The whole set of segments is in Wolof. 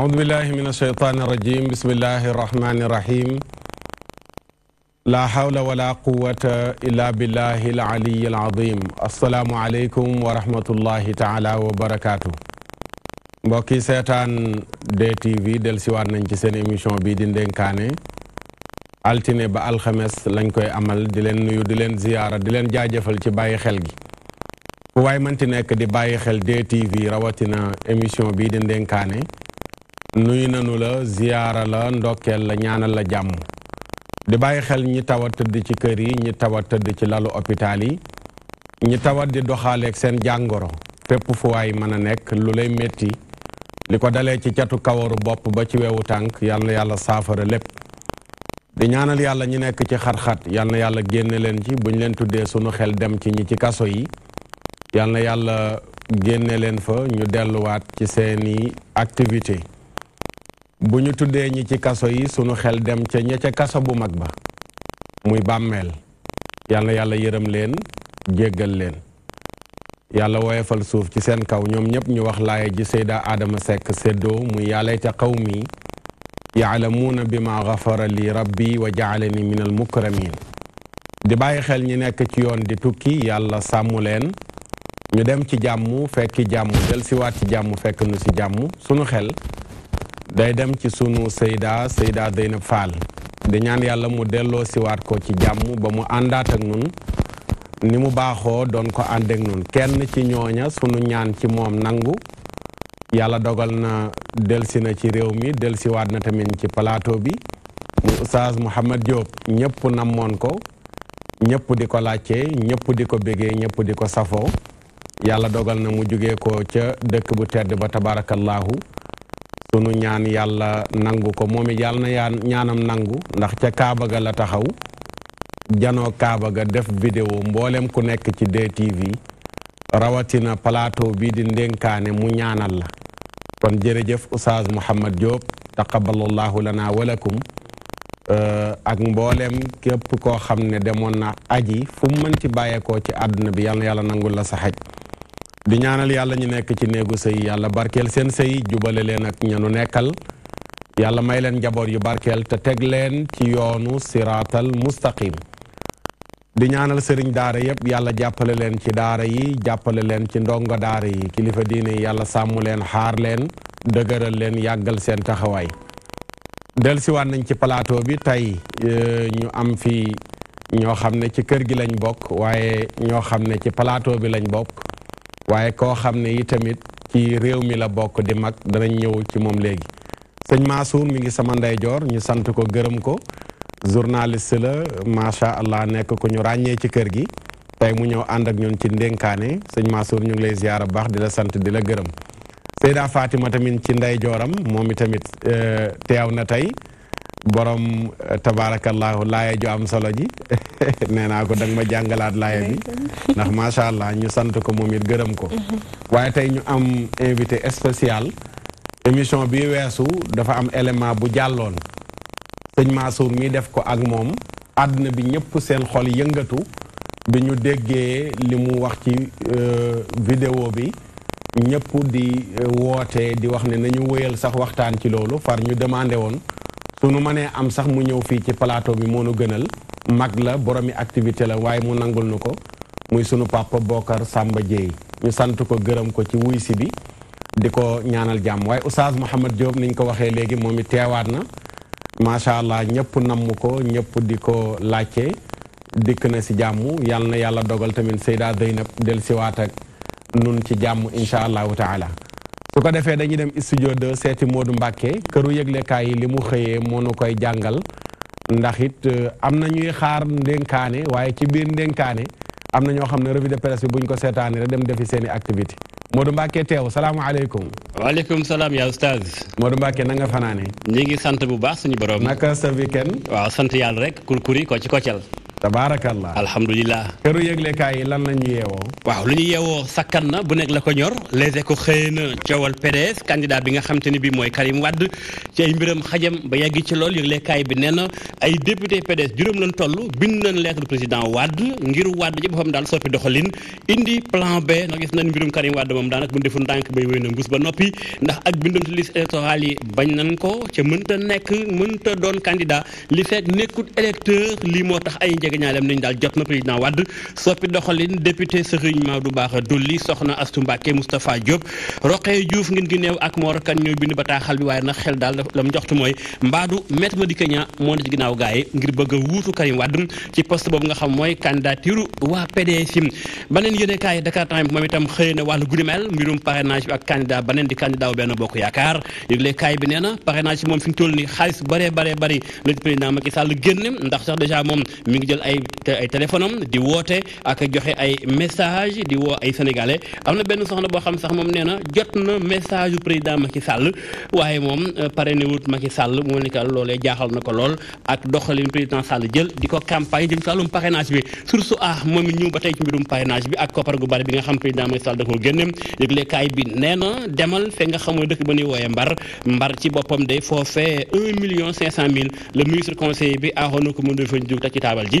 أعوذ بالله من الشيطان الرجيم بسم الله الرحمن الرحيم لا حول ولا قوة إلا بالله العلي العظيم السلام عليكم ورحمة الله تعالى وبركاته مبكي سيطان دي تي في دل سيوار ننجي سين اميشون بيدين دين كاني التيني با الخمس لنكوي عمل دلين نيو دلين زيارة دلين جاجفل چي باي خلقي وواي منتي نك دي باي خل دي تي في روتنا اميشون بيدين دين كاني nuyu nanu la ziyaara la ndokkeel la ñaanal la jàmm di bàyyi xel ñi tawa tëdd ci kër yi ñi taw a tëdd ci lalu hôpital yi ñi taw a di doxaaleeg seen jàngoro fépp fu waay mën a nekk lu lay métti li ko dalee ci catu kawaru bopp ba ci wewu tànk yal yàlla saafara lépp di ñaanal yàlla ñi nekk ci xat-xat yal yàlla génne leen ci buñ leen tuddee sunu xel dem ci ñi ci kaso yi yal yàlla génne leen fa ñu delluwaat ci seeni activité bu ñu tuddee ñi ci kaso yi sunu xel dem ca ña ca kaso bu mag ba muy bàmmeel yal yàlla yërëm leen jéggal leen yàlla woyefal suuf ci seen kaw ñoom ñëpp ñu wax laaye ji Seyda Adama Seck séddoo muy yaalayta qawmi yaalamuuna bi ma gafara li rabbi wa jaalani min al mukramin di bàyyi xel ñi nekk ci yoon di tukki yàlla sàmmu leen ñu dem ci jàmm fekki jàmm del siwaat ci jàmm fekk nu si jàmm sunu xel day dem ci sunu Seyda Seyda Zeynab Fall di ñaan yàlla mu delloo siwaat ko ci jàmm ba mu àndaat ak nun ni mu baaxoo doon ko ànd nun kenn ci ñooña sunu ñaan ci moom nangu yàlla dogal na delsi na ci réew mi delsiwaat na tamit ci plateau bi mu Oustaz Mouhamed Diop ñëpp namoon ko ñëpp di ko laajte ñëpp di ko bégee ñëpp di ko safoo yàlla dogal na mu jóge ko ca dëkk bu tedd ba tabaarakallaahu sunu ñaan yàlla nangu ko moom it yàlla na yaa ñaanam nangu ndax ca Kaaba ga la taxaw janoo Kaaba ga def vidéo mboolem ku nekk ci DTV rawatina plateau bii di ndénkaane mu ñaanal la kon jërëjëf Oustaz Mouhamed Diop taqabbalallahu lana walakum euh, ak mboolem képp koo xam ne demoon na aji fu mu mën ci bàyyeekoo ci àdduna bi yàlla na yàlla nangul la sa di ñaanal yàlla ñu nekk ci néegu sëy yàlla barkeel seen sëy jubale leen ak ñanu nekkal yàlla may leen njaboot yu barkeel te teg leen ci yoonu siraatal mustaqim di ñaanal sëriñ daara yëpp yàlla jàppale leen ci daara yi jàppale leen ci ndongo daara yi kilifa diine yi yàlla sàmm leen xaar leen dëgëral leen yàggal seen taxawaay dellusiwaat nañ ci palaato bi tey euh, ñu am fi ñoo xam ne ci kër gi lañ bokk waaye ñoo xam ne ci palaato bi lañ bokk waaye koo xam ne yi tamit ci réew mi la bokk di mag danañ ñëw ci moom léegi sëñ Mansour mi ngi sama ndeyjoor ñu sant ko gërëm ko journaliste la macha allah nekk ko ñu ràññee ci kër gi tey mu ñëw ànd ak ñun ci ndénkaane sëñ Mansour ñu ngi lay ziyaara baax di la sant di la gërëm Seyda Fatima tamit ci ndeyjooram moom i tamit eh, teew na tey borom eh, tabaarakallaahu laaya ju am solo ji nee naa ko danga ma jàngalaat laaya bi ndax macha allah ñu sant ko moom it gërëm ko mhm. waaye tey ñu am invité spécial émission bi weesu dafa am élément bu jàlloon sëñ Mansour mi def ko ak moom àdduna bi ñëpp seen xol yëngatu bi ñu déggee li mu wax ci euh, vidéo bi ñëpp di euh, woote di wax ne ñu wéyal sax waxtaan ci loolu far ñu demandé woon bu nu mënee am sax mu ñëw fii ci plateau bi moo nu gënal mag la boromi activité la waaye mu nangul nu ko muy sunu papa Bokar sàmba Dieye ñu sant ko gërëm ko ci wuy si bi di ko ñaanal jàmm waaye Oustaz Mouhamed Diop niñ ko waxee léegi moom it teewaat na macha allah ñëpp namm ko ñëpp di ko laajte dikk na si jàmm yàlla na yàlla dogal tamit Seyda Zeynab del siwaat ak nun ci jàmm incha allahu taala su ko defee dañuy dem studio de seeti Modou Mbacke këru yëglekaay yi li mu xëyee moo nu koy jàngal ndax it euh, am na ñuy xaar ndénkaane waaye ci biir ndénkaane am na ñoo xam ne revue de presse bi buñ ko seetaanee rek dem defi seen i activité Modou Mbacke teew salaamualeykum. waaleykum salaam yaa oustaz. Modou Mbacke na nga fanaane. ñi ngi sant bu baax suñu borom. naka sa weekend. waaw sant yàlla rek kurkuri ko ci kocal. tabarakallah Alhamdulillah. këru yëglekaay yi lan la ñu yeewoo waaw lu ñu yeewoo sakkan na bu nekk la ko ñor les échos xëy na PDS candidat bi nga xam bi mooy Karim Wade ci ay mbiram xajam ba yegg ci lool yëglekaay bi nee na ay député PDS juróom lañ toll bind nañ lettre président Wade ngir Wade ci boppam daal soppi doxalin indi plan B ndax gis nañ mbirum Karim Wade moom daanaka bu defu ndànk bay wéy na mbuus ba noppi ndax ak bindum ci liste électorale yi bañ nañ ko ca mënta nekk mënta doon candidat li fekk nekkut électeur lii moo ay jegeñaaleem nañu daal jot na président Wade soppi doxalin député Serigne Maodo a Dolly soxna Astou Mbacké Moustapha Diop Roqee Diouf ngin gi néew ak Mor Kane ñoo bind bataaxal bi waaye nag xel daal la mu joxtu mooy mbaadu Maître Madické Niang moo a moom itam xëy na wàllu gudimel mbirum parrainage bi ak candidat baneen di candidat benn bokk yaakaar yëgle kaay bi nee na moom fi ñu ni xaalis bare bare bari la ci président Macky Sall génne ndax sax dèjà moom jël ay ay téléphone di woote ak joxe ay message di woo ay sénégalais am na benn soxna boo xam sax moom nee na jot na message yu président Macky Sall waaye moom euh, pare ne wut Macky Sall mu ne que loolee jaaxal na ko lool ak doxalin jël di ko campagne jëm si wàllum parrainage bi surtout moom it ñëw ba tey ci mbirum parrainage bi ak koppar gu bari bi nga xam président Macky Sall da koo génne yëgle kaay bi nee na demal fe nga xamoo dëkk ba ñuy wooyee mbar mbar ci boppam day foofee un million cinq cent mille le ministre conseiller bi aaxoon ko mën ci taabal ji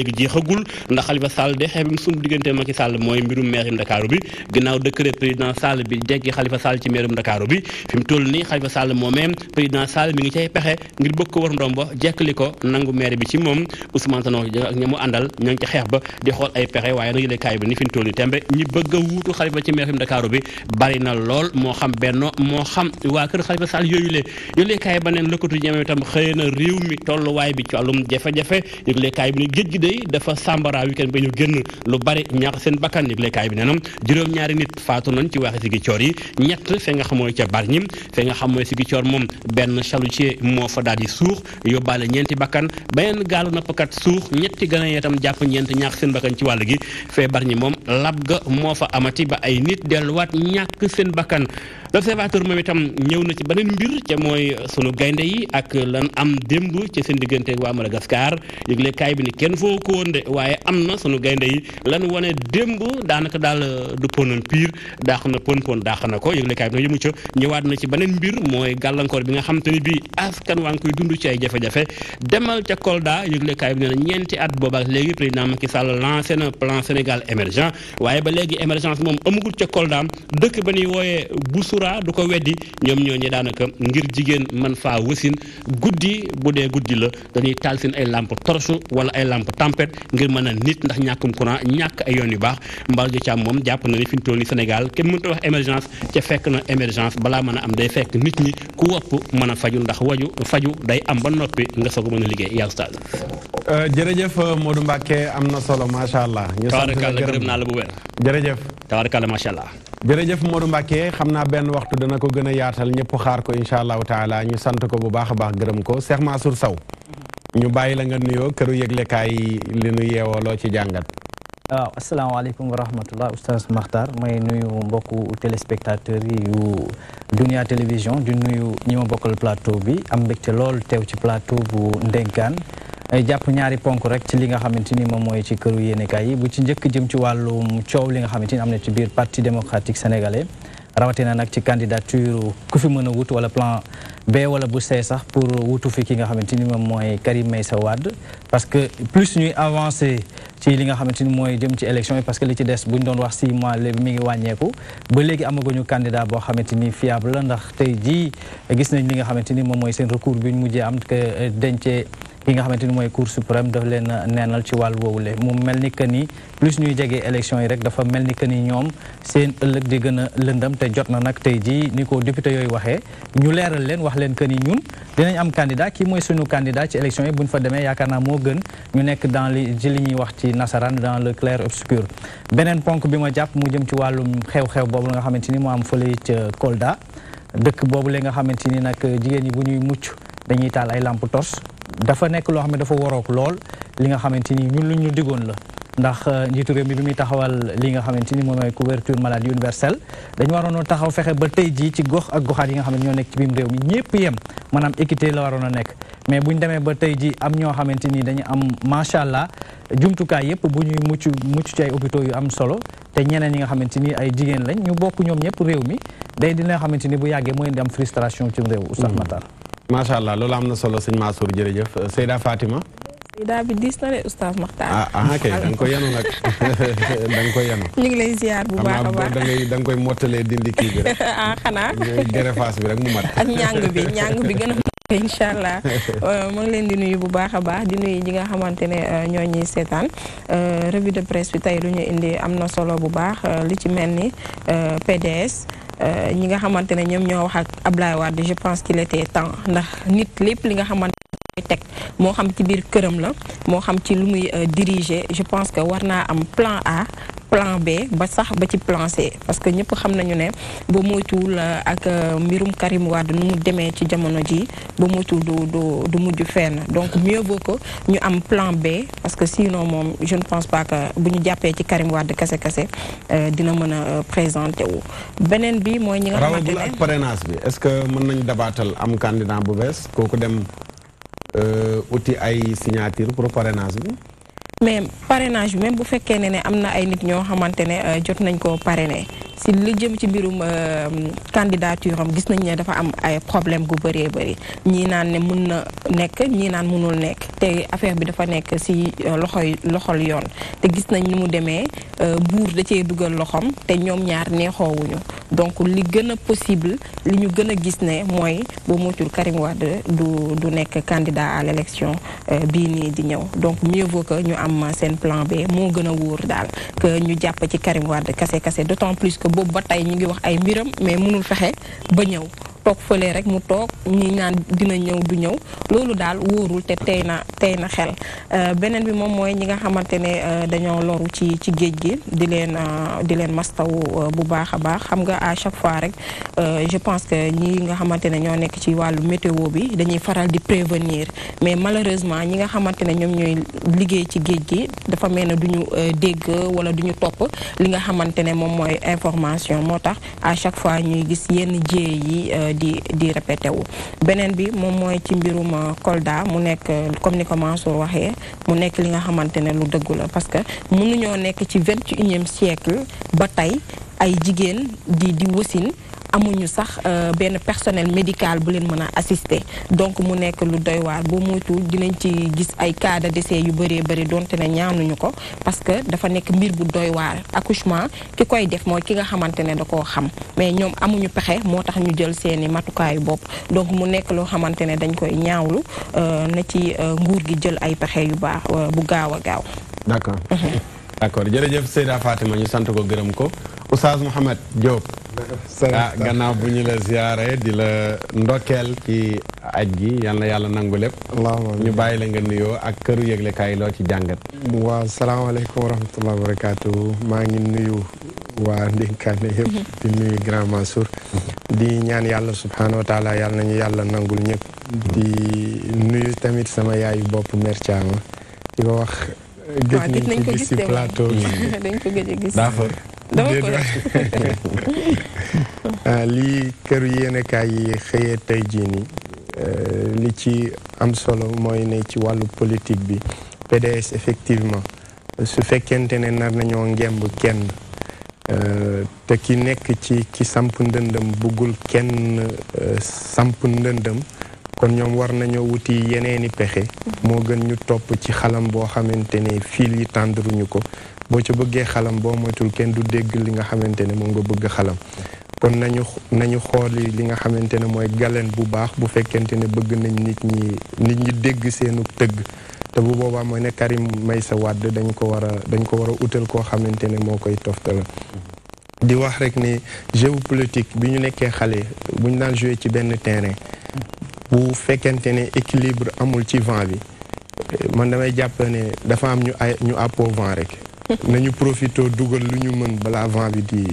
léegi jeexagul ndax Khalifa Sall de xeex bi suñu diggante Macky Sall mooy mbirum meerum Ndakaaru bi ginnaaw décret président Sall bi jeggi Khalifa Sall ci meerum Ndakaaru bi fi mu toll nii Khalifa Sall moomee président Sall mi ngi cay pexe ngir bëgg ko war ndombo jekkali ko nangu maire bi ci moom Ousmane Tanor Dieng ak mu ngi ci ay pexe waaye bëgg a wuutu Khalifa moo xam benno moo xam waa kër Khalifa Sall yooyu le yëlekaay ba neen lëkkatu jëmee itam xëy na réew mi tolluwaay bi ci jafe-jafe yëlekaay bi ni géej gi day dafa sàmbara weekend ba ñu génn lu bari ñàkk seen bakkan yëglekaay bi nenam juróom-ñaari nit faatu nañ ci waaxi Ziguinchor yi ñett fe nga xamooy ca Bargny fe nga xamooy Ziguinchor moom benn chalutier moo fa daal di suux yóbbaale ñeenti bakkan beneen gaalu nappkat suux ñetti gana itam jàpp ñeent ñàkk seen bakkan ci wàll gi fee Bargny moom lab ga moo fa amati ba ay nit delluwaat ñàkk seen bakkan l'observateur moom itam ñëw na ci beneen mbir ca mooy sunu gaynde yi ak lan am dembu, ci seen diggante waa Madagascar yëglekaay bi ni kenn fo woo ko woon de waaye am na sunu gaynde yi lan wane démb daanaka euh, na pon pon na ko yëgle kaay bi nag yëmu ca ñëwaat na ci beneen mbir mooy gàllankoor bi nga xam te ni bii askan waa ngi koy dund ci ay jafe-jafe demal ca Kolda yëgle bi nee na ñeenti at boobaak léegi président Macky Sall lancé na plan Sénégal émergent waaye ba léegi émergence moom amagul ca Kolda dëkk ba ñuy wooyee Boussoura du ko weddi ñoom ñooñu daanaka ngir jigéen man faa wasin guddi bu dee guddi la dañuy taal seen ay lampe torche wala ay lampe tempête ngir mën a nit ndax ñàkkum courant ñàkk ay yoon yu baax Mbaye Dia Thiam moom jàpp na ne fi mu toll nii Sénégal kenn mënta wax émergence ca fekk na émergence balaa mën a am day fekk nit ñi ku wopp mën a faju ndax waju faju day am ba noppi nga soog a mën a liggéey yaa oustaz. Euh, jërëjëf euh, Modou Mbacke am na solo macha allah. ñu sant gërëm naa la bu wér. jërëjëf tabarakalla macha allah. jërëjëf Modou Mbacke xam naa benn waxtu dana ko gën a yaatal ñëpp xaar ko incha allahu taala ñu sant ko bu baax a baax gërëm ko Cheikh Mansour Sow ñu bàyyi la nga nuyoo këru yëglekaay li nu yeewaloo ci jàngat. waaw ah, asalaamaaleykum wa rahmatullah oustaz Makhtar may nuyu mbokku téléspectateurs yi yu Dunia télévision di nuyu ñi ma bokkal plateau bi am mbégte lool teew ci plateau bu ndénkaan jàpp ñaari ponk rek ci li nga xamante ni moom mooy ci kër yéenekaay yi bu ci njëkk jëm ci wàllum coow li nga xamante ni am na ci biir parti démocratique sénégalais. rawatina nak ci candidature ku fi mën wut wala plan B wala bu see sax pour wutu fi ki nga xamante ni moom Karim Meysa Wade parce que plus ñuy avancer ci li nga xamante ni mooy jëm ci élection yi parce que li ci des bu doon wax six léegi mi ngi wàññeeku ba léegi amaguñu candidat boo xamante ni fiable la ndax tey jii gis nañ li nga xamante ni moom mooy seen recours bi ñu mujjee am que euh, dencee ki nga xamante ni mooy cour suprême daf leen neenal ci wàll woowule mu mel ni que ni plus ñuy jege élection yi rek dafa mel ni que ni ñoom seen ëllëg di gën a lëndam te jot na nag tey jii ni ko député yooyu waxee ñu leeral leen wax leen que ni ñun dinañ am candidat kii mooy suñu candidat ci élection ci nasaraan dans le clair obscur beneen ponk bi ma jàpp mu jëm ci wàllum xew-xew boobu la nga xamante ni mu am fële ca Kolda dëkk boobu la nga xamante ni nag jigéen ñi bu ñuy mucc dañuy taal ay lampe torche dafa nekk loo xam ne dafa waroog lool li nga xamante ni ñun lu ñu digoon la ndax eh, njiitu réew mi bi muy taxawal li nga xamante ni moom mooy couverture maladie universelle dañu waroon taxaw fexe ba tey jii ci gox ak goxaat yi nga xam ne ñoo nekk ci biir réew mi ñëpp yem maanaam équité la waroon a nekk mais bu ñu demee ba tey jii am ñoo xamante ni dañu am macha allah jumtukaay yëpp bu ñuy mucc mucc ci ay hôpitaux yu am solo te ñeneen yi nga xamante ni ay jigéen lañ ñu bokk ñoom ñëpp réew mi day dina xamante ni bu yàggee mooy di am frustration ci réew. Oustaz mm-hmm. Matar. loolu am na solo sëñ Mansour jërëjëf Seyda Fatima. daa bi diis na de oustaz Makhtar. ah ah kay da nga koy yanu nag da nga koy yanu. ñu ngi ziar bu baax a baax da ngay koy mottalee dindi kii bi rek. ah xanaa. gerefaas bi rek mu mat. ak ñàng bi ñàng bi gën a. incha allah euh, ma ngi leen di nuyu bu baax a baax di nuyu ñi nga xamante ne euh, ñoo ñuy seetaan euh, revue de presse bi tey lu ñu indi am na solo bu baax li ci mel ni PDS ñi nga xamante ne ñoom ñoo wax ak Ablaye Wade je pense qu'il était temps ndax nit lépp li nga xamante koy teg moo xam ci biir këram la moo xam ci lu muy euh, diriger je pense que war naa am plan A plan B ba sax ba ci plan C parce que ñëpp xam nañu ne ba moytuwul euh, ak euh, mbirum Karim Wade nu mu demee ci jamono ji ba moytuwul du du du mujj fenn donc mieux vaut que ñu am plan B parce que sinon moom je ne pense pas que bu ñu jàppee ci Karim Wade kese kese dina mën a présenter wu. beneen bi mooy ñi nga xamante ne ak parrainage bi est-ce que mën nañu dabaatal am candidat bu bees kooku dem. Euh, uti ay signature pour parrainage bi mais parrainage bi même bu fekkee ne ne am na ay nit ñoo xamante ne euh, jot nañ ko parrainer si li jëm ci mbirum euh, candidature am gis nañ ne dafa am ay problème gu bëree bëri ñii naan ne mën na nekk ñii naan mënul nekk te affaire bi dafa nekk si euh, loxoy loxol yoon te gis nañ ni mu demee buur da cee dugal loxoom te ñoom ñaar neexoowuñu donc li gën a possible li ñu gën a gis ne mooy boo moytul Karim Wade du du nekk candidat à l' bii nii di ñëw donc mieux vaut ñu am am seen plan B moo gën a wóor daal que ñu jàpp ci Karim Wade kase kase d'autant plus que boobu ba tey ñu ngi wax ay mbiram mais mënul fexe ba ñëw toog feulé rek mu tok ñi naan dina ñew du ñew lolu dal worul té téyna téyna tey na xel euh, beneen bi mom moy ñi nga xamante euh, dañoo loru ci ci géej gi di leen euh, di leen mastaw bu baaxa baax xam nga à chaque fois rek je pense que ñi nga xamante ne ñoo nekk ci walu météo bi dañuy faral di prévenir mais malheureusement ñi nga xamante ñom ñoy ñooy liggéey ci géej gi dafa mel duñu dégg wala duñu top li nga xamante mom moy information motax à chaque fois ñuy gis yenn jéey yi di di répété wu beneen bi moom mooy ci mbirum euh, Kolda mu nekk euh, comme ni ko Mansour waxee mu nekk li nga xamante ne lu dëggu la parce que mënuñoo nekk ci vingt et unième siècle ba tey ay jigéen di di wasin amuñu sax euh, benn personnel médical bu leen mën a assister donc mu nekk lu doy waar boo moytuwul dinañ ci gis ay cas de yu bëree bëri donte ne ñaanuñu ko parce que dafa nekk mbir bu doy waar accouchement ki koy def mooy ki nga xamante ne da koo xam mais ñoom amuñu pexe moo tax ñu jël seeni matukaayu bopp donc mu nekk loo xamante ne dañ koy ñaawlu euh, na ci euh, nguur gi jël ay pexe yu baax bu gaaw a gaaw d' accord jërëjëf Seyda Fatima ñu sant ko gërëm ko Oustaz Mouhamed Diop. ah gannaaw bu ñu la ziyaare di la ndokkeel ci aj gi yal yàlla nangu lépp. ñu bàyyi la nga nuyoo ak këru yëglekaay loo ci jàngat. waaw salaamaaleykum wa rahmatulah barakaatu maa ngi nuyu waa ndénkaane yëpp. di nuyu grand Mansour. di ñaan yàlla subhaanahu wa yàlla nañu yàlla nangul ñëpp. di nuyu tamit sama yaayu bopp mère Thiam ko wax. waaw gëj lii kër yéenekaay yi xëyee tey jii nii euh, li ci am solo mooy ne ci wàllu politik bi PDS effectivement su fekkente ne nañoo ngemb kenn euh, te ki nekk ci ki samp ndëndëm buggul kenn euh, samp ndëndëm kon ñoom war nañoo wuti yeneeni pexe moo gën ñu topp ci xalam boo xamante ne fiil yi tàndaruñu ko boo ca bëggee xalam boo moytul kenn du dégg li nga xamante ne moom nga bëgg xalam kon nañu nañu xooli li nga xamante ne mooy galeen bu baax bu fekkente ne bëgg nañ nit ñi nit ñi dégg seenu tëgg te bu boobaa mooy ne Karim may Wade dañ ko war a dañ ko war a utal koo xamante ne moo koy toftala di wax rek ne géopolitique bi ñu nekkee xale bu ñu daan joué ci benn terrain bu fekkente ne équilibre amul ci vent bi man damay jàpp ne dafa am ñu ay ñu àppoo vent rek nañu profito dugal lu ñu mën balaa vent bi di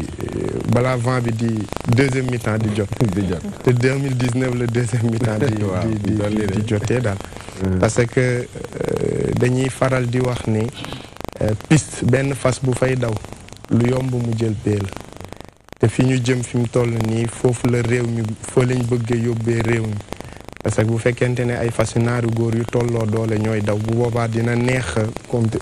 balaa vent bi di deuxième mi-temps di jot di jot te 2019 la deuxième mi-temps di di di jotee daal hmm. parce que euh, dañuy faral di wax ni euh, piste benn fas bu fay daw lu yomb mu jël pee te fi ñu jëm fi mu toll nii foofu la réew mi foo lañ bëggee yóbbee réew mi parce que bu fekkente ne ay fasu naaru góor yu tolloo doole ñooy daw bu boobaa dina neex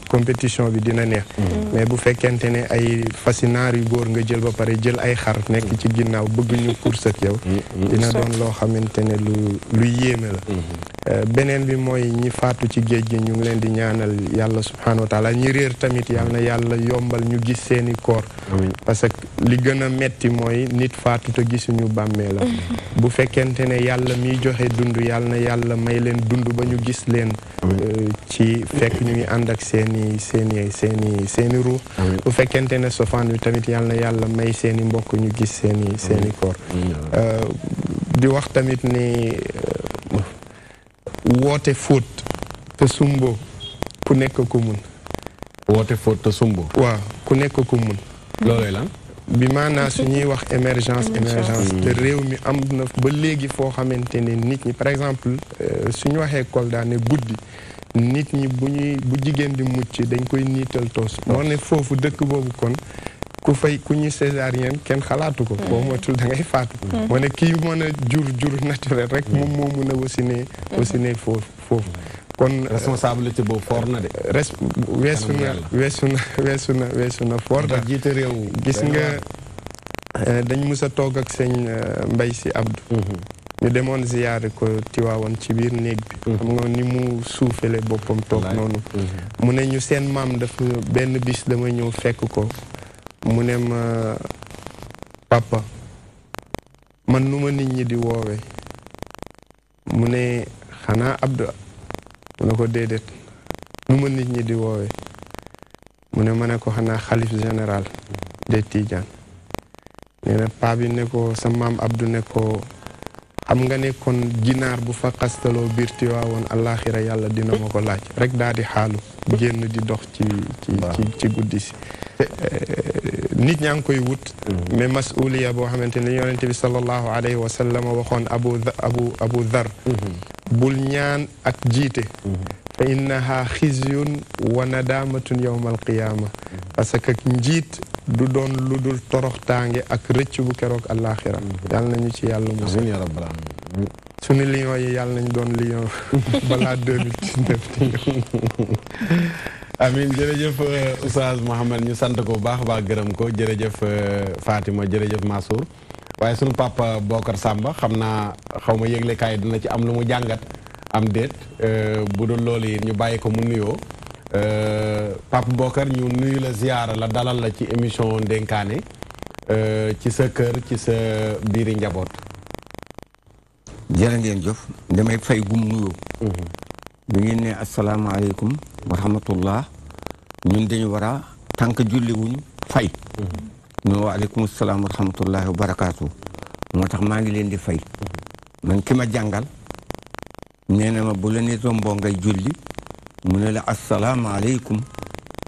compétition bi dina neex mm-hmm. Mm-hmm. mais bu fekkente ne ay fasu yu góor nga jël ba pare jël ay xar nekk ci ginnaaw bëgg ñu course mm-hmm. ak yow dina doon loo xamante ne lu lu yéeme la euh, beneen bi mooy ñi faatu ci géej gi ñu ngi leen di ñaanal yàlla subhanahu wa ñi réer tamit yàlla na yàlla yombal ñu gis seeni koor parce que li gën a metti mooy nit faatu te gisuñu bàmmee la bu fekkente dund yàlla na yàlla may leen dund ba ñu gis leen euh, ci fekk ñu ngi ànd ak seeni seeni seeni seeni ruux bu fekkente ne sofaan wi tamit yàlla na yàlla may seeni mbokk ñu gis seeni seeni koor euh, di wax tamit ni euh, woote fóot te sumbo ku nekk ku mun woote fóot te ku nekk ku mun bi maanaa su ñuy wax émergence émergence mm. te réew mi am na ba léegi foo xamante ne nit ñi par exemple euh, su ñu waxee Kolda ne guddi nit ñi bu ñuy bu jigéen di mucc dañ koy niital toos moo mm. ne foofu dëkk boobu kon ku fay ku ñu césarienne kenn xalaatu ko mm. boo da ngay faatu moo ne kii mën a jur jur moom mun a wasine wasine foofu kon responsabilité boobu fort na de. res weesu na weesu na weesu na weesu na fort na jiite réew gis nga eh, dañ mus a toog ak sëñ eh, Mbay si Abdou. Mhm. ñu demoon ziyaare ko Tiwaawoon ci biir néeg bi. Mhm. ni mu suufale boppam toog noonu. Mhm. mu ne ñu seen maam dafa benn bis dama ñëw fekk ko mu ne ma papa man nu ma nit ñi di woowe mu ne xanaa Abdou. mu ne ko déedéet nu ma nit ñi di woowee mu ne ma ne ko xanaa xalif général de Tidiane nee na ne ko sa maam Abdou ne ko xam nga ne kon jinaar bu fa xastaloo biir Tiwaawoon àllaaxira yàlla dina ma ko laaj rek daal di xaalu génn di dox ci ci guddi si nit ñaa ngi koy wut mm-hmm. mais masuliya boo xamante ne yonente bi sallallahu alayhi wa sallam waxoon abu abu bul ñaan ak jiite mm-hmm. fa innaha xizyun wa nadaamatun yowma alqiyaama mm-hmm. parce que njiit du doon lu dul toroxtaange ak rëcc bu keroog àllaaxira mm-hmm. yàlla nañu ci yàlla musal suñu lion yi yàlla nañ doon lion balaa 2019 amin jërëjëf euh, Oustaz Mouhamed ñu sant ko bu baax baax gërëm ko jërëjëf euh, faatima jërëjëf Mansour waaye sunu papa Bokar sàmba xam naa xaw ma yëglekaay dina ci am lu mu jàngat am déet euh, bu dul loolu yi ñu bàyyi ko mu nuyoo euh, papa Bokar ñu nuyu la ziyaara la dalal la ci émission ndénkaane euh, ci sa kër ci sa biiri njaboot. jërë ngeen jëf damay fay gum nuyoo. Mhm. bi ngeen ne asalaamaaleykum wa rahmatullah ñun dañu war a tànk julli wuñ fay. Mhm. waaleykum salaam wa rahmatullahi wa barakaatu. moo tax maa ngi leen di fay. man ki ma jàngal. nee na ma bu la nee tomboo ngay julli. mu ne la asalaamaaleykum.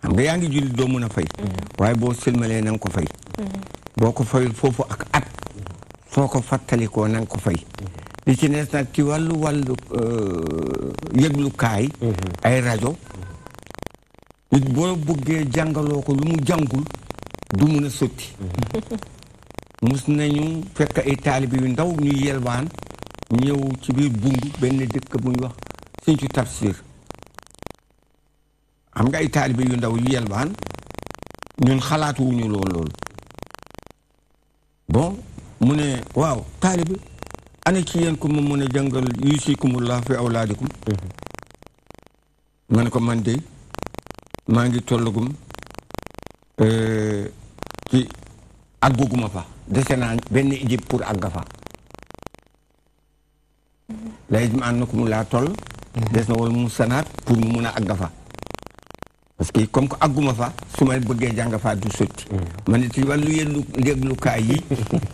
xam nga yaa ngi julli doo mun a fay. Mm-hmm. waaye boo silmalee na nga ko fay. Mm-hmm. boo ko fayul foofu ak at. soo ko fàttalikoo na nga ko fay. Mm-hmm. li ci nees nag ci wàllu wàllu euh, yëglukaay. ay rajo. boo bëggee jàngaloo ko lu mu jàngul. du mun a sotti mus nañu fekk ay taalibe yu ndaw ñu yelwaan ñëw ci biir bund benn dëkk bu ñu wax suñ ci tafsir xam nga ay taalibe yu ndaw yu yelwaan ñun xalaatuwuñu lool lool bon mu ne waaw taalibe ana ci yéen ko ma mën a jàngal yusikumullah fi awlaadikum mm-hmm. ma ne ko man de maa ngi tollagum Euh, ci àgguguma fa dese naa benn équipe pour àgg fa mhm. layit ma ànd na ko mu laa toll mhm. des na wala mu sanaat pour mu mun a àgg fa parce que comme que àgguma fa su may bëggee jàng faa du sotti mhm. ma ne ci wàllu yëllu déglukaay yi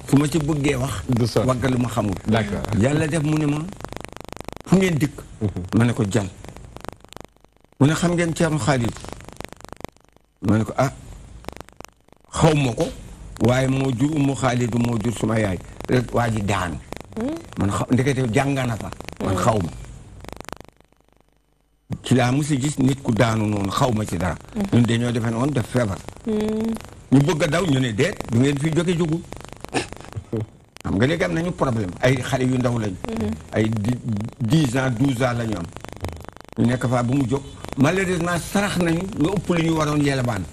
su ma ci bëggee wax wagga lu ma xamul yàlla def mu ne ma fu ngeen dikk ma ne ko jàmm mu ne xam ngeen Ceerno Xaalit ma ne ko ah xaw ma ko waaye moo jur umu xaalidu moo jur suma yaay waa ji daan man xaw ndekete jàngana sax man xaw ma ci laa musi gis nit ku daanu noonu xaw ma ci dara ñun dañoo defe noonu def feebar ñu bëgg a daw ñu ne deet du ngeen fi jóge jógu xam nga léegi am nañu problème ay xale yu ndaw lañ ay dix ans douze ans lañu ñu am nekk faa bu mu jóg malheureusement sarax nañu lu ëpp lu ñu waroon yelebaan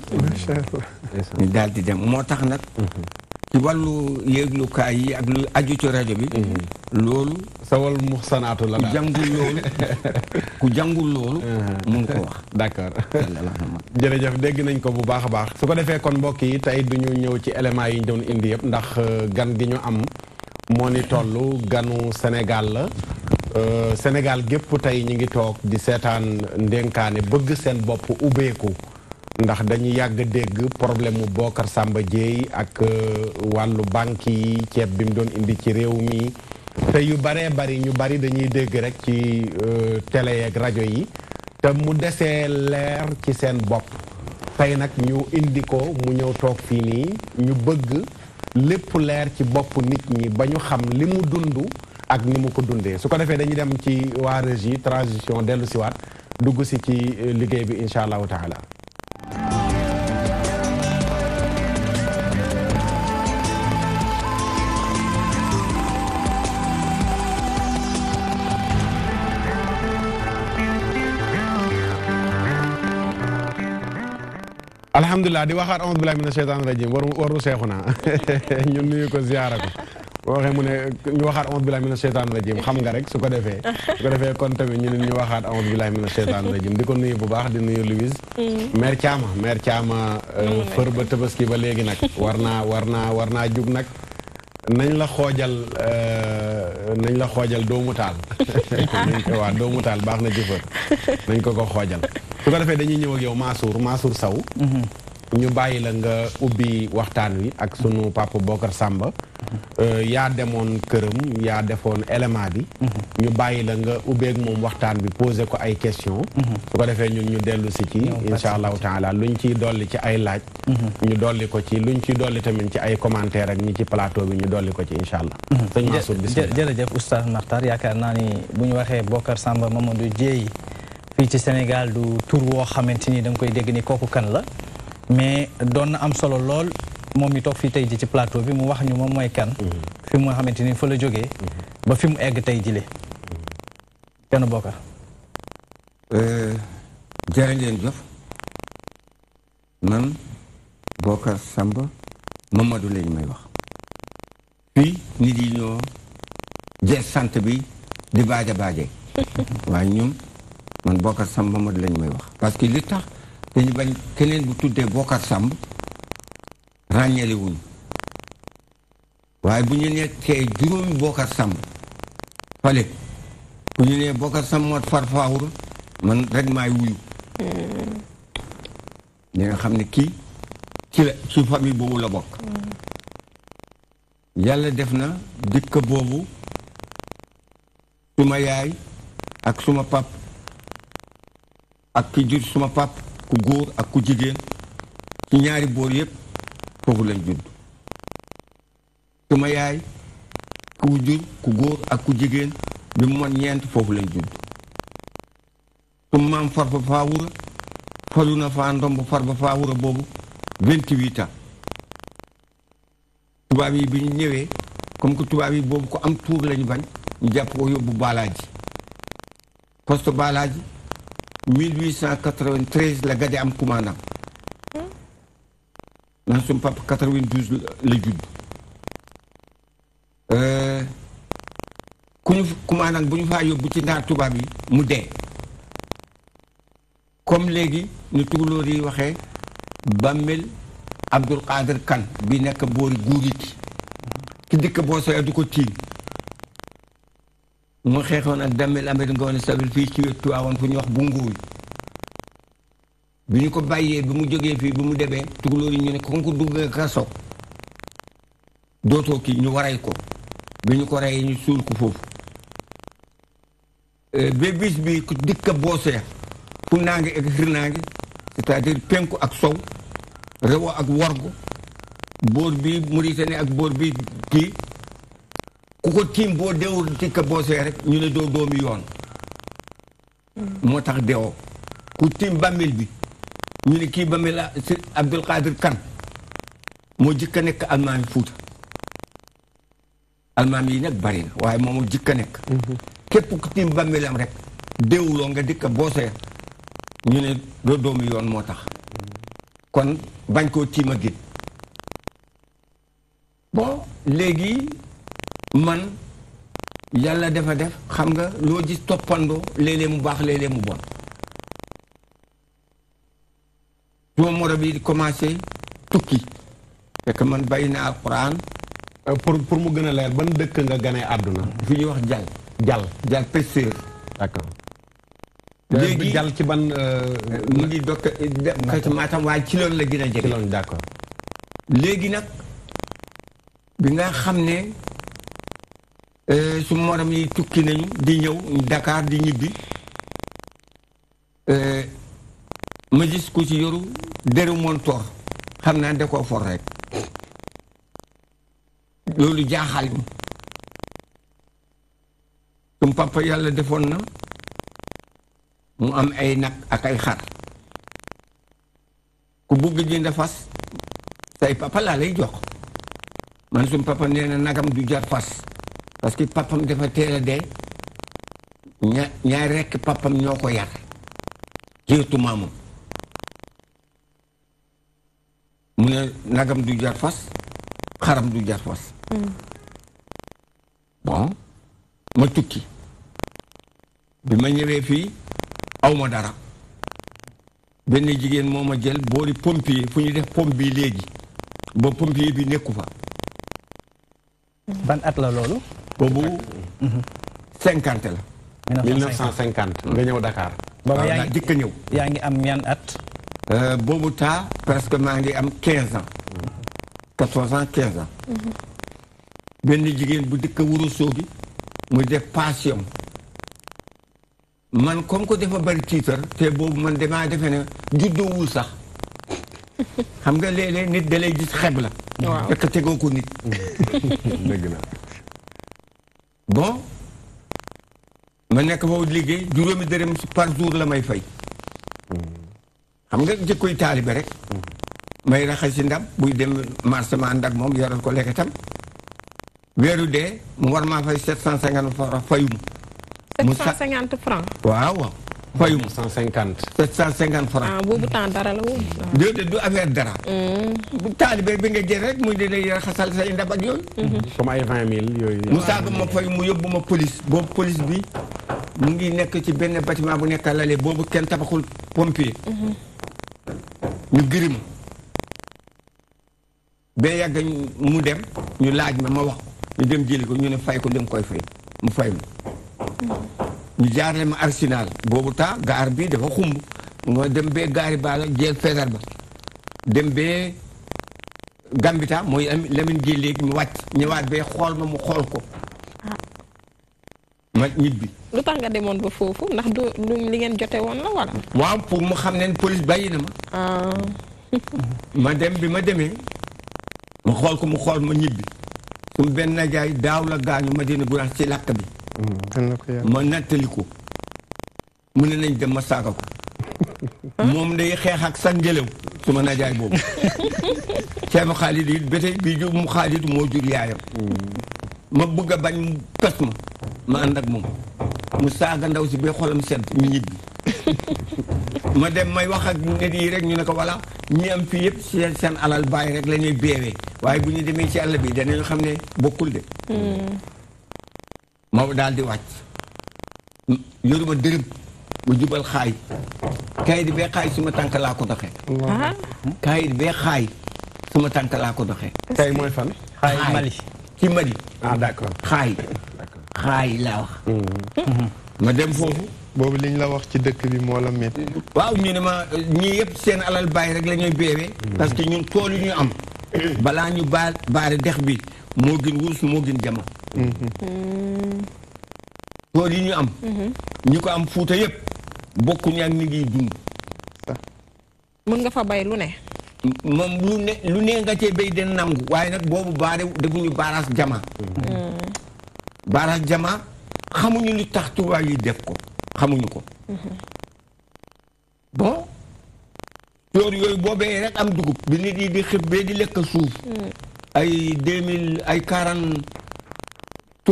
daal di dem moo tax nag mhm. ci wàllu yéeglukaay yi ak lu aju ci rajo bi mhm. loolu sawal muxsanaatu la ku jàngul loolu ku jàngul loolu mhm. mun ko wax d'accord jërëjëf dégg nañ ko bu baax a baax su ko defee kon mbokk yi tey du ñu ñëw ci éléments yi ñu doon indi yëpp ndax euh, gan gi ñu am moo ni toll ganu Sénégal la Euh, Sénégal gépp tey ñu ngi toog di seetaan ndénkaane bëgg seen bopp ubbeeku ndax dañu yàgg dégg problème mu Bocar sàmba Dièye ak euh, wàllu banque yi ceeb bi mu doon indi ci réew mi te yu baree bari ñu bari dañuy dégg rek ci euh, télé yeeg rajo yi te mu desee leer ci seen bopp tey nag ñu indi ko mu ñëw toog fii nii ñu bëgg lépp leer ci bopp nit ñi ba ñu xam li mu dundu ak ni mu ko dundee su ko defee dañuy dem ci waa régie transition dellu si waat dugg si ci euh, liggéey bi incha allahu taala. alhamdulilah di waxaat aoudu billahi mina sheytaani rajim waru waru seexu naa boo waxee mu ne ñu waxaat aouzu billaahi mina seytaani rajiim xam nga rek su ko defee su ko defee kon tamit ñu ne ñu waxaat aouzu billaahi mina seytaani rajiim di ko nuyu bu baax di nuyu Louise maire mm. Thiama maire Thiama euh, fër ba tabaski ba léegi nag war naa war naa war naa jug nag nañ la xoojal euh, nañ la xoojal doomu taal nañ ko waa doomu taal baax na ci fër ko ko xoojal su ko defee dañuy ñëw ak yow Mansour Mansour Sow mm-hmm. ñu bàyyi la nga ubbi waxtaan wi ak sunu papa Bokar Samba euh, yaa demoon këram yaa defoon élément bi mhm. ñu bàyyi la nga ubbeeg moom waxtaan bi posé ko ay question mhm. su ko defee ñun ñu dellu si ci insha allahu taala luñ ciy dolli ci ay laaj mhm. ñu dolli ko ci lu ñu ciy dolli tamit ci ay commentaire ak ñi ci plateau bi ñu dolli ko ci insha allah sëñ Mansour bismillah jërëjëf oustaz Makhtar yaakaar naa ni bu ñu waxee Bokar Samba Mamadou Dieye fii ci Sénégal du tur woo xamante ni danga koy dégg kooku kan la mais doon na am solo lool moom mi toog fii tey ji ci plateau bi mu wax ñu moom mooy kan mhm. fi mu xamante ni fa la jógee mhm. ba fi mu egg tey jile li mhm. kenn bokkar euh, jërë ngeen jëf man Bocar Samba Mamadou la ñu may wax fii nit ñoo jeex sant bi di baaja baaje waaye ñun man Bocar Samba Mamadou la ñu may wax parce li tax dañu bañ keneen bu tuddee Bokar Samb ràññale waaye bu ñu nekkee juróomi Bokar Samb fale bu ñu nee Bokar Samb moo farfaawur man rek maay wuyu ñi hmm. nga xam ne kii ci la famille boobu la bokk hmm. yàlla def na dikk boobu suma yaay ak suma pap ak ki jur suma pap ku góor ak ku jigéen ci ñaari boor yépp foofu lañ judd suma yaay ku jur ku góor ak ku jigéen bi mu mën ñeent foofu lañ judd suma maam farba faawura falu na faa ndomb farba faawura boobu vingt-huit ans tubaab yi bi ñu ñëwee comme que tubaab yi boobu ko am tuur lañu bañ ñu jàpp ko yóbbu balaaji poste balaaji 1893 la gade am kumaanam ndax suñu papa 92 la judd euh, ku ñu kumaanam bu ñu faa yóbbu ci ndaar tubaab yi mu dee comme léegi nu tugalóor yi waxee bàmmel Abdul Qadir Kan bi nekk boori guurit ki dikk boo soyee du ko tiim mu xeexoon ak Damel Amari Ngoone Sabel fii ci wetu waawoon fu ñuy wax bu nguuy ñu ko bàyyee bi mu jógee fii bi mu demee tukulóor yi ñu ne kon ko duggee kaso dootoo kii ñu waray ko bi ñu ko reyee ñu suul ko foofu euh, ba bis bi ku dikka boosee fu naangi ak xir naangi c'est-à-dire penku ak sow rewo ak worgo boor bi Mauritanie ak boor bi kii ku ko tiim boo deewul tikka boosee rek ñu ne doo doomi yoon moo tax deewoo ku tiim bàmmeel bi ñu ne kii bàmmeel a si Abdul Qadir Kan moo jëkka nekk almaami Fuuta almaami yi nag bari waaye moom moo jëkka nekk képp ku tiim bàmmeelam rek deewuloo nga dikka boosee ñu ne doo doomi yoon moo tax kon bañ koo tiim a gin bon léegi man yàlla dafa def xam nga loo gis toppandoo léeg-léeg mu baax léeg-léeg mu bon suma moro bi di commencé tukki fekk man bàyyi naa alxuraan euh, pour pour mu gën a leer ban dëkk nga ganee àdduna fi ñuy wax jal jal jal pesteur d'accord léegi euh, jal ci ban euh, mu ngi dokk xëy maatam waaye ci loolu la gën a jege d'accord léegi nag bi nga xam ne Eh, su morom yi tukki nañu di ñëw Dakar di ñibbi eh, ma gis ku ci yoru deru montor xam naa da koo for rek loolu jaaxal ñu sum papa yàlla defoon na mu am ay nag ak ay xar ku bugg jënd fas say papa laa lay jox man sum papa nee nagam du jar fas parce que papam dafa teel a dee ña ñaari rekk papam ñoo ko yar surtout maamam mu ne nagam du jar fas xaram du jar mm. bon ma tukki bi ma ñëwee fii awma dara benn jigéen moo ma jël boori pompier fu ñu def pompe bi léegi ba pompier bi nekku fa ban at la loolu boobu cinquante la. 1950 nga ñëw Dakar. boobu yaa ngi jëkk a ñëw. yaa ngi am ñan at. Euh, boobu taa presque maa ngi am 15 ans. 14 ans 15 ans. Mm-hmm. benn jigéen bu dëkk Wuro bi muy def passion. man comme que dafa bari tiitar te boobu man damaa defe ne juddoowul sax xam nga léeg-léeg nit da lay xeb la. waaw fekk tegoo ko nit. bon ma nekk foofu liggéey juróomi dërëm par jour la may fay xam nga jëkkoy taalibe rek may raxas si ndam buy dem marché ma ànd ak moom yoral ko lekkatam weeru dee mu war maa fay sept cent cinquante mu 750 francs waaw payum 750. 750 francs. ah boobu temps dara la woon. déedéet du affaire dara. Mm. bu taalibe bi nga jël rek muy di lay xasal say ndab mm-hmm. Mm-hmm. yooyu. mu saaga ma fay mu yóbbu ma police boobu police bi mu ngi nekk ci benn bâtiment bu nekk lale boobu kenn tabaxul pompier. Mm-hmm. ñu gërëm. ba yàgg mu dem ñu laaj ma ma wax ñu dem jëli ko ñu ne fay ko dem koy fay mu fay ma. ñu jaarale ma arsenal boobu temps gaar bi dafa xumb nga dem bee gaari baala jeeg feegar ba dem bee gambita mooy am Lamine Gueye léegi mu wàcc ñëwaat bee xool ma mu xool ko ah. ma ñibbi lu tax nga demoon ba foofu ndax du li ngeen jote woon la wala waaw pour mu xam ne police bàyyi na ma ah. ma dem bi ma demee ma xool ko mu xool ma ñibbi su mu benn jaay daaw la gaañu ma dina guraas ci làkk bi ma nattali ko mu ne nañ dem ma saaga ko moom day xeex ak sa ngelaw su ma najaay boobu ceeba xaalit it ba tey jub mu xaalit moo jur yaayam mm. ma bëgg a bañ mu ma ma ànd ak moom mu saaga ndaw si ba xolam sedd ñu ñibbi ma dem may wax ak nit yi rek ñu ne ko voilà ñi am fii yëpp seen seen alal baay rek lañuy ñuy beewee waaye bu ñu demee ci àll bi danañ xam ne bokkul de mm. Maodo daal di wàcc yoruma dërëm mu jubal xaay kayit bee xaay suma tànk laa ko doxee. kayit bee xaay suma tànk laa ko doxee. kay mooy fan. xaay Mali ci Mali. ah d'accord xaay. xaay laa wax. ma dem foofu. boobu liñ la wax ci dëkk bi moo la métti. waaw ñu ne ma ñii yëpp seen alal bàyyi rek la ñuy beewee. parce que ñun tool yi ñu am. balaa ñu baal baari dex bi moo gën wurus moo gën jama. tool mm-hmm. yi ñu am mm-hmm. ñi ko am fuuta yëpp bokkuñu ak ni ngiy dund mën nga fa bay lu ne moom lu ne lu ne nga cee bay den nangu waaye nag boobu baare defuñu baaraas jama mm-hmm. baaraas jama xamuñu lu tax tubaab yi def ko xamuñu ko bon toor yooyu boo bayee rek am dugub bi nit yi di xëb bee di lekk suuf mm. ay deux mille ay quarante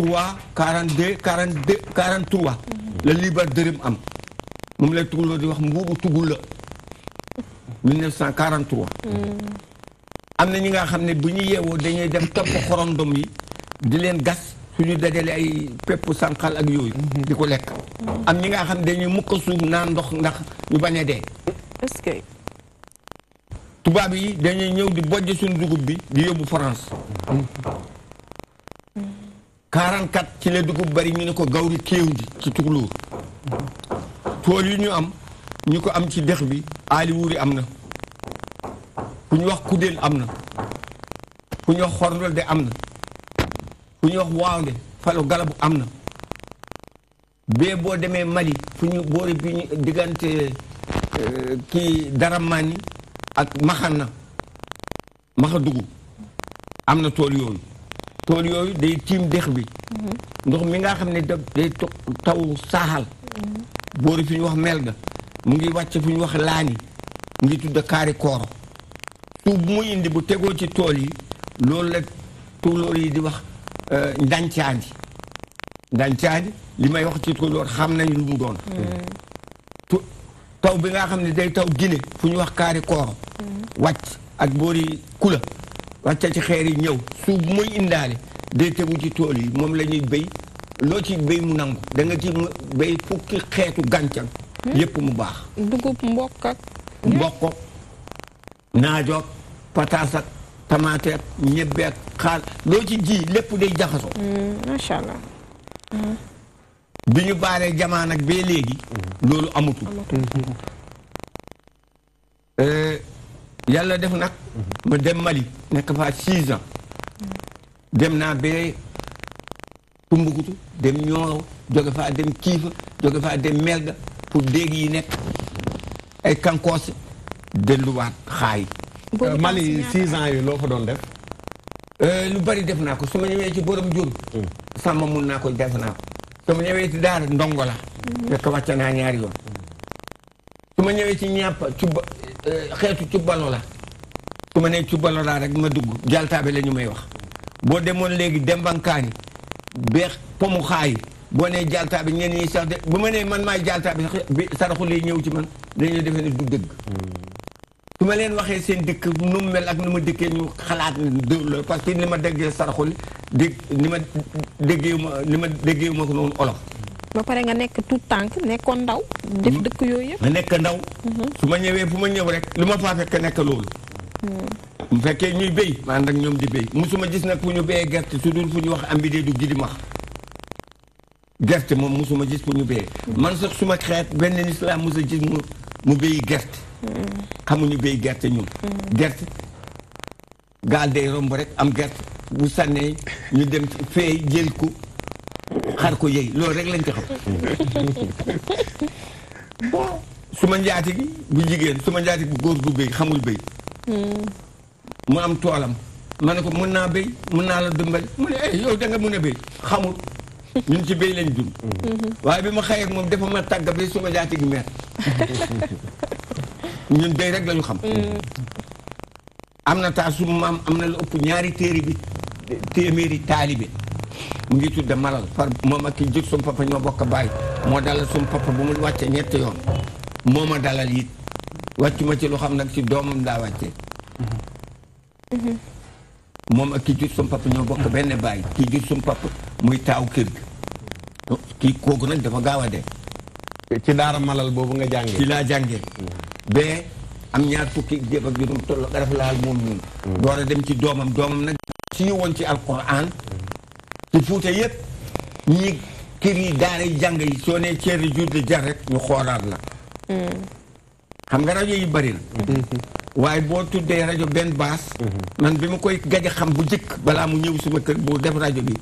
trois quarante de quarante de quarante trois la liibar dërëm am moom lay tugaloo di wax mbuubu tugul la mille am na ñi nga xam ne bu ñu yeewoo dañuy dem topp xorondom yi di leen gas ñu dajale ay pepp sanqal ak yooyu di ko lekk am ñi nga xam ne dañuy mukk suuf naan ndox ndax ñu bañ a dee est-ce que tubaab yi dañuy ñëw di bojj suñu dugub bi di yóbbu France 44 ci la dugub bari ñu ne ko gawri kéew ji ci tukulóor tool yu ñu am ñu ko am ci dex bi aali wuuri am na ku ñu wax kuddeel am na ku ñu wax xorndolde am na ku ñu wax waawnde falo galabu am na bee boo demee Mali fu ñu boori bi ñu diggante euh, kii Daramani ak maxan na maxa dugub am na tool yooyu tool yooyu day tiim dex bi mhm. ndox mi nga xam ne da day taw saaxal mhm. boori fi ñu wax melga mu ngi wàcc fu ñu wax laani mu ngi tudd kaari kooro suuf bu indi bu tegoo ci tool yi loolu la tuulóor yi di wax euh, ndàncaandi ndàncaandi li may wax ci tuulóor xam nañ lu mu doon mhm. taw bi nga xam ne day taw gine fu ñu wax kaari kooro wàcc ak boori kula wàcca ci xeer yi ñëw suuf bu indaale day tegu ci tool yi moom lañuy ñuy loo ci béy mu nangu da nga ci béy fukki xeetu gàncax yépp mu baax dugub mboq ak mboq naajoog pataas ak tamaate ak ak xaal loo ci ji lépp day jaxasoo hmm, macha hmm. bi ñu baaree jamaan ak bee léegi loolu amatul hmm. euh, yàlla def nag ma dem Mali nekk fa six ans dem naa ba Tombouctou dem Nioro jóge faa dem Kiifa jóge faa dem Melga pour déeg yi nekk ay kankoos delluwaat xaay Mali six ans yi loo fa doon def euh, lu bari def naa ko su ma ñëwee ci borom jur sàmm mun naa ko def naa ko su ma ñëwee ci daara xeetu cubbalo la su ma nee cubbalo laa rek ma dugg jaltaabe la ñu may wax boo demoon léegi dembankaani beex pomu xaayi boo nee jaltaabe ñenn ñi sax de bu ma nee man maay jaltaabe sax bi saraxu lay ñëw ci man dañoo defee ne du dëgg su ma leen waxee seen dëkk nu mu mel ak nu ma dëkkee ñu xalaat ne parce ni ma déggee saraxul dégg ni ma déggee ma ni ma déggee ma ko noonu olof ba paree nga nekk tout tànk nekkoon ndaw. def mhm. dëkk yooyu yëpp. nga nekk ndaw. Mhm. su ma ñëwee fu ma ñëw rek lu ma faa fekk nekk loolu. bu mhm. fekkee ñuy béy ma ànd ñoom di béy musuma gis nag fu ñu gerte su dul fu wax ambidee du gidi gerte moom musuma gis fu ñu man sax suma xeet benn nit laa musa gis mu mu béyi gerte. xamuñu béy gerte ñun. gerte gaal day romb rek am gerte bu sànnee ñu dem feey jël ko. xar ko yëy loolu rek lañ ci xam. su ma njaati gi jigéen su ma njaati bu góor bu béy xamul béy. Hmm. mu am toolam. ma ne ko mun naa béy mun naa la dimbali mu ne eh yow da nga mun a béy xamul ñun ci béy lañ dund. Hmm. waaye bi ma xëyee ak ma tàgg ba su ma njaati gi mer. ñun béy rek lañu xam. Hmm. am na taasum maam am na lu ëpp ñaari téere bi téeméeri mu ngi tudde malal par moom ak ki jur sum papa ñoo bokk bàyyi moo dalal sum papa bu mu wàcce ñetti yoon moom ma dalal it wàccu ci lu xam nag ci doomam daa wàcce mm-hmm. ak ki jur sum papa ñoo bokk benn bàyyi ki jur sum papa muy taaw kër kii kooku nag dafa gaaw a dee ci daara malal boobu nga jàngee laa jàngee mm-hmm. ñaar fukki jéeg ak laal moom ñun mm-hmm. door a dem ci doomam doomam nag ci woon ci alquran ci Fuuta yëpp ñi kër yi daara yi jàng yi soo nee ceeri juddi jar rek ñu xoolaat la xam nga rajo yi bari na waaye boo tuddee rajo benn baas man bi ma koy gaj a xam bu njëkk balaa mu ñëw suma kër boo def rajo bi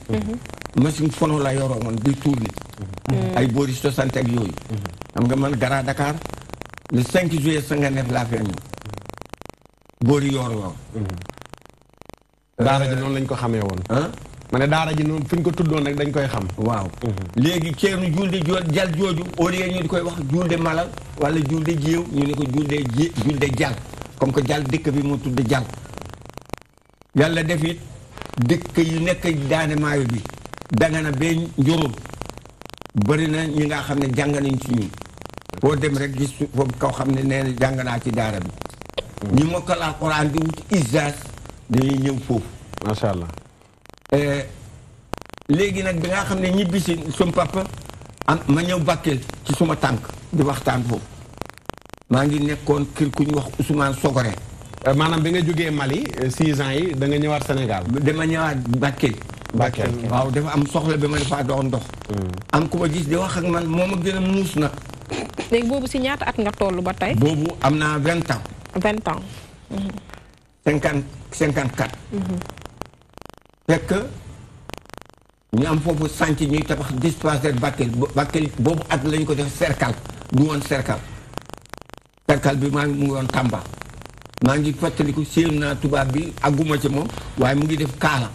machine fono la yoroo man di tourné ay boori soixante ak yooyu xam nga man Grand Dakar le cinq juillet cinquante-neuf laa fee ñëw boori yoor yoor daara ji noonu lañ ko xamee woon ma ne daara ji noonu fu ñu ko tuddoon rek dañ koy xam. waaw mhm. léegi ceeru julde jal jooju au lieu ñu di koy wax julde malal wala julde jéew ñu ne ko julde ji julde jal comme que jal dëkk bi mu tudd jal yàlla def it dëkk yu nekk daane maayo bi danga na bee njurul bëri na ñi nga xam ne jàng nañ ci ñun boo dem rek gis foofu kaw xam ne nee jàng naa ci daara bi mhm. ñi mokkal alxuraan di wut isaas dañuy ñëw foofu Eh, léegi nag bi nga xam ne ñibbi sum papa am ma ñëw Bakel ci suma tànk di waxtaan foofu maa ngi nekkoon kër ku ñu wax Ousmane Sogore eh, maanaam bi nga jógee Mali eh, six ans yi da nga ñëwaat Sénégal dama ñëwaat Bakel Bakel waaw dafa am soxla bi ma dafaa doon dox hmm. am ku ma gis di wax ak man moo ma gën a muus nag léegi boobu si ñaata at nga toll ba tey boobu am naa vingt ans vingt ans hmm. cinquante cinquante quatre hmm. fekk ñu am foofu sànc ñuy tabax dispensaire Bakel Bakel boobu at lañ ko def cercle du woon serkal cercle bi maa ngi mu ngi woon Tamba maa ngi fàttaliku séen naa tubaab bi àgguma ci moom waaye mu ngi def kaala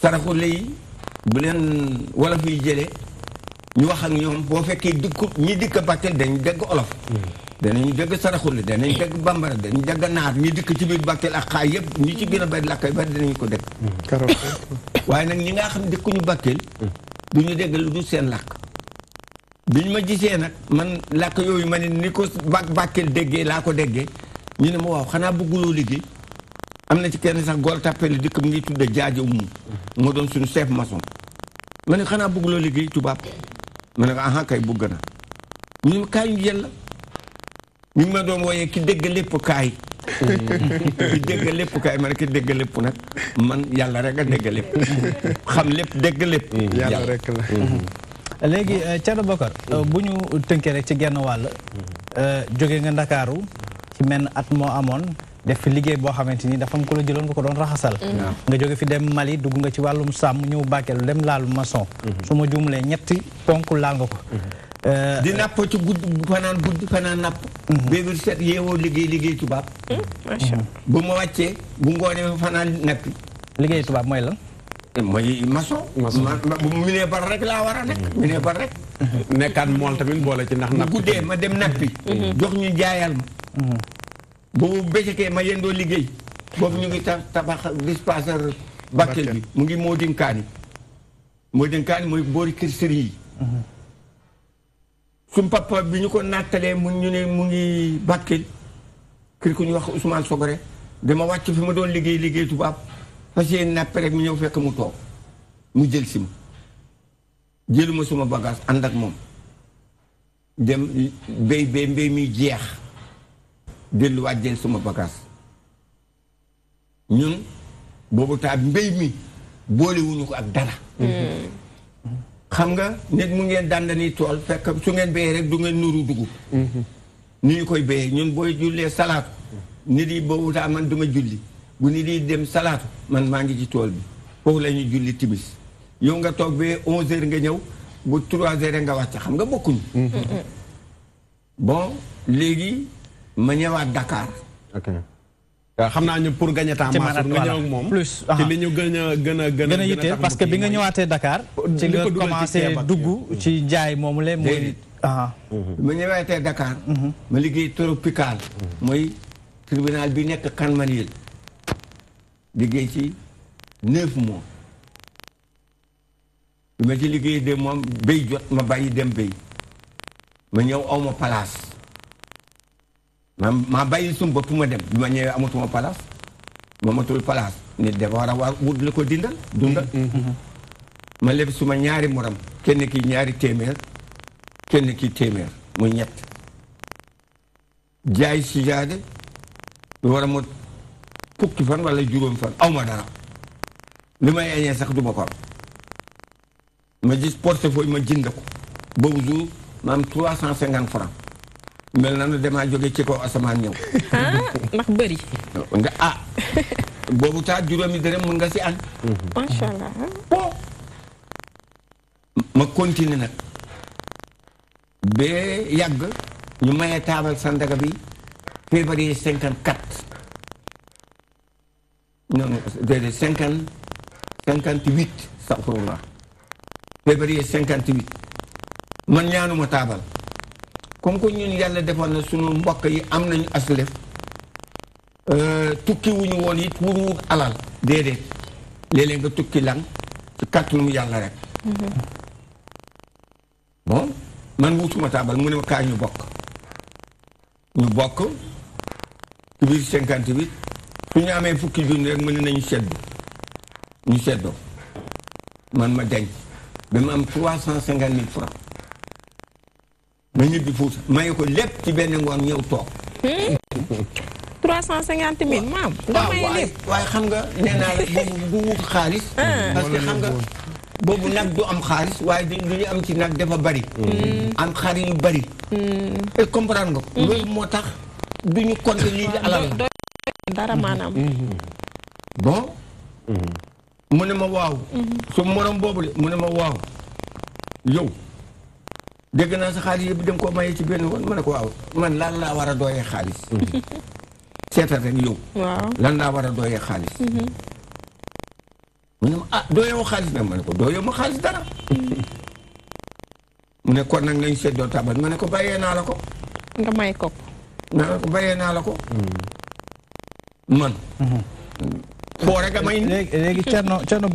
saraxule yi bu leen wolof yi jëlee ñu wax ak ñoom boo fekkee dikku ñi dikk bakkel dañ dégg olof hmm. danañ dégg saraxule danañ dégg bambara danañ dégg naar ñi dikk ci biir Bakel ak xaay yëpp ñi ci gën a bay làkk yu bari danañ ko dégg mm, waaye nag ñi nga xam ne dëkkuñu Bakel mm. du ñu dégg lu dul seen làkk ñu ma jisee nag man làkk yooyu ma ne ni ko bàkkeel Bakel déggee laa ko déggee ñu ne ma waaw xanaa bëgguloo liggéey am na ci kenn sax gool tàppeli dëkk mu ngi tudde jaajo mu moo doon suñu chef maçon ma ne xanaa bëgguloo liggéey tubaab ma ne ko aha kay na ñu ne ñu ma doon wooyee ki dégg lépp kaay mm. ki dégg lépp kaay man ki dégg lépp nag man yàlla rek a dégg lépp xam lépp dégg lépp mm. yàlla rek la mm-hmm. Mm-hmm. léegi euh, Thierno Bokar mm-hmm. euh, bu ñu tënkee rek ci genn wàll euh, jóge nga ndakaaru ci mel menn at moo amoon def fi liggéey boo xamante ni dafa am ku la jëloon nga ko doon raxasal nga jóge fi dem Mali dugg nga ci wàllum sàmm ñëw bàkkeelu dem laalu maçon su ma juumlee ñetti ponk laal nga ko Euh, di napp ci gudd fanaan gudd fanaan napp. Mhm. béykat set yeewoo liggéey liggéey tubaab. Hmm, macha mhm. bu ma wàccee bu ngoonee fa fanaan nekk. liggéey tubaab mooy la mooy maçon. maçon bar rek laa war a nekk. mu mhm. bar rek. nekkaat mool tamit boole ci ndax. napp guddee ma dem nappi. jox ñu jaayal ma. bu bëccëgee ma yendoo liggéey. boobu ñu ngi tabax dispensaire Bakel bi mu ngi Modin Kaani. Modin Kaani mooy boori kër sëriñ su papa bi ñu ko nattalee mu ñu ne mu ngi Bakel kër ku ñu wax Ousmane Sogore dama wàcc fi ma doon liggéey liggéey tubaab fas yéene nappe mu ñëw fekk mu toog mu jël si ma jëluma suma bagage ànd ak moom dem béy béy mbéy mi jeex delluwaat jël suma bagaas ñun boobu taa mbéy mi boolewuñu ko ak dara mm. xam nga nit mu ngeen dandani tool fekk su ngeen béyee rek du ngeen nuru dugub mhm. nu ñu koy béyee ñun booy jullee salaatu nit yi boobu boowutaa man duma julli bu nit yi dem salaatu man maa ngi ci tool bi foofu la ñuy julli timis yow nga toog ba onze heures nga ñëw bu trois heures nga wàcc xam nga bokkuñu mhm. bon léegi ma ñëwaat dakaar waaw xam naa ñu pour gagner temps Mansour nga ñëw ak moom plus ci li ñu gën a gën a gën a yitteel parce que bi nga ñëwaatee Dakar ci nga commencé dugg ci jaay moomu le mooy aa ma ñëwaatee Dakar mhm. ma liggéey tropical mhm. mooy tribunal bi nekk Kan Manil liggéey ci neuf mois bi ma ci liggéey de moom béy jot ma bàyyi dem béy ma ñëw aw ma place ma maa bàyyi sum bopp ma dem bi ma ñëwee amatuma palaas ma matul palaas nit dafa war a waa wut lu ko dindal dundal mm-hmm. Mm-hmm. ma leb suma ñaari morom kenn ki ñaari téeméer kenn ki téeméer mu ñett jaay sijaade lu war a mot fukki fan wala juróom fan aw dara li may añee sax du ma ko am ma gis portefeuille ma jënd ko boobu jour ma am trois cent cinquante francs mel na ne damaa jóge ci kaw asamaan ñëw. Ah, ndax bëri. nga ah. boobu taa juróomi dërëm mun nga si an. macha allah. bon ma continuer nag. ba yàgg ñu maye taabal Sandaga bi février cinquante non déedéet cinquante cinquante huit. saxurullah février 58, huit. man ñaanuma taabal. comme que ñun yàlla defoon na suñu mbokk yi am nañu aslef euh, tukki wuñu woon it wuruwul alal déedéet léeg-léeg nga tukki lan ci kàttanu yàlla rek mm-hmm. bon man wutuma taabal mu ne kaa ñu bokk ñu bokk ci biir cinquante huit su ñu amee fukki junni rek mën nañu seddu ñu seddoo man ma denc ba mu am trois cent cinquante mille francs ma ñibbi Fuuta maye ko lépp ci benn ngoon ñëw toog. 350 hmm. 000 maam. nga maye lépp waaye xam nga nee la boobu du wut xaalis. Ah. parce que xam nga boobu nag du am xaalis waaye du ñu am ci nag dafa bari. Hmm. am xar yu bari. Hmm. et comprendre nga loolu moo tax du ñu compter lii alal la. dara mu ne ma waaw. su morom boobu le mu ne ma waaw yow. dégg naa sa xaalis yëpp dem koo maye ci benn woon ma ne ko waaw man lan laa war a dooyee xaalis. Mm-hmm. seetal rek yow. waaw lan laa war a dooyee xaalis. Mm-hmm. mu ne ma ah dooyoo xaalis nag ma ne ko dooyoo ma xaalis dara. mu mm-hmm. ne kon nag nañ seddoo tabal ma ne ko bàyyee naa la ko. may ko. ma ne ko bàyyee naa la ko. man. boo léegi léegi Thierno Thierno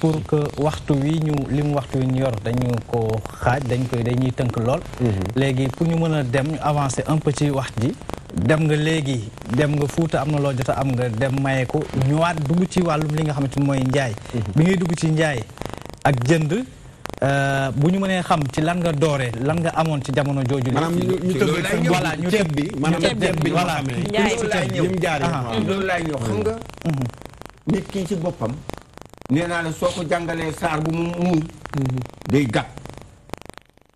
pour que waxtu wi ñu li mu waxtu wi ñu yor dañu ko xaaj dañ koy dañuy tënk lool. Mhm. léegi pour ñu mën a dem ñu avancé un peu wax ji. dem nga léegi dem nga Fuuta am na loo jot a am nga dem maye ko ñëwaat dugg ci wàllum li nga xamante ni mooy njaay. Mhm. bi ngay dugg ci njaay ak jënd. Euh, bu ñu mënee xam ci lan nga doore lan nga amoon ci jamono jooju. maanaam ñu ñu tëb voilà ñu tëb bi maanaam tëb bi voilà. njaay bi loolu laay ñëw xam nga. Mhm. nit kii ci boppam nee naa la soo ko jàngalee saar bu mu muuñ day gàpp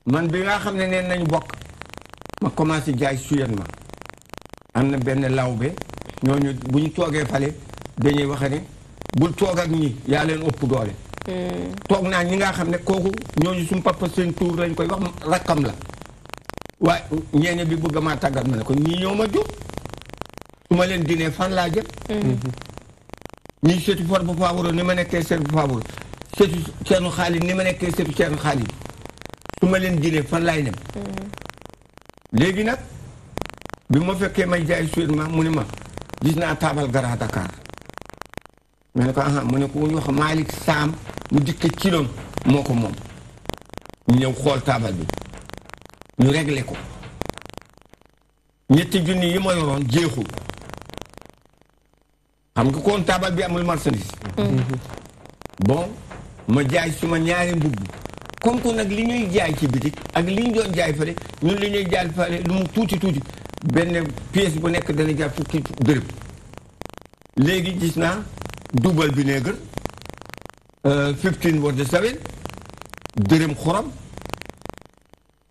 man bi ngaa xam ne neen nañu bokk ma commencé jaay suyen ma am na benn lawbe ñooñu bu ñu toogee fale dañuy wax ne bul toog ak ñi yaa leen ëpp doole hmm. toog naa ñi ngaa xam ne kooku ñooñu suñu papa seen tuur lañ koy wax rakkam la waaye ñeeñe bi bëgg maa tàggat ma ne ko ñii ñoo ma jur su ma leen dinee fan laa jëm hmm. ñuy seetu Farba Faworo ni ma nekkee seetu Faworo seetu Ceerno Xaalid ni ma nekkee seetu Ceerno Xaalid su ma leen jëlee fan laay dem. léegi nag bi ma fekkee may jaay suy ma mu ne ma gis naa taabal gara Dakar ma ne ko ah mu ne ko ñu wax Malick Sam mu dikke kiloom moo ko moom ñu ñëw xool taabal bi ñu réglé ko ñetti junni yi ma yoroon jeexul. xam nga comptable bi amul marchandise. bon ma jaay suma ñaari mbubb comme que nag li ñuy jaay ci bitik ak li doon jaay fële ñun li ñuy jaay fële lu mu tuuti tuuti benn pièce bu nekk dana jaar fukki dërëm léegi gis naa double vinaigre euh, fifteen water seven dërëm xorom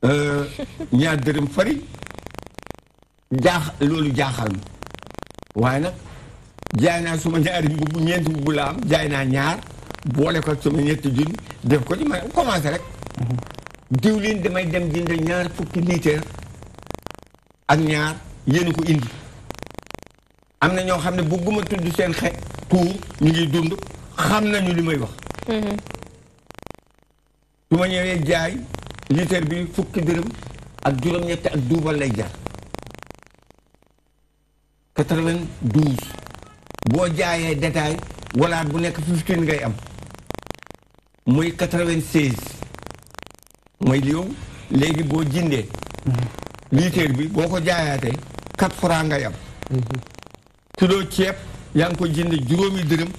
euh, ñaar dërëm fari jaax loolu jaaxal ma waaye nag jaay naa suma ñaari mbubb ñeenti mbubb la am jaay naa ñaar boole ko suma ñetti junni def ko ma commencé rek mm-hmm. diwlin damay dem jënd ñaar fukki litre ak ñaar yéen ko indi am na ñoo xam ne bëgguma tudd seen xeet tuur ñu ngi dund xam nañu li may wax mm-hmm. su ma ñëwee jaay litre bi fukki dërëm ak juróom-ñett ak duubal lay jar boo jaayee détail walaat bu nekk fifteen ngay am muy quatre-vingt-seize mooy yow léegi boo jindee mm-hmm. bi boo ko jaayaatee francs ngay am mm-hmm. kilo ceeb yaa ko jinde juróomi dërëm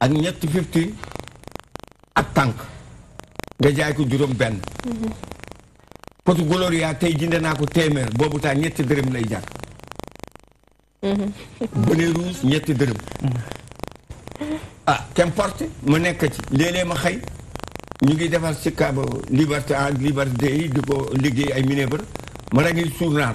ak ñetti fifteen ak tànk nga jaay ko juróom benn mm-hmm. potu goloria tey jinde naa ko téeméer boobu taa ñetti dërëm lay jar Mm-hmm. bu ne ruus ñetti dërëm mm-hmm. ah qu'importe ma nekk ci léeg-léeg ma xëy ñu ngi defar ci kaaba liberté en liberté yi di ko liggéey ay minébar ma rek ngi journal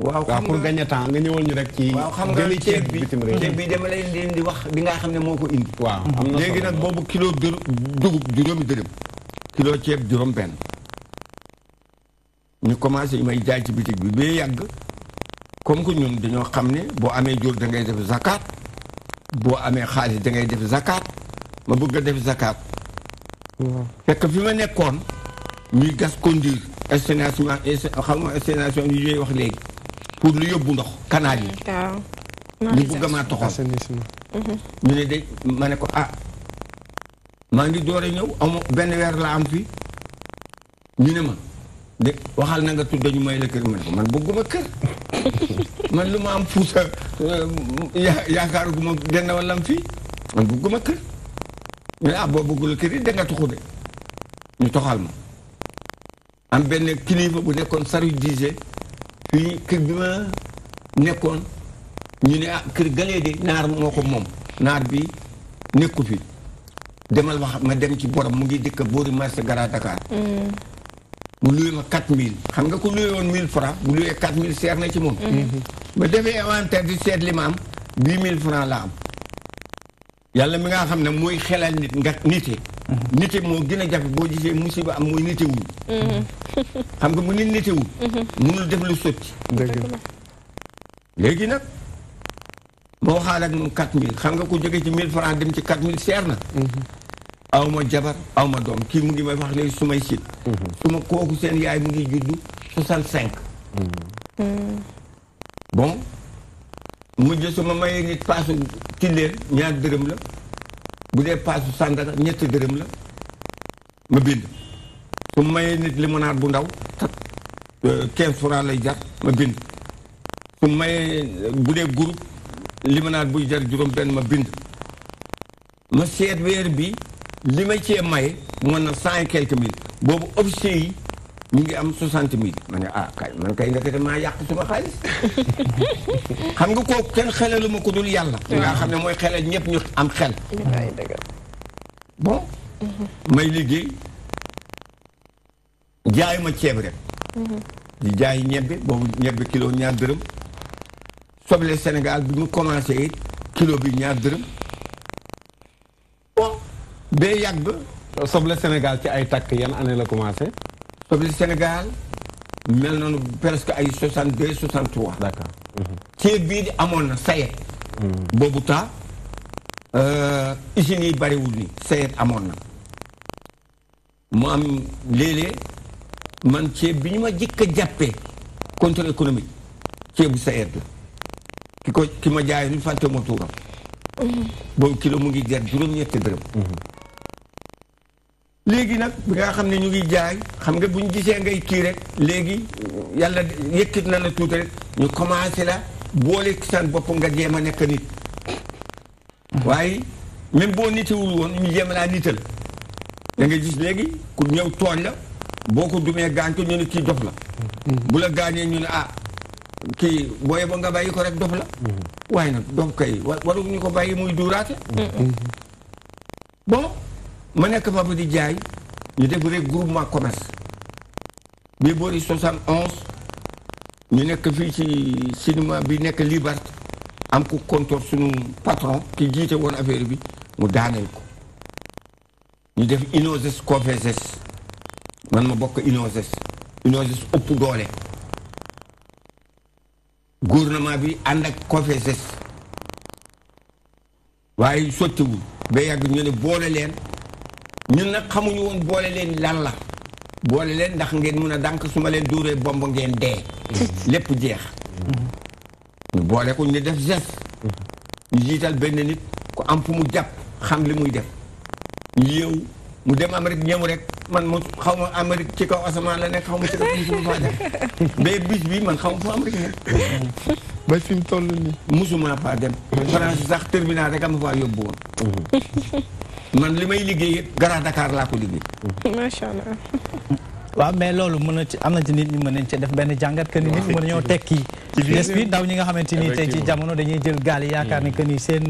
waaw pour gagner temps nga ñëwal ñu rek ci waaw xam nga ceeb bi ceeb bi dama lay leen di wax bi nga xam ne moo ko indi waaw am na léegi nag boobu kilo dugub juróomi dërëm kilo ceeb juróom benn ñu commencé may jaay ci bitig bi bee yàgg comme que ñun dañoo xam ne boo amee jur da ngay def zakat boo amee xaalis da ngay def zakat ma bëgg a def zakat fekk fi ma nekkoon ñuy gas conduire station xam nga station yi ñuy wax léegi pour lu yóbbu ndox kanaar yi. waaw ñu bugg maa toxal mhm. ñu ne ko ah ngi door a ñëw benn weer la am fii ñu ne ma de waxal na nga tudd dañu may la kër ma ne ko man bëgguma kër man lu ma am fuusa euh, yaakaaru gu ma denn wala am fii man bëgguma kër ñu ne ah boo bëggul kër yi da tuxu de ñu toxal ma am benn kilifa bu nekkoon saru diise li kër bi ma nekkoon ñu ne ah kër galee de naar moo ko moom naar bi nekku fi demal wax ma dem ci borom mu ngi dëkk boori marché Gara Dakar mm. mu luye ma quatre mille xam nga ko luye woon mille franc bu luyee quatre mille seer na ci moom mm-hmm. ma defee inventaire di seet li ma am huit mille franc la am yàlla mi nga xam ne mooy xelal nit nga nite nite moo gën a jafe boo gisee musiba am mooy nitewul mm-hmm. xam nga mu nit nitewul mënul mm-hmm. def lu sotti léegi nag moo waxaal ak moom quatre mille xam nga ko jógee ci mille francs dem ci quatre mille seer na mm-hmm. aw ma jabar aw doom kii mu ngi may wax léegi su may sit su ma kooku seen yaay mu ngi juddu soixante cinq bon mujj su ma mayee nit paasu ci ñaar dërëm la bu dee paasu sàngara ñetti dërëm la ma bind su mayee nit limonaat bu ndaw tak euh, quinze francs lay jar ma bind su mayee euh, bu dee groupe limonade buy jar juróom benn ma bind ma seet weer bi li ma cee maye mën na cent et quelques mille boobu objet yi ñu ngi am 60 mille ma ah kay man kay ndekete maa yàq suma xaalis xam nga kooku kenn xelalu ma ko dul yàlla. Ah. nga xam ne mooy xelal ñëpp ñu am xel. bon. Mhm. may liggéey jaay ma ceeb rek. Mhm. di jaay ñebbe boobu ñebbe kilo ñaar dërëm. soble Sénégal bi mu commencé kilo bi ñaar dërëm. bon bee yàgg ba. soble Sénégal ci ay takk yan année la commencé. peuple Sénégal mel noonu presque ay soixante deux soixante trois. d'accord mhm. ceeb bii di amoon na sayet. Mhm. boobu taa euh, usines yi bariwul ni sayet amoon na mu am léeg man ceeb bi ñu ma jëkk a jàppee contrôle économique ceebu sayet la ki ko ki ma jaaye nu fàtte ma tuuram. Mhm. boobu kilo mu ngi jar juróom-ñetti dërëm. léegi nag bi nga xam ne ñu ngi jaay xam nga bu ñu gisee ngay kii rek léegi yàlla yëkkit na la tuuti rek ñu commencé la boole san bopp nga jéem a nekk nit waaye même boo nitewul woon ñu jéem laa nital da nga gis léegi ku ñëw tooñ la boo ko dumee gaañ ko ñu ne kii dof la mm-hmm. bu la gaañee ñu ne ah kii booye ba nga bàyyi ko rek dof la mm-hmm. waaye nag dof kay waru ñu ko bàyyi muy duuraate mm-hmm. bon ma nekk foofu di jaay ñu def regroupement commerce bi boori 71 ñu nekk fii ci cinéma bi nekk Liberté am ku kontoor suñu patron ki jiite woon affaire bi mu daaneel ko ñu def inoses confeses man ma bokk inoses inoses ëpp doole gouvernement bi ànd ak confeses waaye sottiwul ba yàgg ñu ne boole leen ñun nag xamuñu woon boole leen lan la boole leen ndax ngeen mun a dànk suma leen dóoree bomb ngeen dee lépp jeex ñu boole ko ñu def geste ñu jiital benn nit ku am fu mu jàpp xam li muy def ñu yéew mu dem Amérique ñëw rek man mu xaw ma Amérique ci kaw asamaan la nekk xaw ma ci kaw musuma faa dem bi man xaw fi mu toll nii musuma faa sax terminal rek am faa yóbbu woon man li may liggéey Grand Dakar laa ko liggéey. allah. waaw mais loolu mën na ci am na ci nit ñi mën nañ ci def benn jàngat que ni nit mën ñoo tekki. ci des bi ndaw ñi nga xamante ni tey ci jamono dañuy jël gaal yi yaakaar ni que ni seen.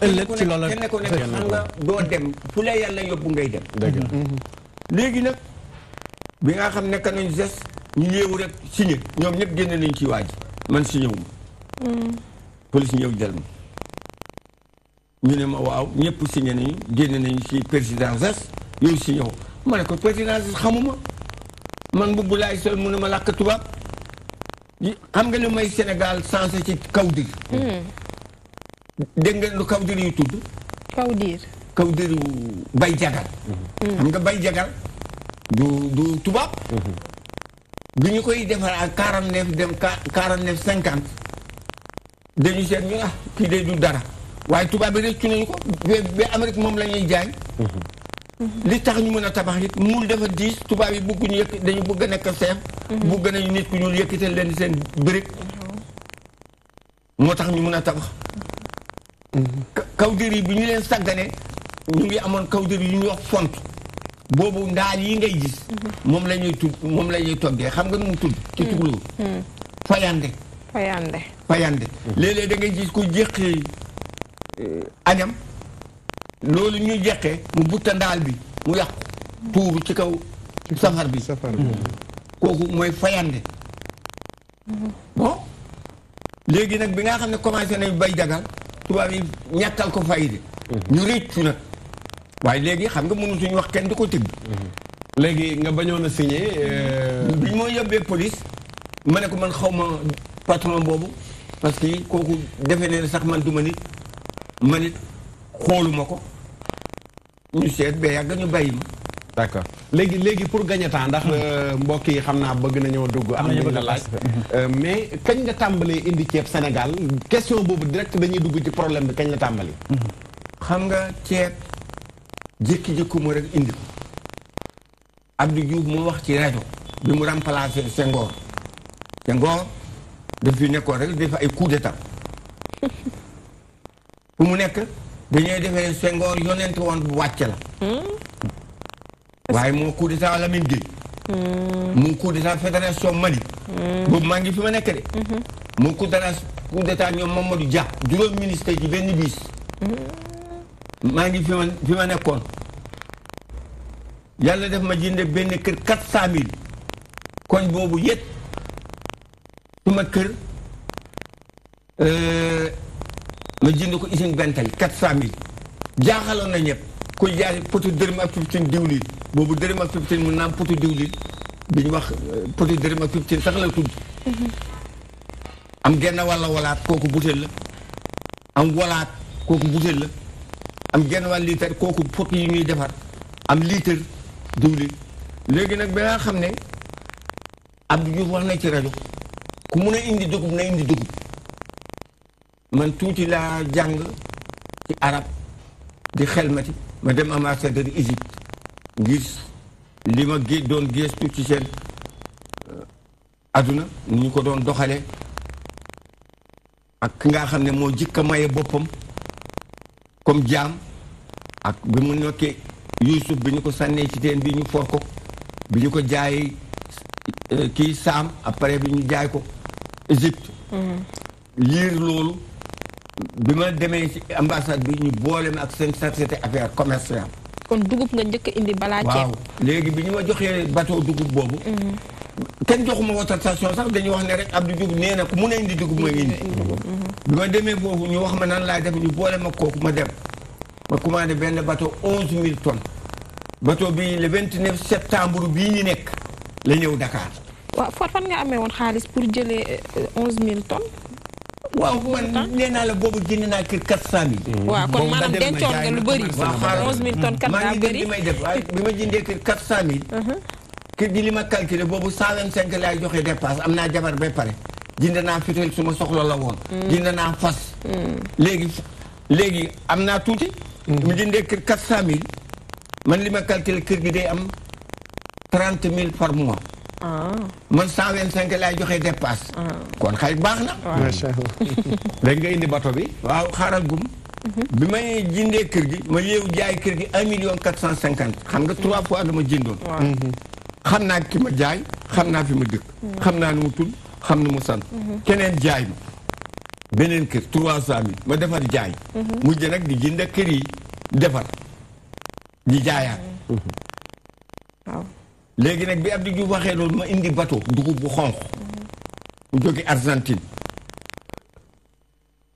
ëllëg ci loolu kenn ku nekk xam nga doo dem fu la yàlla yóbbu ngay dem. Mhm. léegi nag bi nga xam ne nañu des ñu yéewu rek signé ñoom ñëpp génn nañ ci waaj man signé wu ma. Mhm. police ñëw jël ma. ñu ne ma waaw ñëpp signé nañu génne nañu ci présidence yow si yow ma ne ko présidence xamuma man mbubb laay sol mu ne ma làkk tubaab xam nga lu may Sénégal sensé ci kawdir hmm. dégg nga lu kawdir yu tudd kawdir kawdir bay jagal hmm. xam nga bay jagal du du tubaab hmm. bi ñu koy defar ak quarante neuf dem quarante neuf cinquante dañu seet ñu ah kii de du dara waaye tubaab bi rëccu nañu ko ba Amérique moom la ñuy jaay. Mm-hmm. li tax ñu mën a tabax it muul dafa diis tubaab yi bëgg ñu yëkk dañu bëgg a nekk seef. Mm-hmm. bëgg nañu nit ku ñuul yëkkital leen seen brique. Mm-hmm. moo tax ñu mën a tabax. kawdir yi bu ñu leen sàggane ñu ngi amoon kawdir yu ñu wax font boobu ndaal yi ngay gis. moom la ñuy tudd moom la ñuy toggee xam nga nu mu tudd. ci tukulóor. fayande. fayande fayande léeg-léeg da gis ku jéqi. añam loolu ñu jeqe mu butta ndaal bi mu yàqu tuuru ci kaw safar bi kooku mooy fayande bon léegi nag bi nga xam ne commencé nañ bay dagal tubaab yi ñàkkal ko fayde ñu réccu nag waaye léegi xam nga mënu suñu wax kenn di ko tëgg léegi nga bañoon a signé euh, bi moo yóbbee police ma ne ko man xaw ma patron boobu parce kooku defe ne sax man duma nit man it xooluma ko ñu seet be yàgg ñu bàyyi ma. d' léegi léegi pour gagner temps ndax hmm. euh, mbokk yi xam naa bëgg nañoo dugg. am nañu bëgg a euh, mais kañ nga tàmbalee indi ceeb senegal question boobu direct dañuy dugg ci problème bi kañ la tàmbali. Hmm. xam nga ceeb jékki-jékki mu rek indi ko Abdou Diouf moo wax ci rajo bi mu remplacé Senghor Senghor daf fi nekkoo rek def ay coup d'état fu mu nekk dañuy defee sengoor yonent woon bu wàcc la hmm. waaye moo coup d'état Lamine Gueye hmm. mu coup d'état fédération Mali hmm. boobu maa ngi fi ma nekk de mu coup d'état coup ma ñoom Mamadou Dia juróom ministre ci benn biis maa ngi fi ma ma nekkoon yàlla def ma jënd benn kër quatre cent mille koñ boobu yét suma kër euh, ma jënd ko usine Bentel quatre cent mille jaaxaloon na ñëpp ku jaar potu dërëm ak fiftin diwlin boobu dërëm ak fiftin mun naam potu diwlin bi ñu wax euh, potu dërëm ak fiftin sax la tudd mm-hmm. am genn wàlla walaat kooku butéel la am walaat kooku butéel la am genn wàll litre kooku pot yi ñuy defar am litre diwlin léegi nag ba nga xam ne Abdou Diouf wax na ci rajo ku mun a indi dugub na indi dugub man tuuti laa jàng ci arab di xelmati ma dem ambassadeur Égypte ngir li ma gé doon gëstu ci seen euh, aduna ñu ko doon doxalee ak ki nga xam ne moo jëkk a maye boppam comme jaam ak bi mu nekkee Yuusuf bi ñu ko sànnee ci teen bi ñu for ko bi ñu ko jaay euh, kii saam après bi ñu jaay ko Égypte mm-hmm. liir loolu bi ma demee ci ambassade bi ñu boole ma ak seen société affaire commerciale. kon dugub nga njëkk indi balaa ceeb. waaw léegi bi ñu ma joxee bato dugub boobu. Mhm. kenn joxuma autorisation sax dañuy wax ne rek ab Diouf nee na ku mun a indi dugub ma indi. Mhm. bi ma demee foofu ñu wax ma naan laa def ñu boole ma kooku ma dem ma commandé benn bato onze mille ton bato bi le vingt septembre bii ñu nekk la ñëw Dakar. waaw fan nga amee woon xaalis pour jëlee euh, onze mille tonnes. waaw man nee naa la boobu jënd naa kër quatre cent mille. Mm. waaw kon ma dencoon nga lu bëri. waaw xaaral onze mille tonnes kat ma jëndee kër quatre cent mille. Uh-huh. kër gi li ma calculé boobu cent vingt laay joxe dépense am naa jabar ba pare jënd naa fitel su ma soxla la woon. Mm. jënd naa fas. Mm. léegi léegi am naa tuuti. mu jëndee kër quatre cent mille man li ma calculé kër gi day am trente mille par mois. Ah. man cent vingt cinq laay joxe dépasse. Ah. kon xay baax na. macha nga indi bato bi. waaw xaaral gum. Mhm. bi may jëndee kër gi ma yeewu jaay kër gi un million cent cinquante xam nga trois fois dama jëndoon. Mhm. xam naa ki ma jaay xam naa fi ma dëkk. Mhm. xam naa nu mu tudd xam nu mu sant. keneen jaay ma beneen kër trois cent mille ma defar jaay. mujj nag di jënd kër yi defar di jaayaat. waaw léegi nag bi Abdou Diouf waxee loolu ma indi bateau dugub bu xonq mu jóge Argentine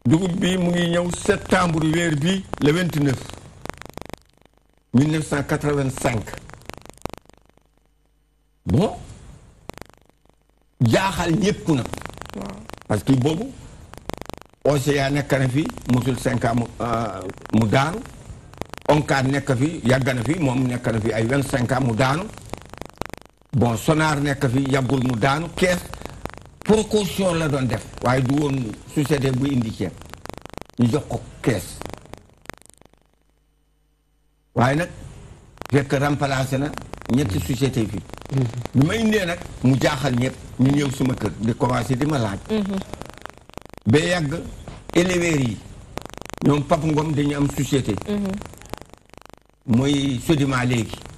dugub bi mu ngi ñëw septembre weer bi le 29 1985 bon jaaxal ñépp na parce que boobu Océan nekk na fi mosul cinq ans euh, mu daanu Oncar nekk fi yàgg na fi moom nekk na fi ay vingt cinq ans mu daanu bon sonaar nekk fi yàggul mu daanu kees précaution la doon def waaye du woon société bu indi ceeb ñu jox ko kees waaye nag fekk remplacé na ñetti société fii bi ma mhm. indee nag mu jaaxal ñëpp ñu ñëw suma kër di commencé di ma laaj mhm. ba yàgg éleveurs yi ñoom Pap Ngom dañu am société mooy mhm. Sodima léegi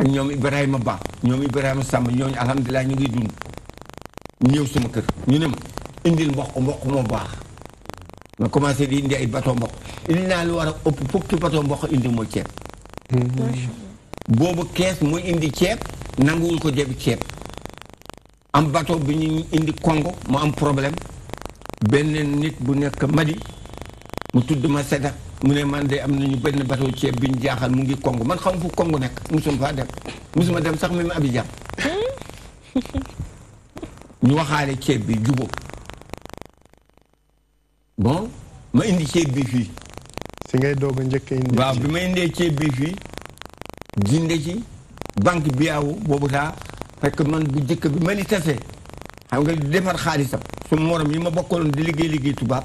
ak ñoom Ibrahima baax ñoom Ibrahima Samb ñooñu alhamdulilah ñu ngi dund ñëw sama kër ñu ne ma indil mboq mboq moo baax ma commencé di indi ay bato mboq indi naa lu war a ëpp fukki bato mboq indi mooy ceeb. boobu kees muy indi ceeb nanguwul ko debi ceeb am bato bi ñu indi Congo mu am problème benn nit bu nekk madi mu tudd ma Sédar. mu ne man de am nañu benn bateau ceeb bi ñu jaaxal mu ngi Congo man xam fu Congo nekk mosuma faa dem mosuma dem sax même Abidjan hmm? ñu waxaale ceeb bi jubóo bon ma indi ceeb bi fii. si ngay doog a njëkk indi. waaw bi ma indee ceeb bi fii jinde ci banque bi yaawu boobu taa fekk man bu njëkk bi ma ni tase xam nga defar xaalisam su morom yi ma bokkaloon di liggéey liggéey tubaab.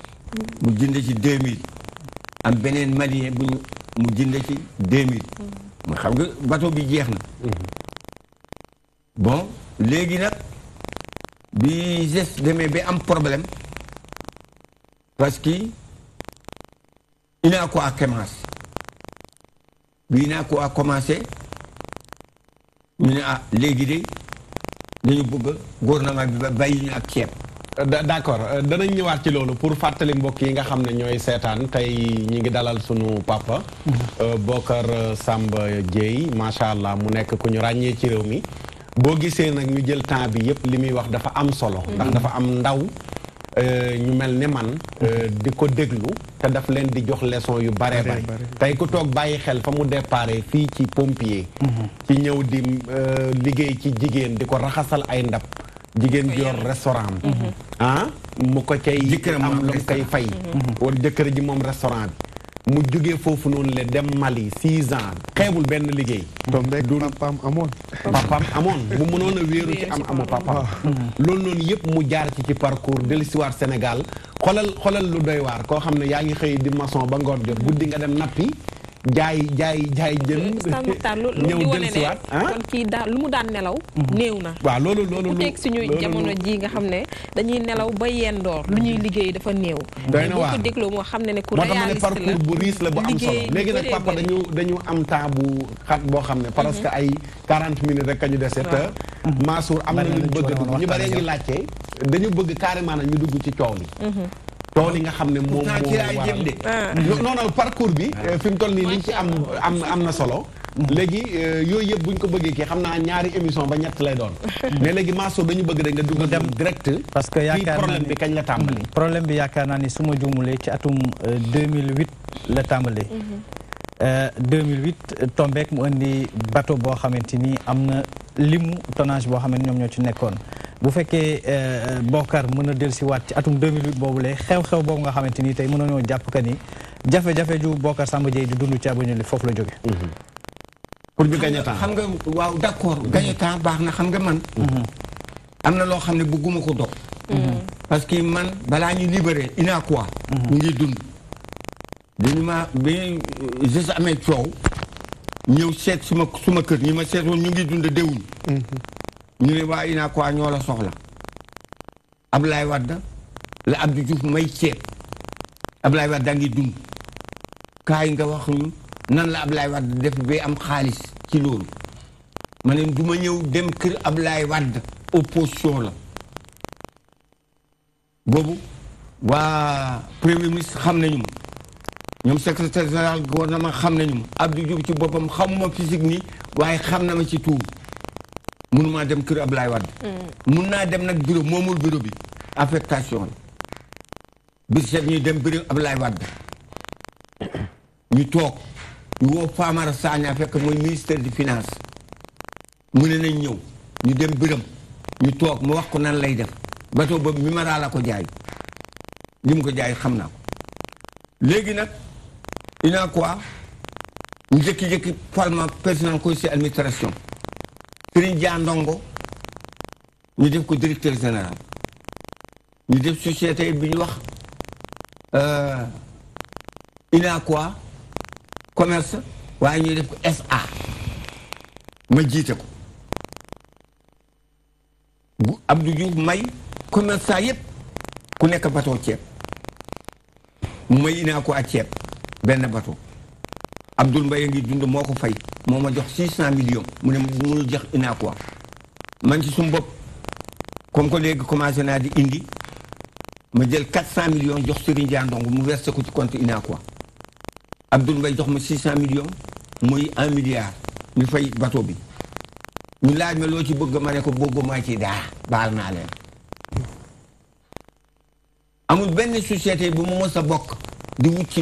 mu jënd ci deux mille am beneen malien bu ñu mu jënd ci deux mille mu xam nga bateau bi jeex na bon léegi nag bi geste demee ba am problème parce que ko a commencé bi ko a commencé ñu ne ah léegi de dañu bëgg gouvernement bi ba bàyyi ñu ak ceeb d'accord euh, danañ ñëwaat ci loolu pour fàttali mbokk yi nga xam ne ñooy seetaan tey ñu ngi dalal sunu papa. Mm-hmm. Euh, Bocar Samba Dièye macha allah mu nekk ku ñu ràññee ci réew mi. boo gisee nag ñu jël temps bi yépp li muy wax dafa am solo. Mm-hmm. ndax dafa am ndaw euh, ñu mel ni man. Mm-hmm. di ko déglu te daf leen di jox leçon yu bare bare tey ku toog bàyyi xel fa mu déparé fii ci pompier. ci ñëw di liggéey ci jigéen di ko raxasal ay ndab. jigéen ji yor restaurant bi mhm. ah, mu ko cay am lu fay mhm. wala jëkkër ji moom restaurant bi mu jógee foofu noonu la dem Mali six ans xeebul benn liggéey du papaam amoon papaam amoon mu mënoon a wéeru ci am amu papaam ah. mhm. loolu noonu yëpp mu jaar ci ci parcours dellusiwaat Sénégal xolal xolal lu doy waar koo xam ne yaa ngi xëy di maçon ba ngoon jot guddi nga dem nappi jaay jaay jaay jën. ñëw jël si waat ah? kon kii daal lu mu daan nelaw. Mhm. néew na waaw loolu loolu loolu teg suñu jamono ji nga xam ne dañuy nelaw ba yendoor lu ñuy mhm. liggéey dafa néew. doy na waa ko dégloo moo xam ne ne ku réaliste la parcours bu riis la bu am solo léegi nag papa dañu dañu am temps bu xat boo xam ne. Mhm. parce que ay 40 minutes rek ka ñu dese. te Mansour am na ñu bëgg a dugg ñu bare ngi laajte dañu bëgg carrément na ñu dugg ci coow li. tool yi nga xam ne moom moo waral ah. non non parcours bi ah. fi toll nii liñ ci am am am na solo mm-hmm. léegi euh, yooyu yëpp buñ ko bëggee kii xam naa ñaari émission ba ñett lay doon mais léegi Mansour dañu bëgg rek nga dugg dem direct parce que yaakaar naa problème kañ la tàmbali mm-hmm. problème bi yaakaar naa ni su ma juumulee ci atum 2008 euh, la tàmbali mm-hmm. euh, 2008 tombeek mu indi bateau boo xamante nii am na limu tonage boo xam ne ñoom ñoo ci nekkoon bu fekkee eh, eh, Bokar mën na a dellusiwaat ci atum 2008 boobule xew-xew boobu nga xamante ni tey mën nañoo jàpp que ni jafe-jafe ju Bokar Samba Dieye di dund ci Aboño li foofu la jóge mhm. pour ñu gagné xam nga waaw d' accord gagné temps baax na xam nga man. Mhm. am na loo xam ne bëgguma ko dox mhm. parce que man balaa ñu libéré ina quoi. ñu ngi dund. bi ma bi amee coow ñëw seet suma suma kër ñi ma seetoon ñu ngi dund déwuñ. ñu ne waa UNACOIS ñoo la soxla lay Wade la Abdou Diouf may ceeb Abdoulaye Wade daa ngi dund kaay nga wax ñu nan la Abdoulaye Wade def ba am xaalis ci loolu ma ne du ma ñëw dem kër Abdoulaye Wade opposition la boobu waa premier ministre xam nañu ma ñoom secrétaire général gouvernement xam nañu ma Abdou Diouf ci boppam xamuma physique ni waaye xam na ma ci tuub mënumaa dem kër Ablaye Wade. Mm. mun naa dem nag bureau moomul biro bi affectation la bi set ñuy dem bureau Ablaye Wade ñu toog ñu woo Famara Sagna fekk mooy ministère di finance mu ne nañ ñëw ñu dem biram ñu toog mu wax ko nan lay def bateau boobu Mimara la ko jaay li ko jaay xam naa ko léegi nag ina quoi ñu jëkki-jëkki falma personnel conseil administration Serigne Dia Ndongo ñu def ko directeur général ñu def société bi ñu wax Unacois euh, commerce waaye ñu def ko SA ma jiite ko bu Abdou Diouf may commerçant yépp ku nekk bateau ceeb may Unacois ceeb benn bateau Abdul Mbaye ngi dund moko fay millions je ne munu quoi man ci comme que legui commencé na di indi ma jël millions jox Serigne Diandong mu versé ko ci compte inaa quoi Mbaye jox ma 600 millions muy un milliard ñu fay bateau bi ñu laaj ma ci ne ma ci da bal amul société bu ma a di wut ci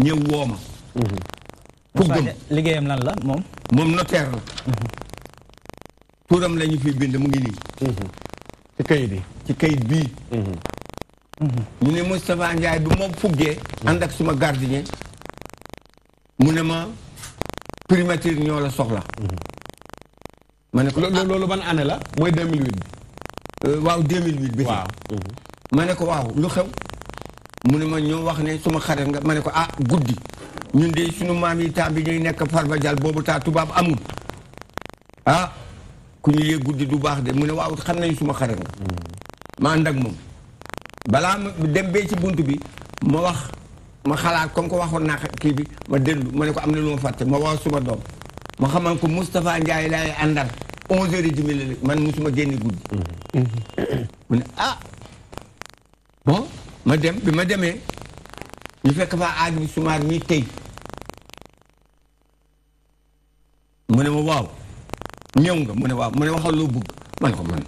ñëw wooma ku gëm liggéeyam lan la moom moom notaire la tuuram la ñu fi bind mu ngi nii ci kayit bi ci kayit bii ñu mhm. ne Moustapha Ndiaye bi moom fuggee ànd ak suma gardien mu ne ma primature ñoo la soxla mhm. ma ne ko ah. loolu na année la mooy 2008 bi euh, waaw 2008 bi waaw ma ne ko waaw lu xew mu ne ma ñoo wax ne suma xarit nga ma ne ko ah guddi ñun de suñu maam yi temps bi ñuy nekk Farba Dial boobu taa tubaab amul ah ku ñu yee guddi du baax de mu ne waaw xam nañ suma xarit nga ma moom balaa ma dem ci bunt bi ma wax ma xalaat comme ko waxoon naa kii bi ma dellu ma ne ko am na lu ma fàtte ma wax suma doom ma xamal ko Moustapha Ndiaye laay àndal onze heures et demie la man musuma génn guddi mm-hmm. mu ne ah ma dem bi ma demee ñu fekk fa aaj sumaar ñuy tey mu ne ma waaw ñëw nga mu ne waaw mu ne waxal loo bëgg ma ne ko man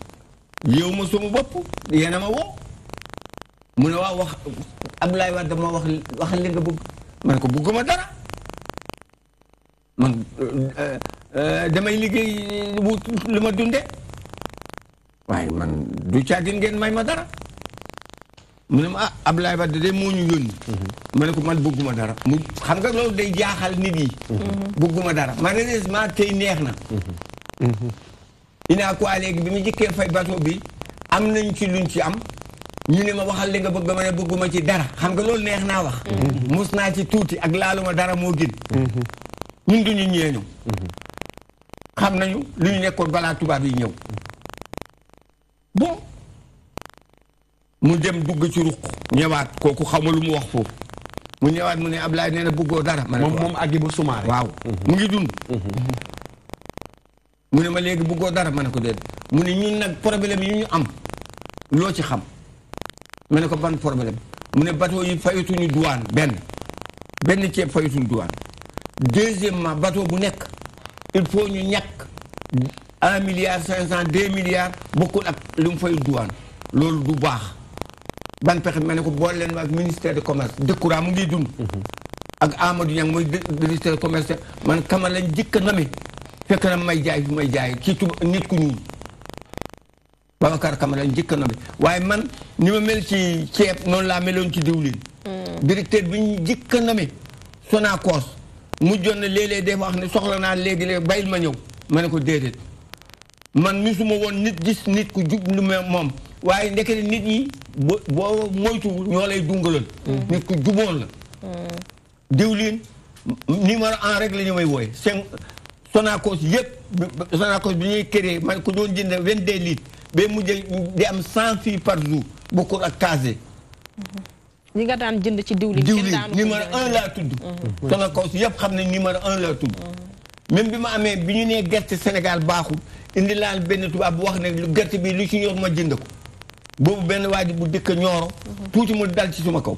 yow ma sama bopp yéena ma woo mu ne waaw wax Abdoulaye Wade dama wax waxal li nga bëgg ma ne ko bëgguma dara man euh, euh, liggéey wut lu dunde waaye man du caagin ngeen may ma dara mu ne ma ah Abdoulaye Wade de moo ñu yónni. Mm-hmm. ma ne ko man bëgguma dara. mu xam nga loolu day jaaxal nit yi. Mm-hmm. bëgguma dara malheureusement tey neex na. dinaa mm-hmm. ko léegi bi mu njëkkee fay bateau bi am nañ ci luñ ci am ñu ne ma waxal li nga bëgg ma ne bëgguma ci dara xam nga loolu neex naa wax. mus naa ci tuuti ak laaluma dara moo gën. ñun du ñu ñeeñu. xam nañu lu ñu nekkoon balaa tubaab yi ñëw mu dem dugg ci ruq ñëwaat kooku xaw lu mu wax foofu mu ñëwaat mu ne Ablaye nee na bëggoo dara. ma ne moom moom Agibou waaw mhm. mu ngi mhm. ne ma léegi bëggoo dara ma ne ko déedéet mu ne ñun nag problème yi ñu am loo ci xam ma ne ko ban problème mu ne bateau yi fayatuñu douane benn benn ceeb fayatuñu douane deuxièmement bateau bu nekk il faut ñu ñakk un milliard cinq cent deux milliards bokkul ak lu mu fay duwaan loolu du baax. ban pexe ma ne ko boole leen ma ak ministère de commerce Decroix mu ngi dund. ak Amadou Niang mooy ministère de commerce man kama lañ jëkk a nommé fekk na may jaay fu may jaay ci tuba nit ku ñuul Babacar Kama lañ jëkk a nommé waaye man ni ma mel ci ceeb noonu laa meloon ci diwlin. Mm. directeur bi ñu jëkk a nommé mu mujjoon na léeg-léeg day wax ne soxla naa léegi-léeg bayil ma ñëw ma ne ko déedéet man musuma woon nit gis nit ku jub lu moom. waaye ndekete nit ñi boo boo moytuwul ñoo lay dungaloon. Mm-hmm. nit ku juboon la. Mm-hmm. diwlin numéro en rek la ñu may wooye seen Sonacos yëpp Sonacos bi ñuy créé man ku doon jënd vingt deux litres ba mujj di am cent filles par jour bokkul ak casé. Mm-hmm. ñi nga daan jënd ci diwlin. diwlin numéro un laa tudd. Sonacos yëpp xam nañ numéro un laa tudd. même bi ma amee bi ñu nee gerte Sénégal baaxul indi laal benn tubaab bu wax ne gerte bi lu ci yor ma jënd ko. boobu benn waa bu dëkk ñooro tuuti mu dal ci suma kaw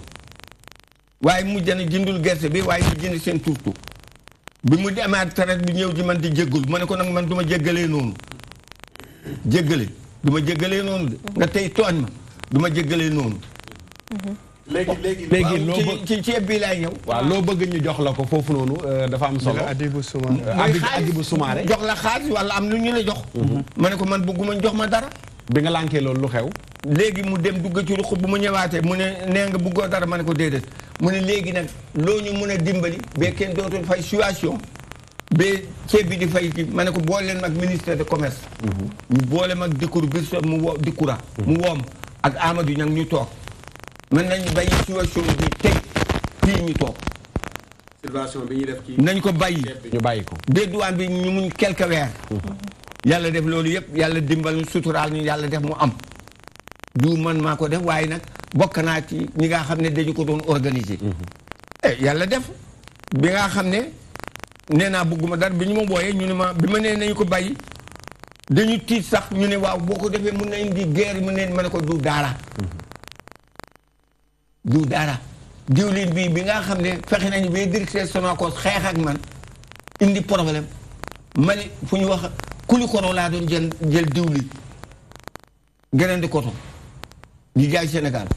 waaye mujj na jëndul gerte bi waaye mu jënd seen turtu bi mu demaat traite bi ñëw ci man di jéggalu ma ne ko nag man du ma jéggalee noonu jéggale du ma jéggalee noonu tey tooñ ma ma jéggalee noonu léegi léegi léegi loo bëgg ci laay ñëw waaw loo bëgg ñu jox la ko foofu noonu euh, dafa am solo adibu sumaare adibu sumaare jox la xaalis wala am lu ñu la jox mhm. ma ne ko man bëgguma jox ma dara bi nga lànkee loolu lu xew léegi mu dem dugg ci ruq bu mu ñëwaatee mu ne nee nga bëggoo dara ma ne ko déedéet mu ne léegi nag loo ñu mën a dimbali ba kenn dootul fay situation ba ceeb bi di fay ci ma ne ko boole leen ak ministère de commerce. ñu mm-hmm. boole mag dikkur biir so mu wo dikkura. mu mm-hmm. woom ak Amadou ñang ñu toog mën nañu bàyyi situation bi teg fii ñu toog. nañ ko bàyyi ñu bàyyi ko. dédduwaan bi ñu muñ quelque weer. Mm-hmm. yàlla def loolu yëpp yàlla dimbal ñu suturaal ñu yàlla def mu am. du man maa ko def waaye nag bokk naa ci ñi nga xam ne dañu ko doon organiser. Mhm. Eh, yàlla def bi nga xam ne nee naa bëgguma dara bi ñu ma booyee ñu ne ma bi ma nee nañu ko bàyyi dañu tiit sax ñu ne waaw boo ko defee mën na indi guerre mën nañ ma ne ko du daara. Mhm. du daara diwlin bii bi nga xam ne fexe nañu bay directeur Sonacos xeex ak man indi problème ma ne fu ñu wax kuli kono laa doon jël jël diwlin gënandi koto di jaay Sénégal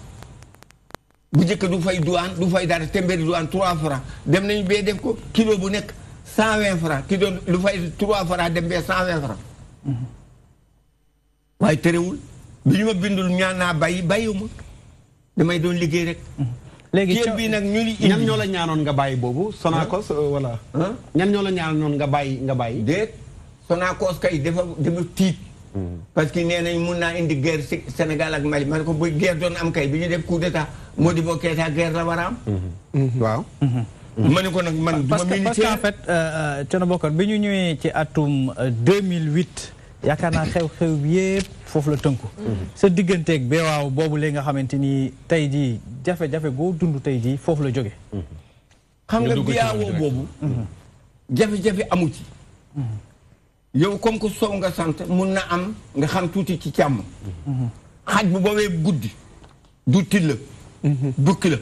bu njëkk du fay douane du fay dara téeméeri douane 3 francs dem nañu bee def ko kilo bu nekk 120 francs kilo lu fay 3 francs dem bee 120 francs waaye terewul bi ñu ma bindul ñaan naa bàyyi bàyyiwuma damay doon liggéey rek. léegi ceeb nag ñu ngi. ñoo la ñaanoon nga bàyyi boobu. Sonacos euh, voilà. ñan ñoo la ñaanoon nga bàyyi nga bàyyi. déet Sonacos kay dafa dafa tiit. parce que nee nañ mun naa indi guerre si Sénégal ak Mali man ko bu guerre doon am kay bi ñu def moo di Modibo Keïta guerre la war a am. Mm-hmm. waaw. Mm-hmm. ma ne ko nag man. parce que parce que euh, euh, bi ñu ñëwee ci atum 2008 euh, yaakaar naa xew-xew bi foofu la tënku. Mm-hmm. sa diggante digganteeg waaw boobu la nga xamante ni tey jii jafe-jafe goo dund tey jii foofu la jóge xam nga beewaaw boobu. jafe-jafe amu ci. yow comme que sow nga sant mun na am nga xam tuuti ci càmm xaj bu boobee guddi du til la bukki la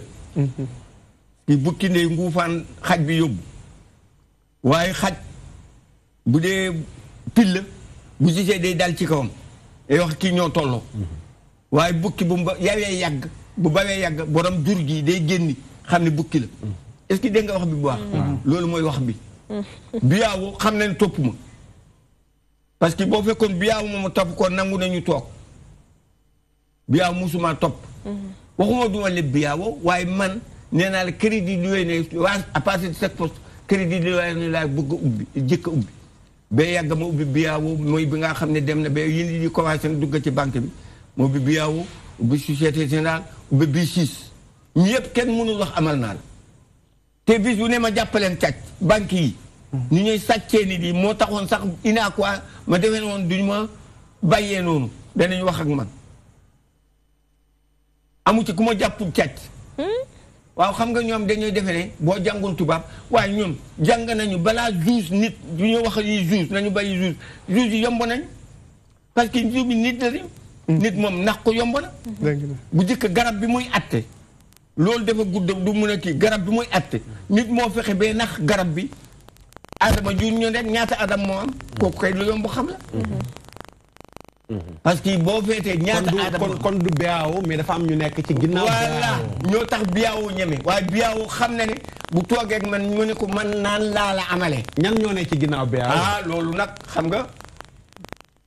i bukki ndey nguufaan xaj bi yóbbu waaye xaj bu dee til la bu gisee day dal ci kawam day wax kii ñoo tolloo waaye bukki bu ba yawee yàgg bu bawee yàgg borom jur gi day génni xam ne bukki la est-ce que dégg nga wax bi bu baax mm-hmm. loolu mooy wax bi biyaawu xam nañ topp ma parce que boo fekkoon biyaaw ma topp ko nangu nañu toog biyaaw musuma topp mhm. waxuma duma leb biyaawo waaye man nee naa la crédit lu ne waa à partir de chaque poste crédit lu ne laa bëgg a ubbi jëkk a ubbi ba yàgg ma ubbi biyaawo mooy bi ngaa xam ne dem na ba yéen di commencé dugg ci banque bi ma ubbi biyaawo ubbi société générale ubbi bii siis ñu yëpp kenn mënul wax amal naa la te bis bu ne ma jàppaleen càcc banque yi ñu ñuy sàccee nit yi moo taxoon sax ina quoi ma defee woon duñ ma bàyyee noonu danañu wax ak man amu ci ku ma jàppu càcc hmm? waaw xam nga ñoom dañuy defe ne boo jàngoon tubaab waaye ñoom jàng nañu balaa juge nit du ñu wax yi juge nañu bàyyi juge juge yi yomb nañ parce que juge nit la hmm. nit moom nax ko yomb na bu njëkk garab bi muy atte loolu dafa gudd du mën a kii garab bi muy atte nit moo fexe bee nax garab bi adama jur ñu rek ñaata adam moo am kooku kay lu yomb xam la parce que boo feetee ñaata adama kon du biyaawu mais dafa am ñu nekk ci ginnaaw voilà ñoo tax biyaawu ñeme waaye biyaawu xam na ne bu toogeeg man ñu ne ko man naan laa la amale ñan ñoo ne ci ginnaaw biyaawu ah, loolu nag xam nga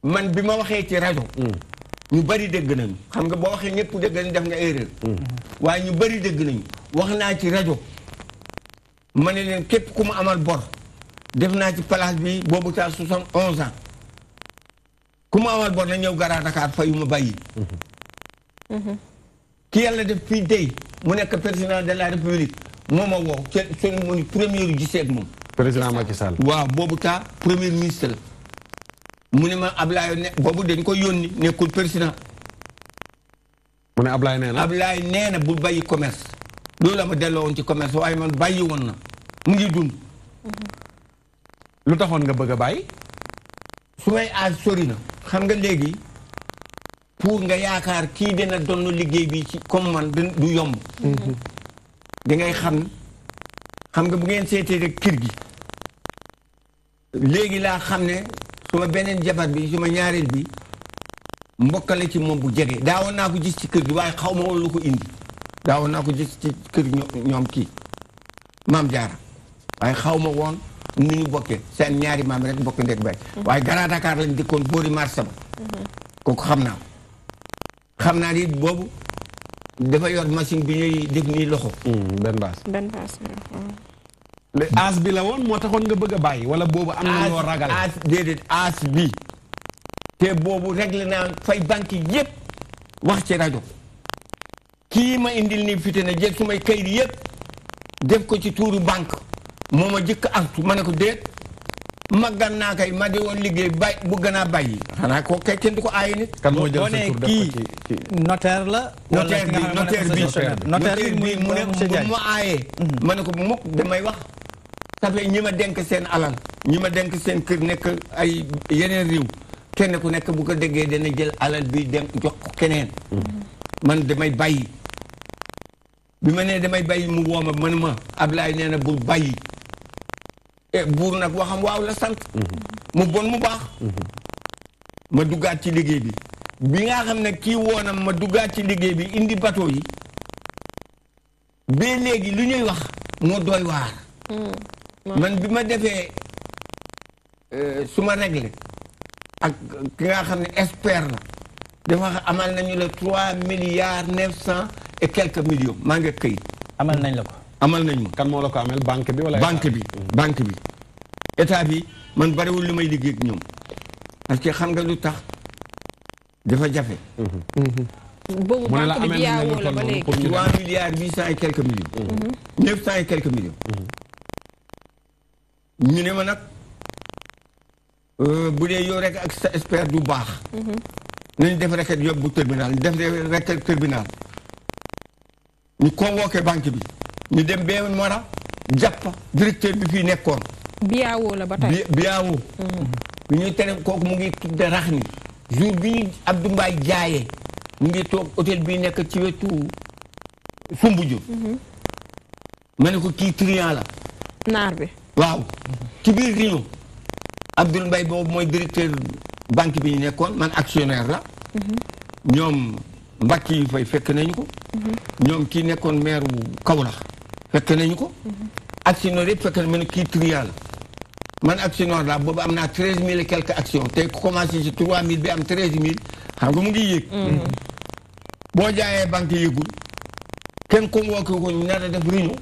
man bi ma waxee ci rajo mm. ñu bari dégg nañu xam nga boo waxee ñëpp dégg nañu def nga erreur mm. waaye ñu bari dégg nañu wax naa ci rajo ma ne leen képp ku mu amal bor def naa ci place bi boobu taal soixante onze ans ku ma amal bor na ñëw garaa Dakar fayu ma bàyyi ki yàlla def fii tey mu nekk président de la république moo ma woo seen mu premier moom président Macky Sall waaw boobu taa premier ministre la mu ne ma Ablaye ne boobu dañ ko yónni nekkul président mu ne Ablaye nee na Ablaye nee na bu bàyyi commerce loolu la ma delloo woon ci commerce waaye man bàyyi woon na mu ngi dund lu taxoon nga bëgg a bàyyi. su may aaj sori na xam nga léegi pour nga yaakaar kii dina donn liggéey bi ci comme man du yomb. Mhm. da ngay xam xam nga bu ngeen seetee rek kër gi léegi laa xam ne su beneen jabar bi su ma bi mbokkale ci moom bu jege daawoon naa ko gis ci kër gi waaye xaw ma woon lu ko indi daawoon naa ko gis ci kër ñoom kii maam jaara waaye xaw ma woon. ni ñu bokkee seen ñaari maam rek bokk ndeg baay mhm. waaye Grand Dakar lañ dëkkoon boori marché ba mhm. kooku xam naa xam naa ni boobu dafa yor machine bi ñuy def nii loxo mhm, benn bi la woon moo taxoon nga bëgg a bàyyi wala boobu am na loo ragal aas bi te boobu réglé naa fay banque yëpp wax ci rajo kii ma indil nii fite na jël sumay kayit yëpp def ko ci tuuru banque moo ma jëkk artu ma ne ko déet maggan naa kay ma di woon liggéey bay bëgg naa bàyyi xanaa ko kay kenn du ko aaye nit kan moo jël sa la notaire bi notaire bi notaire bi mu ne bu ma aayee ma ne ko mukk damay wax tafe ñi ma denk seen alal ñi ma denk seen kër nekk ay yeneen réew kenn ku nekk bu ko déggee dana jël alal bi denk jox ko keneen mm-hmm. man damay bàyyi bi ma nee damay bàyyi mu wooma man ma Ablaye nee na bul bàyyi Eh, buur nag waxam waaw la sant mu bon mu baax ma duggaat ci liggéey bi bi nga xam ne kii woonam ma duggaat ci liggéey bi indi bateau yi ba léegi lu ñuy wax moo doy waar hmm. man bi ma defee euh, su ma réglé ak ki nga xam ne expert la dafa amal nañu la trois milliards neuf cent et quelques millions maa ngi këyit amal nañ la ko amal nañ ma. kan moo la ko amel banque bi wala. banque bi banque bi état bi man bariwul li may liggéey ak ñoom parce xam nga lu tax dafa jafe. boobu banque bi yaawoo la ba léegi mu ne la amel nañ la 3 milliards 800 et quelques millions. 900 mm-hmm. et quelques millions. Mm-hmm. ñu ne ma nag euh, bu dee yow rek ak sa expert du baax. Mm-hmm. nañ def requête yóbbu tribunal def requête tribunal ñu convoqué banque bi. ñu dem bee Mara jàpp directeur bi fii nekkoon. Biawo la ba tey Biawo. Mm-hmm. bi ñuy tere kooku mu ngi tudde rax ni jour bi ñu Abdou Mbaye mu ngi toog hôtel bi nekk ci wetu Soumbédioune. Mm-hmm. ma ne ko kii triant la. naar bi waaw. Mm-hmm. ci biir réunion Abdou Mbaye boobu mooy directeur banque bi nekkoon man actionnaire la. ñoom mbàkk yi fay fekk nañu ko. ñoom kii nekkoon maire kaw Kaolack. fekk nañu ko. action noire yëpp fekk na man kii trial man action noire laa boobu am naa treize mille et quelques te tey ku commencé ci trois mille bi am treize mille xam nga mu ngi yéeg. Mm-hmm. boo jaayee banque yëgul kenn convoqué ko ñu nar a def réunion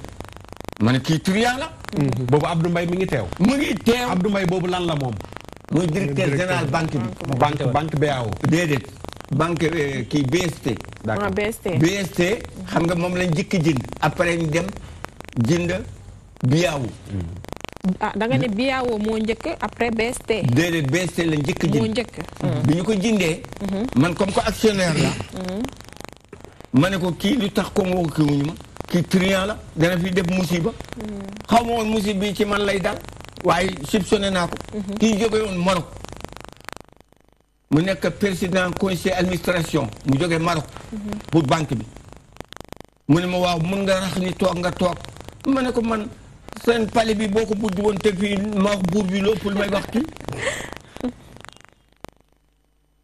man kii trial la. Mm-hmm. boobu Abdou Mbaye mi ngi teew. mu ngi teew Abdou Mbaye boobu lan la moom. mooy directeur général banque bi. banque banque BAO. déedéet banque euh, kii BST. d'accord ah, BST. BST xam nga moom lañ jëkk jënd après ñu jinda biyaawu ah da nga ne biyaawoo moo njëkk après BST. déedéet BST la njëkk jënd moo njëkk. Ah. bi ñu ko jëndee. Mhm. man comme que actionnaire la. Mhm. ma ne ko kii lu tax ko woo kii wuñu ma kii triant la dana fi def musiba. Mhm. xaw ma woon musib bi ci man lay dal waaye soupçonné naa ko. kii jóge woon Maroc. mu nekk président conseil administration mu jóge Maroc. bu banque bi. mu ne ma waaw mun nga rax ni toog nga toog. ma ne ko man seen pali bi boo ko buddi woon te fii ma wax buur bi lépp lu may wax ci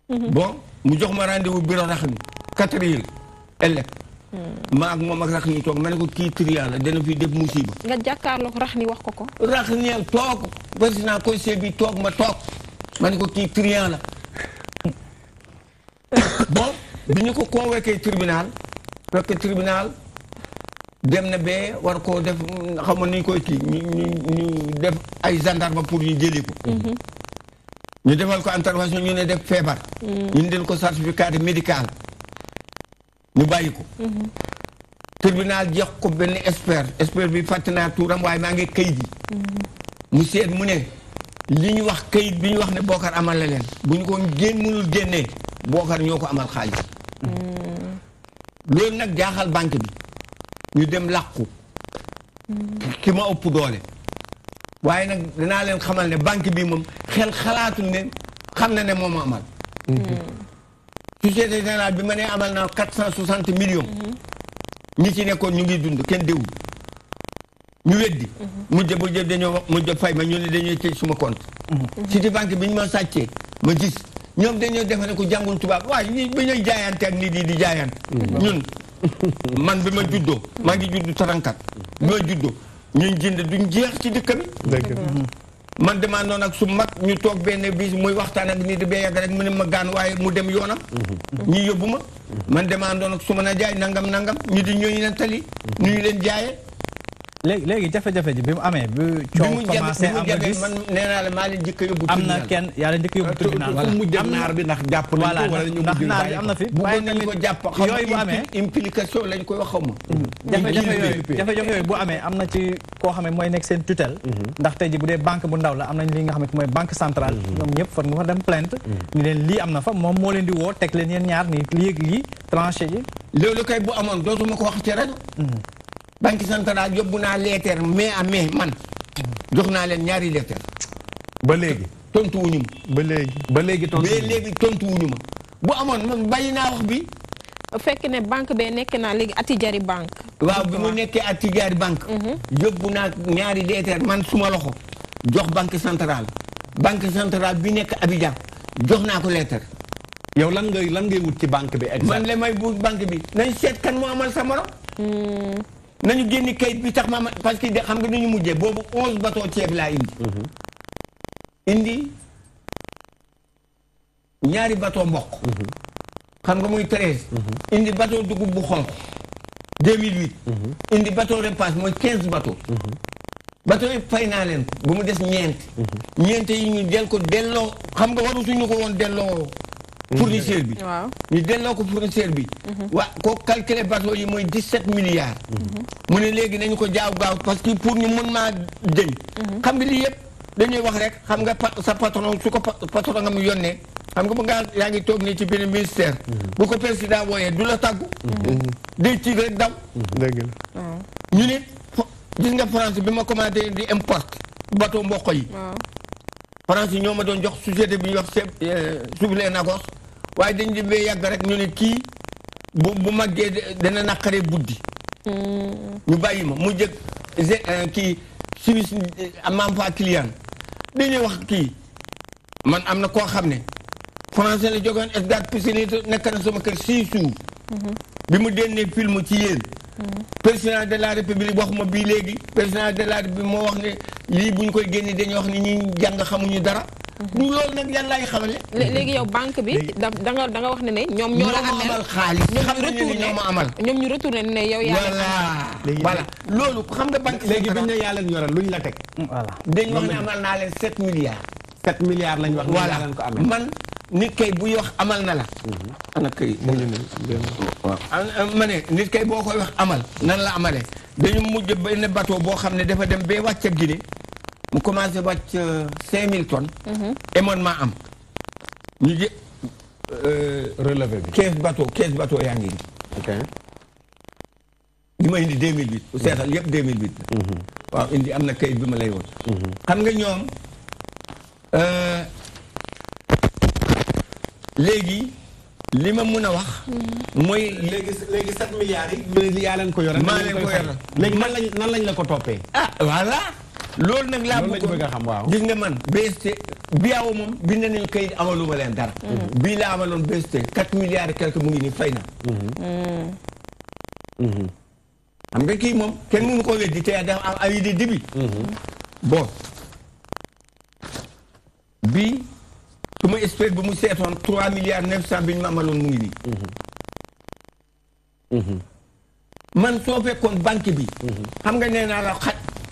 bon mu jox ma rendez-vous bureau rax mi quatre heures ëllëg ma ak moom ak rax ni toog ma ne ko kii trial la dana fi def ni wax ko ko rax ni toog président conseil bi toog ma toog ma ne ko kii trial la bon bi dem na bee war koo def xam nga ni ñu koy kii ñu ñu ñu def ay gendarme pour ñu jëli ko. Mhm. ñu defal ko intervention ñu ne def feebar. Mhm. ñu ne ko certificat médical ñu bàyyi ko. Mhm. tribunal jox ko benn expert expert bi fàtte naa tuuram waaye maa ngi kayit yi. mu seet mu ne li ñu wax kayit bi ñu wax ne bookar amal la leen bu ñu ko génn mënul génnee bookar ñoo ko amal xaalis. loolu nag jaaxal banque bi. ñu dem làqu ki ma ëpp doole waaye nag dinaa leen xamal ne banque bi moom xel xalaatul ne xam na ne moo ma amal société générale bi ma nee amal naa quatre cent soixante millions ñi ci nekkoon ñu ngi dund kenn déwul ñu weddi mujj bu jëf dañoo mujj fay ma ñu ne dañoo tëj suma compte Citibank bi ñu ma sàccee ma gis ñoom dañoo defe ne ko jànguñ tubaab waaye ñi ba ñuy jaayante ak nit yi di jaayante ñun man bima juddo ma ngi juddu tarankat bi ma juddoo ñun jënd duñ jeex ci dëkk bi man dama non ak su mag ñu tok benn bis muy waxtaan ak nit be yag rek mu ne ma gaan waaye mu dem yoonam ñi yóbbu man dama non ak su ma na jaay nangam nangam ñi di ñooñu leen tali ñu ñu leen jaayee léegi léegi jafe-jafe ji bi mu amee bi coow commencé am a yóbbu am na a yóbbu tribunal mujj naar bi ndax jàpp nañ ko wala ñu naar bi am na fi bàyyi nañ ko jàpp xaw ci koo xam mooy nekk seen tutelle mhm. ndax tey bu dee banque bu ndaw la am nañ li nga xam ne mooy banque centrale mhm. ñoom ñëpp fan nga fa dem plainte mhm. ni leen lii am na fa moom moo leen di woo teg leen yeen ñaar ni lii ak lii tranché ji loolu kay bu amoon dootuma ko wax ci banque centrale yóbbu naa leeteer mais à mais man jox naa leen ñaari leeteer ba léegi tontu wuñu ma ba léegi ba léegi tontu léegi tontu wuñu ma bu amoon man bàyyi naa wax bi fekk ne banque bee nekk naa léegi Attijari banque waaw bi mu nekkee Attijari banque mhm. yóbbu naa ñaari leeteer man suma loxo jox banque centrale banque centrale bi nekk Abidjan jox naa ko leeteer yow lan ngay lan ngay wut ci banque bi exact man la may wut banque bi nañ seet kan moo amal sa morom hmm. nañu génni kayit bi tax maama parce que xam nga dañu mujjee boobu onze bateau ceeb laa indi mm-hmm. indi ñaari bato mboq mm-hmm. xam nga muy treize mm-hmm. indi bateau dugub bu xonq deux mille huit indi bateau repas mooy quinze bateau bateau yëpp fay naa leen bu mu des ñeent ñeent yi ñu del delloo xam nga waru suñu ko woon delloo fournisseur bi ñu delloo ko fournisseur bi mhm. waa ko calculé bateau yi mooy dix sept milliards mhm. mu ne léegi nañu ko jaaw gaaw parce que pour ñu mën maa jëñ mhm. xam nga lii yëpp dañuy wax rek xam nga sa patron su ko patron nga mu yónnee xam nga ba ngaa yaa ngi toog nii ci benn ministère bu ko président wooyee du la tàggu day ciig rek daw dëgg ñu ne gis nga France bi ma commandé di importe bateau mboq yi français ñoo ma doon jox société bi ñuy wax euh, Subleinacos waaye dañ di bee yàgg rek ñu ne kii bu bu màggee dana naqaree buddi hmm. ñu bàyyi ma mu jëkk euh, kii simis euh, maam fa client dañuy wax kii man am na koo xam ne français la jógoon Edgar Puccini nekk na sama kër sii jours hmm. bi mu dénnee film ci yéen président de la république waxuma bii léegi président de la république moo wax ne lii bu ñu koy génne dañuy wax ni ñuy jàng xamuñu dara. ñu mhm. loolu nag yan laay léegi yow banque bi da nga da nga wax ne ne ñoom ñoo la amal xaalis xam nañu ne ñoo ma amal. ñoom ñu retourné ne yow yaa loolu xam nga banque léegi bi ñu ne yaa leen yoral luñ la teg. voilà dañu wax ne amal naa leen 7 milliards. 7 milliards lañ wax. voilà man nit kay buy wax amal na la. ana kay. Mm-hmm. Ah, ma nit kay boo koy wax amal nan la amale dañu mujj benn bateau boo xam ne dafa dem ba wàcc Guinée mu commencé wàcc 5000 euh, tonnes. Mm-hmm. émoon maa am. ñu jë. Euh, relevé bi 15 bateau yaa ngi nii. ñu ma indi 2008. Mm-hmm. seetal yëpp 2008 la. waaw indi am na kayit bi ma lay woon. xam nga ñoom. Euh, léegi li ma mën a wax. mooy léegi léegi sept milliards yi. mais yaa leen ko yore. maa leen ko yore léegi man lañ nan lañ la ko toppee. ah voilà. loolu nag laa bëgg a xam waaw gis nga man BST biaaw moom bind nañu kayit amaluma leen dara. Mm-hmm. Mm-hmm. bii laa amaloon BST quatre milliards et quelque mu ngi nii fay na. Mm-hmm. xam nga kii moom kenn mënu ko weddi te dafa am avis de début. bon bii. su ma espèce bu mu seetoon trois milliards neuf cent bi ñu ma amaloon mu ngi nii mm-hmm. Mm-hmm. man soo fekkoon banque bi mm-hmm. xam nga nee naa la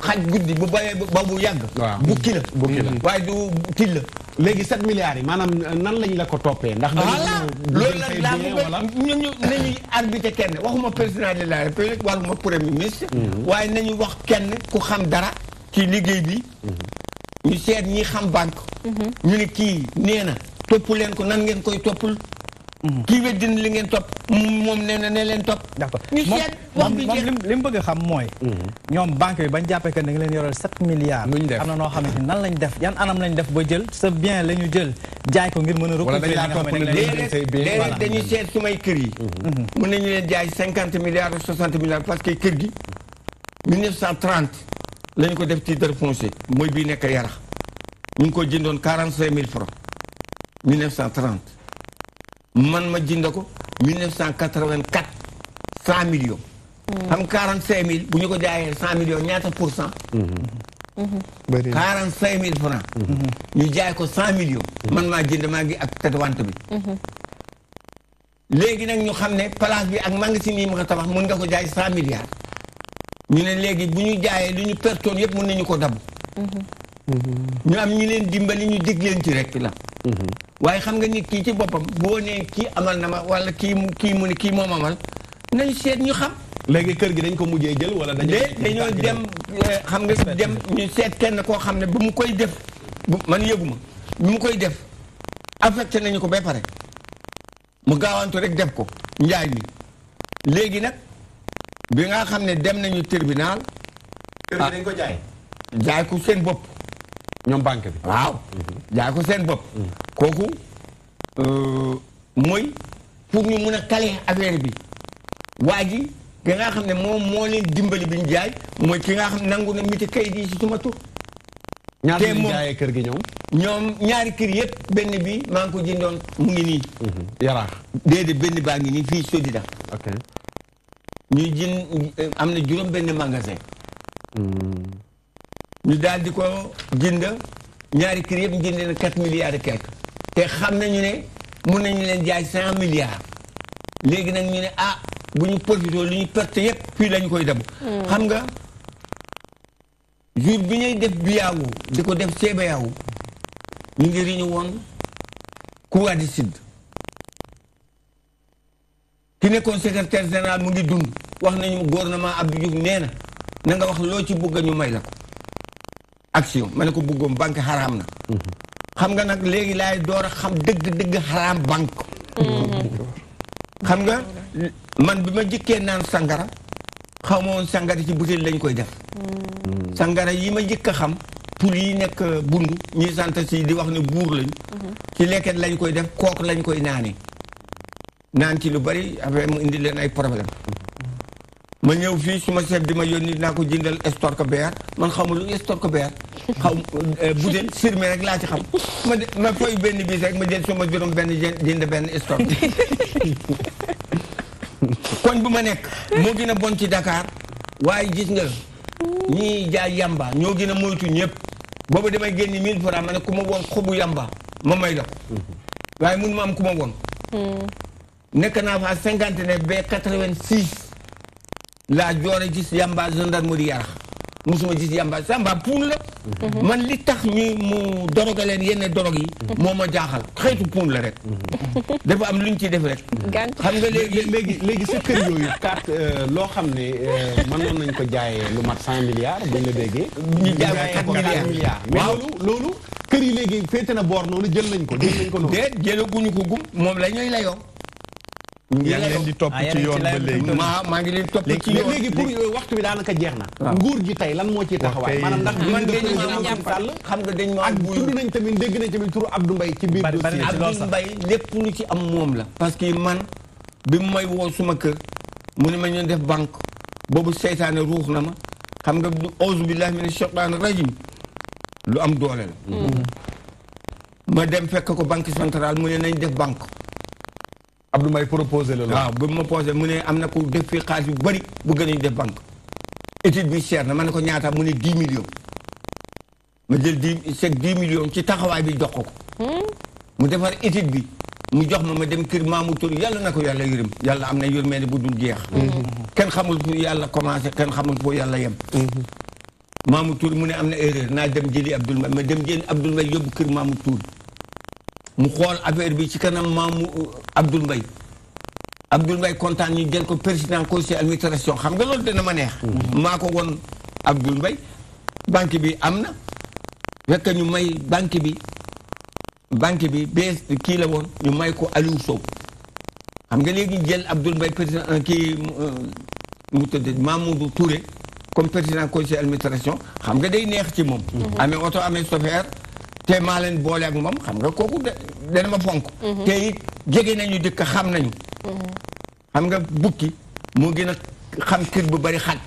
xaj guddi bu bayee ba bu yàgg bukki la bukki la waaye du til la léegi sept milliards yi maanaam nan lañ la ko toppee ndax voilà loolu la laa bëgg ñu ñu nañuy arbitre kenn waxuma président de la république waxuma premier ministre waaye nañu wax kenn ku xam dara ki liggéey bi ñu seet ñii xam banque. Mhm. ñu ne kii nee na topp leen ko nan ngeen koy toppul. Mhm. kii weddi li ngeen topp moom nee na leen topp. d'accord ñu seet wax bi moom li mu bëgg xam mooy. Mhm. ñoom banque bi bañ jàppee que da nga leen yoreel 7 milliards. nuñ def am na noo xam ne nan lañ def yan anam lañ def ba jël sa bien la jël jaay ko ngir mën a. wala dañ laa topp léeg-léeg dañuy seet sumay kër yi. mën nañu leen jaay 50 milliards ou 60 milliards parce que kër gi 1930. lañu ko def titre foncier mooy bii nekk yarax ñu ngi ko jëndoon quarante cinq mille francs mille cent trente man ma jënd ko mille neuf cent quatre vingt quatre cent millions mm. xam quarante cinq mille bu ñu ko jaayee cent ñaata pour cent mm-hmm. mm-hmm. quarante cinq mille francs mm-hmm. ñu jaay ko cent millions man maa jënd maa ngi ak tetwant bi léegi nag ñu xam ne place bi ak magasin yi ma ko tabax mën nga ko jaay cent milliards ñu ne léegi bu ñu jaayee lu ñu pertoon yëpp mën nañu ko dabu ñu am ñi leen dimbali ñu dig ci rek la waaye xam nga nit kii ci boppam boo nee kii amal na ma wala kii mu kii mu ni kii moom amal nañ seet ñu xam léegi kër gi dañ ko mujjee jël wala dañu dañoo dem eh, xam nga dem ñu seet kenn koo xam ne bu mu koy def man yëguma bu mu koy def affecté nañu ko ba pare mu gaawantu rek def ko njaay mi léegi nag bi nga xam ne dem nañu tribunal. kër ko jaay. jaay ko seen bopp. ñoom banque bi. waaw mhm. jaay ko seen bopp. Mhm. kooku euh, mooy pour ñu mun a kale affaire bi waa ji ki nga xam ne moom moo leen dimbali bi ñu jaay mooy ki nga xam ne nangu na miti kayit yi si suma tur. ñaata ñu jaayee kër gi ñëw ñoom ñaari kër yëpp benn bi maa ngi ko jëndoon mu ngi nii. Mhm. yaraax déedéet benn baa ngi nii fii di ok ñuy jën euh, am na juróom benn magasin hmm. ñu daal di ko jënd ñaari kër yëpp jënd leen quatre milliards et quelque te xam nañu ne mun nañu leen jaay cent milliards léegi nag ñu ne ah bu ñu profité lu ñu perte yëpp fii lañu koy dab hmm. xam nga jour bi ñuy def biyaawu di ko def ceebayaawu ñu ngi riñu woon Corée du Sud ki nekkoon secrétaire général mu ngi dund wax nañu gouvernement Abdou Diouf nee na na nga wax loo ci bëgg ñu may la ko action ma ne ko bëggoon banque xaraam na xam nga nag léegi laay door a xam dëgg-dëgg xaraam banque xam nga man bi ma jëkkee naan sangara xaw ma woon sangara ci butéel lañ koy def sangara yi ma jëkk a xam pour yi nekk bund ñuy sant si di wax ne buur lañ mhm. ci lekket lañ koy def kook lañu koy naanee naan ci lu bari après mu indi leen ay problème ma ñëw fii su ma chef di ma yónni naa ko jëndal stork beer man xamul lu ñu stork beer xaw euh, butéel sirme rek laa ci xam ma ma fay benn bis rek ma jël suma juróom benn jënd benn stork koñ bu ma nekk moo gën a bon ci dakaar waaye gis nga ñii jaay yamba ñoo gën a moytu ñëpp boobu damay génn mille francs ma ne ku ma woon xobu yamba ma may la mm-hmm. waaye mun ma am ku ma woon mm. nekk naa fa cinquante ne ba quatre-vingt-six laa joore gis yamba gendarmerie yarax musuma gis yamba yamba puun la mhm. man li tax ñu mu doroga leen yenn dorog yi mhm. moo ma jaaxal xeetu puun la rek mhm. dafa am lu ñu ci def rek xam nga léegi léegi léegi sa kër yooyu carte euh, loo xam ne euh, mënoon nañ ko jaayee lu mat cent milliards buñ la ñu jaayee ko quatre milliards waaw loolu kër yi léegi féete na boor noonu jël nañ ko jël nañ ko noonu déet jëlaguñu ko gum moom la ñooy yaa ngi leen di ah, maa ngi leen di topp ci yoon léegi pour waxtu bi daanaka jeex na ah. nguur gi tey lan moo ciy taxawaay maanaam ndax man dañu ñaan Sall xam nga dañ ma ak tudd nañ tamit dégg nañ tamit turu Abdou Mbaye ci biir dossier Abdou Mbaye lépp lu ci am moom la parce que man bi mu may woo suma kër mu ne ma ñu def banque boobu seytaane ruux na ma xam nga auzu billahi mina shaytaani rajim lu am doole la hmm. ma dem fekk ko banque centrale mu ne nañ def banque Abdou may proposé le loolu. bu ma posé mune amna ko def fi xaalis yu bari bu nañu def bank étude bi cher na man ko ñaata mune 10 millions ma jël 10 10 millions ci taxaway bi jox ko ko. mu defar étude bi mu jox ma ma dem kër mamou tour yàlla nako yàlla yërëm yàlla amna na yërmande bu dul jeex. ken xamul bu yàlla commencé ken xamul bu yàlla yem. mamou tour mune amna erreur na dem jëli Abdoul Mbaye ma dem jël Abdoul Mbaye yóbbu kër mamou tour mu xool affaire bi ci kanam maamu uh, Abdoul mbay Abdoul Mbaye kontaan ñu jël ko président conseil administration xam nga loolu dana ma neex. Mm-hmm. maa ko woon Abdoul mbay banque bi am na fekk ñu may banque bi banque bi bees kii la woon ñu may ko Aliou Sow xam nga léegi jël Abdoul Mbaye président uh, kii uh, mu tëdd Mamoudou Touré comme président conseil administration xam nga day neex ci moom. Mm-hmm. amee oto amee chauffeur. te maa leen boole ak moom xam nga kooku dana ma fonk mhm. te it jege nañu dëkk xam nañu mhm. xam nga bukki moo gën a xam kër bu bari xat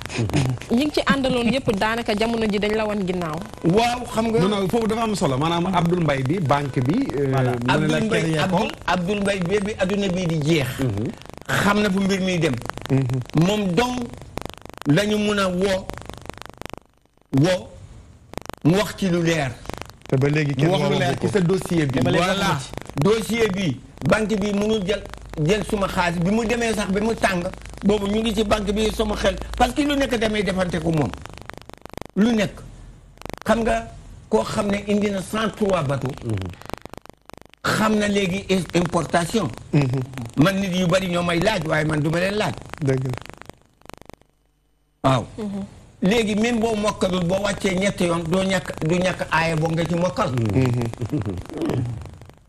ñi ngi ci àndaloon yëpp daanaka jamono ji dañ la woon ginnaaw waaw xam nga non foofu dafa am solo maanaam mhm. Abdoul mbay bi banque bi euh, Abdoul Mbaye Abdoul Mbaye bi bi adduna bii di jeex xam na fu mbir mi dem moom dong lañu mun a woo woo mu wax ci lu leer te ba léegi kenn wax lu leer ci sa dossier bi voilà dossier bi banque bi mënul jël jël suma xaalis bi mu demee sax bi mu tàng boobu ñu ngi ci banque bi sama xel parce que lu nekk damay defante ko moom lu nekk xam nga koo xam ne indi na cent trois bateau mm-hmm. xam na léegi importation mm-hmm. man nit yu bari ñoo may laaj waaye man du ma leen laaj waaw mm-hmm. léegi même boo mokkalul boo wàccee ñetti yoon doo ñàkk du ñàkk aaya boo nga ci mokkal mm-hmm.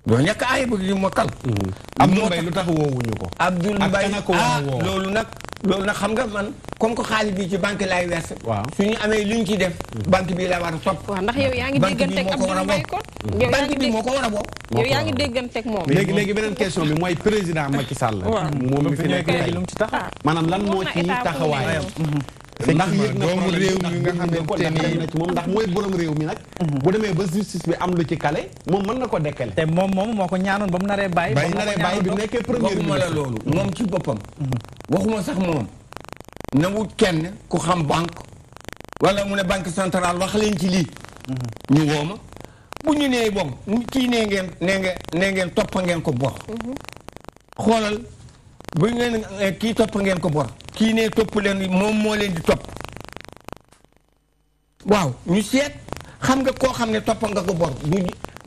doo ñàkk aaya boo nga ci mokkal mm-hmm. Abdoul Mbaye lu tax woowuñu ko Abdoul Mbaye ah loolu nag loolu nag xam nga man comme que xaalis bi ci banque laay verse suñu amee luñ ci def mm-hmm. banque bi la war a topp waaw ndax yow yaa ngi déggante ak Abdoul banque bi moo ko war a bokk yaa ngi déggante ak moom léegi léegi beneen question bi mooy président Macky Sall moom mi fi nekk léegi lu mu maanaam lan moo ci taxawaay ndax yëg na doomu réew mi nga xamante ni na ci moom mi nag mhm. bu demee ba justice bi am lu ci kale moom mën na ko dekkale te moom moom ko ñaanoon ba mu naree bàyyi ba mu naree bi nekkee premier waxuma la loolu moom ci boppam mhm. waxuma sax moom nangu kenn ku xam banque wala mu ne banque centrale wax leen ci lii mhm. ñu wooma bu ñu nee bon kii nee ngeen nee ngeen nee ngeen toppa ngeen ko bor xoolal bu ngeen eh, kii topp ngeen ko bor kii ne topp leen moom moo leen di topp waaw ñu seet xam nga koo xam ne topp nga ko bor du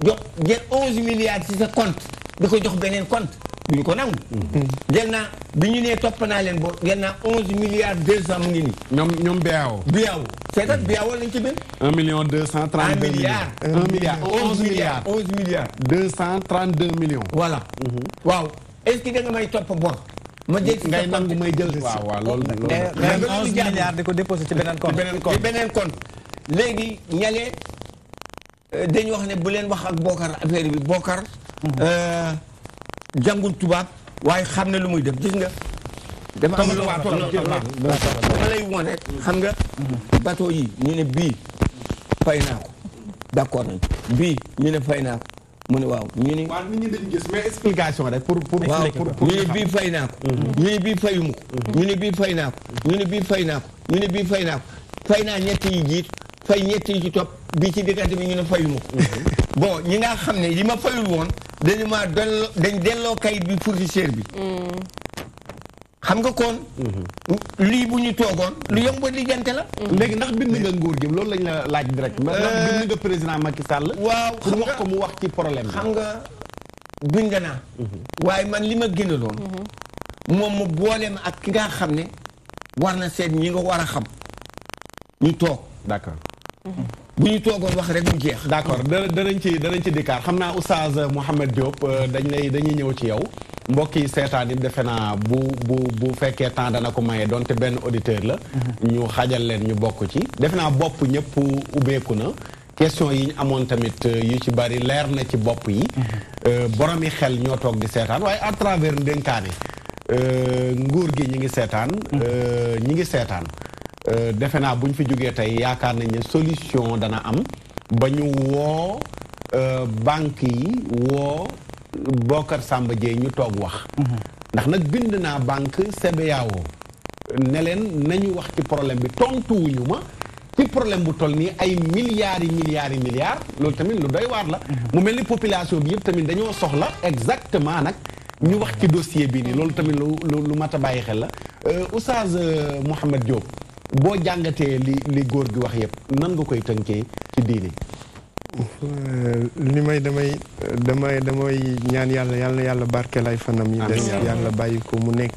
jox jël onze milliards ci sa compte di ko jox beneen compte duñu ko nangu mm-hmm. jël naa bi ñu nee topp naa leen bor jël naa onze milliards deux cent mu ngi nii ñoom ñoom biawo biawo cest mm-hmm. lañ ci bind million deux cent trente deux milliards un milliard mm-hmm. onze milliards onze milliards waaw est-ce que da nga may topp bor. ma jël si ngay waaw loolu loolu. ko déposé ci beneen compte. ci beneen compte léegi ñale euh, dañu wax ne bu leen wax ak Bokar affaire bi Bokar. Mhm. Euh, jàngul tubaab waaye xam ne lu muy def gis nga. dama am lu dama lay woon xam nga. Mhm. bateau yi ñu ne bii fay naa ko d'accord nañ bii ñu ne fay naa ko. mu ne waaw ñu ni waaw nit ñi dañu gis mais explication rek pour pour pour ñu ni mhm. mhm. bii fay naa ko ñu ni bii fayuma ko ne ni bii fay naa ko ñu ni naa ko ñu ni fay naa ko naa ñett yi jiit ñett yi bi ci diggante bi ñu ne fayuma ko mhm. bon ñi nga xam ne li ma fayul woon dañu maa delloo dañ delloo kayit bi fournisseur bi xam nga koon lii bu ñu toogoon lu yomb a lijjante la mm-hmm. léegi ndax bind nga nguur gi loolu lañu la laaj direct euh, ndax bind nga président Macky Sall waaw pour wax ko mu wax ci problème xam nga bind naa mm-hmm. waaye man li ma gënaloon mm-hmm. moom mu boole ma ak ki nga xam ne war na seet ñi nga war a xam ñu toog d'accord bu ñu toogoon wax rek mu jeex. d' accord danañ ci danañ ci dikkaat xam naa oustaz Mouhamed Diop euh, dañ lay dañuy ñëw ci yow mbokk yi seetaan it defe naa bu bu bu fekkee temps dana ko maye donte benn auditeur la. Mhm. ñu xaajal leen ñu bokk ci. defe naa bopp ñëpp ubbeeku na question yi ñu amoon tamit euh, yu ci bari leer na ci bopp yi. Mhm. Euh, boromi xel ñoo toog di seetaan waaye à travers ndénkaane nguur gi ñi ngi seetaan. Mhm. ñi ngi seetaan. Euh, defe naa bu ñu fi jógee tey yaakaar nañ ne solution dana am ba ñu woo euh, banque yi woo Bocar Samba Dièye ñu toog wax mm-hmm. ndax nag bind naa banque CBAO ne leen nañu wax ci problème bi tontuwuñu ma ci problème bu toll nii ay milliards yi milliards yi milliards loolu tamit lu doy waar la mm-hmm. mu mel ni population bi yëpp tamit dañoo soxla exactement nag ñu wax ci dossier bi nii loolu tamit lu lu mat a bàyyi xel la euh, Oustaz Mouhamed Diop boo jàngatee li li góor gi wax yépp nan nga koy tënkee ci diine euh, li may damay damay damay ñaan yàlla yàlla yàlla barkeel ay fanam yi des yàlla bàyyi mu nekk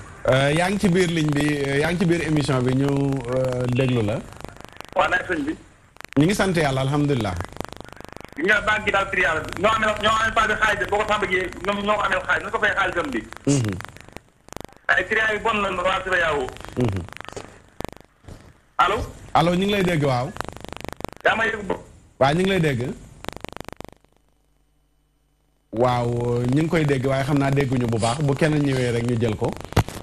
Euh, yaa ngi ci biir ligne bi euh, yaa ngi ci biir émission bi ñu euh, déglu la. waaw naaj sëñ bi. ñu ngi sant yàlla alhamdulilah. ñu ngi banque amee pas de xaalis boo ko tàmbalee ñoom ñoo ko amee xaalis ñu xaalisam bi. Mm-hmm. ay prix mm-hmm. ñu ngi lay dégg waaw. yaa may dégg. waaw ñu ngi koy dégg waaye xam naa dégguñu bu baax bu kenn ñëwee rek ñu jël ko.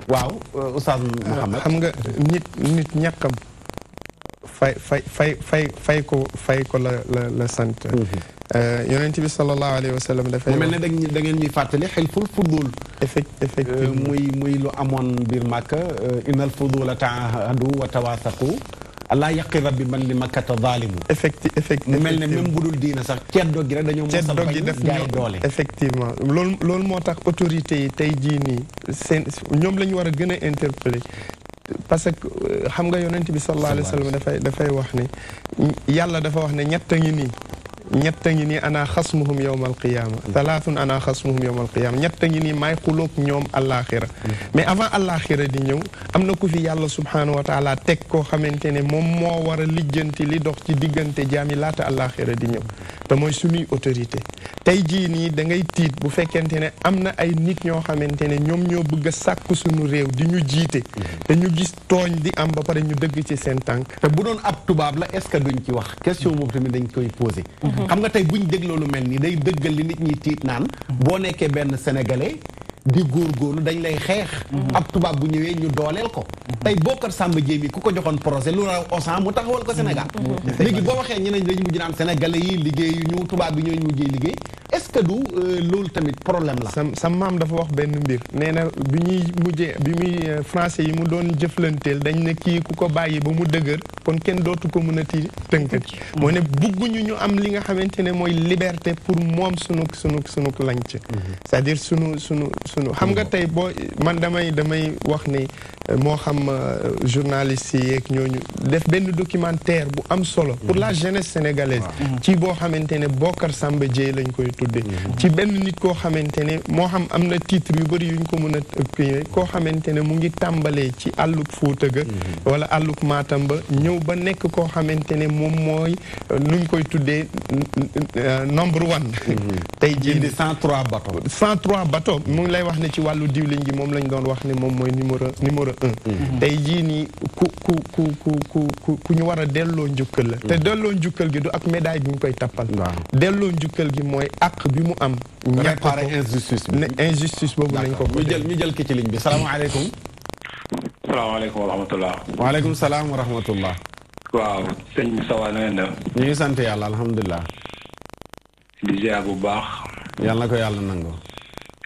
waaw euh, Oustaz euh, Mouhamed xam nga nit nit ñàkkam fay fay fay fay fay ko fay ko la la la sant mhm. euh, yonent bi sallallahu alayhi wa sallam dafay mel ne da ngeen ñuy fàttali xilful fudul effectivement muy muy lu amoon biir màkk inal fudula taahadu wa tawaasaku allah yaqi rabbi man li makkata zaalimu effecti effectivement mu mel ne même bu dul diina sax ceddo gi rek dañoo mos a bañ jaay doole effectivement loolu loolu moo tax autorités yi tey jii nii seen ñoom la ñu war a gën a interpeller parce que euh, xam nga yonent bi sallallahu alayhi wa sallam dafay dafay wax ne yàlla dafa wax ne ñett a ngi nii ñett a ngi nii ana xasmuhum yowma alqiyaama talaatun ana xasmuhum yowma alqiyaama ñett a ngi nii maay xulóog ñoom allaaxira mais avant allaaxira di ñëw am na ko fi yàlla subhaanahu wa taala teg koo xamante ne moom moo war a lijjanti li dox ci diggante jaami laata allaaxira di ñëw te mooy suñuy autorité tey jii nii da ngay tiit bu fekkente ne am na ay nit ñoo xamante ne ñoom ñoo bëgg a sàkk suñu réew di ñu jiite te ñu gis tooñ di am ba pare ñu dëgg ci seen tànk te bu doon ab tubaab la est-ce que duñ ci wax question boobu tamit dañ koy posé xam nga tey buñ dégloo lu mel nii day dëggal li nit ñi tiit naan boo nekkee benn sénégalais di góorgóorlu dañ lay xeex. Mhm. ab tubaab bu ñëwee ñu dooleel ko. Mhm. tey sàmm Samba Dièye ku ko joxoon projet lu raw Auchan mu taxawal ko Sénégal. Mhm. léegi boo waxee ñeneen dañu mujj naan sénégalais yi liggéeyu ñu tubaab bi ñooñu mujjee liggéey est-ce que du euh, loolu tamit problème la. sa sa maam dafa wax benn mbir nee na bi ñuy mujjee bi muy euh, français yi mu doon jëflanteel dañ ne kii ku ko bàyyi ba mu dëgër kon kenn dootu ko mën a ti tënkati. moo ne bugguñu ñu am li nga xamante ne mooy liberté pour moom sunu sunu sunu lanc. c'est-à-dire sunu sunu. sunu xam nga mm. tey boo man damay damay wax ni euh, moo xam euh, journaliste yi yeeg ñooñu def benn documentaire bu am solo pour mm. la jeunesse sénégalaise mm. ci boo xamante ne Bocar Samba Dièye lañ koy tudde mm-hmm. ci benn nit koo xamante ne moo xam am na titre yu bëri yuñ ko mën a ëppee koo xamante ne mu ngi tàmbalee ci àlluk Fuuta ga mm-hmm. wala àlluk Matam ba ñëw ba nekk koo xamante ne moom mooy euh, nuñ koy tuddee nombre one mm-hmm. tey jii 103 bateau 103 bateau mu ngi lay wax ne ci wàllu diwlin gi moom lañ doon wax ni moom mooy numéro numéro un mm-hmm. tey jii nii ku ku ku ku ku ku ñu war a delloo njukkal la mm-hmm. te delloo njukkal gi du ak médaille bi ñu koy tappal delloo njukkal gi mooy àq bi mu am ñàkk ko injustice bi injustice boobu ko ko jël ñu jël ki ci ligne bi salaamaaleykum salaamaaleykum wa rahmatullah waaleykum salaam wa rahmatullah waaw sëñ bi sawa na ngeen ñu ngi sant yàlla alhamdulilah di bu baax yàlla ko yàlla nangoo